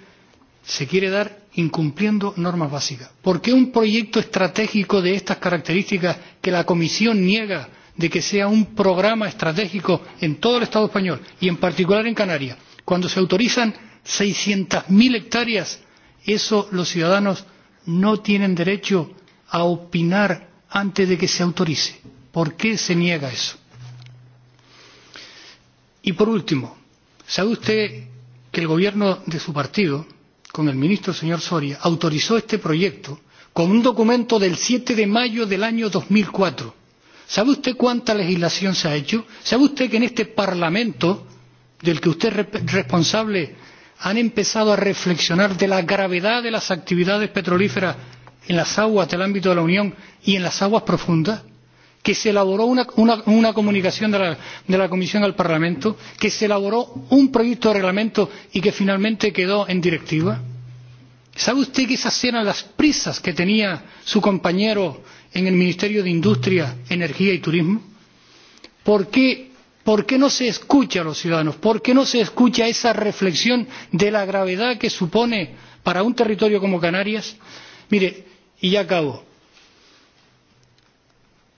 se quiere dar incumpliendo normas básicas. ¿Por qué un proyecto estratégico de estas características que la Comisión niega de que sea un programa estratégico en todo el Estado español y en particular en Canarias, cuando se autorizan 600.000 hectáreas, eso los ciudadanos no tienen derecho a opinar antes de que se autorice? ¿Por qué se niega eso? Y por último, ¿sabe usted que el gobierno de su partido, con el ministro señor Soria, autorizó este proyecto con un documento del 7 de mayo del año 2004? ¿Sabe usted cuánta legislación se ha hecho? ¿Sabe usted que en este Parlamento, del que usted es responsable, han empezado a reflexionar de la gravedad de las actividades petrolíferas en las aguas del ámbito de la Unión y en las aguas profundas? que se elaboró una, una, una comunicación de la, de la Comisión al Parlamento, que se elaboró un proyecto de reglamento y que finalmente quedó en directiva? ¿Sabe usted que esas eran las prisas que tenía su compañero en el Ministerio de Industria, Energía y Turismo? ¿Por qué, por qué no se escucha a los ciudadanos? ¿Por qué no se escucha esa reflexión de la gravedad que supone para un territorio como Canarias? Mire, y ya acabo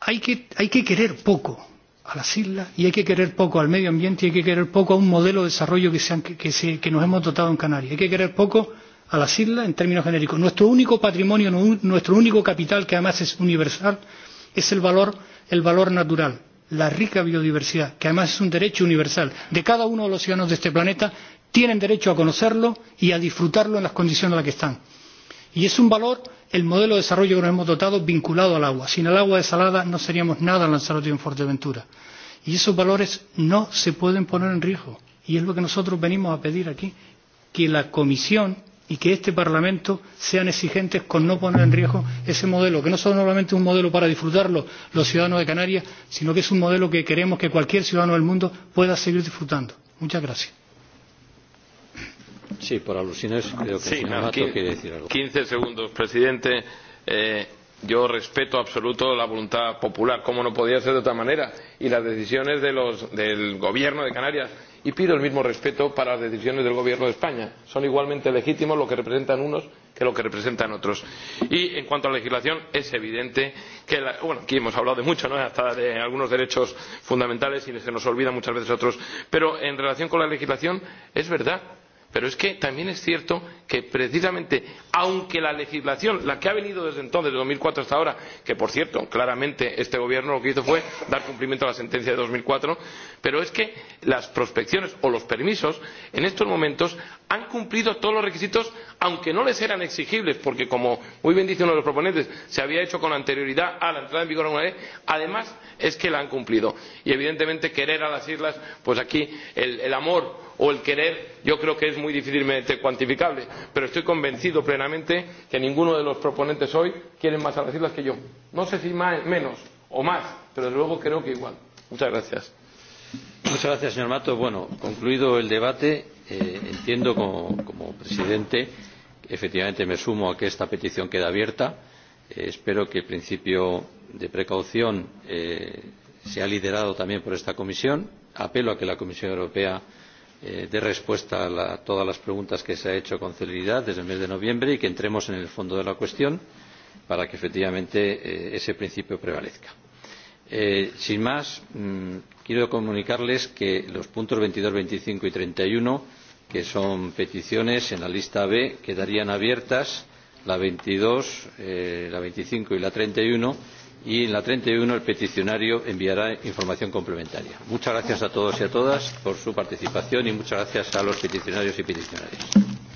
hay que, hay que querer poco a las islas y hay que querer poco al medio ambiente y hay que querer poco a un modelo de desarrollo que, se han, que, se, que nos hemos dotado en Canarias. Hay que querer poco a las islas en términos genéricos. Nuestro único patrimonio, nuestro único capital, que además es universal, es el valor, el valor natural, la rica biodiversidad, que además es un derecho universal de cada uno de los ciudadanos de este planeta, tienen derecho a conocerlo y a disfrutarlo en las condiciones en las que están. Y es un valor el modelo de desarrollo que nos hemos dotado vinculado al agua. Sin el agua desalada no seríamos nada en Lanzarote y en Fuerteventura. Y esos valores no se pueden poner en riesgo. Y es lo que nosotros venimos a pedir aquí, que la Comisión y que este Parlamento sean exigentes con no poner en riesgo ese modelo, que no solamente es un modelo para disfrutarlo los ciudadanos de Canarias, sino que es un modelo que queremos que cualquier ciudadano del mundo pueda seguir disfrutando. Muchas gracias. Sí, por alusiones creo que sí, el señor no, quiere decir algo. 15 segundos, presidente. Eh, yo respeto absoluto la voluntad popular, como no podía ser de otra manera, y las decisiones de los, del gobierno de Canarias. Y pido el mismo respeto para las decisiones del gobierno de España. Son igualmente legítimos lo que representan unos que lo que representan otros. Y en cuanto a la legislación, es evidente que, la, bueno, aquí hemos hablado de mucho, ¿no? hasta de algunos derechos fundamentales y se nos olvida muchas veces otros, pero en relación con la legislación, es verdad Pero es que también es cierto que precisamente, aunque la legislación, la que ha venido desde entonces, de 2004 hasta ahora, que por cierto, claramente este gobierno lo que hizo fue dar cumplimiento a la sentencia de 2004, Pero es que las prospecciones o los permisos en estos momentos han cumplido todos los requisitos, aunque no les eran exigibles, porque como muy bien dice uno de los proponentes, se había hecho con anterioridad a la entrada en vigor de una ley, además es que la han cumplido. Y evidentemente querer a las islas, pues aquí el, el amor o el querer yo creo que es muy difícilmente cuantificable, pero estoy convencido plenamente que ninguno de los proponentes hoy quiere más a las islas que yo. No sé si más, menos o más, pero desde luego creo que igual. Muchas gracias. Muchas gracias, señor Mato. Bueno, concluido el debate, eh, entiendo como, como presidente, efectivamente me sumo a que esta petición queda abierta. Eh, espero que el principio de precaución eh, sea liderado también por esta comisión. Apelo a que la Comisión Europea eh, dé respuesta a la, todas las preguntas que se ha hecho con celeridad desde el mes de noviembre y que entremos en el fondo de la cuestión para que efectivamente eh, ese principio prevalezca. Eh, sin más, mmm, quiero comunicarles que los puntos 22, 25 y 31, que son peticiones en la lista B, quedarían abiertas la 22, eh, la 25 y la 31 y en la 31 el peticionario enviará información complementaria. Muchas gracias a todos y a todas por su participación y muchas gracias a los peticionarios y peticionarias.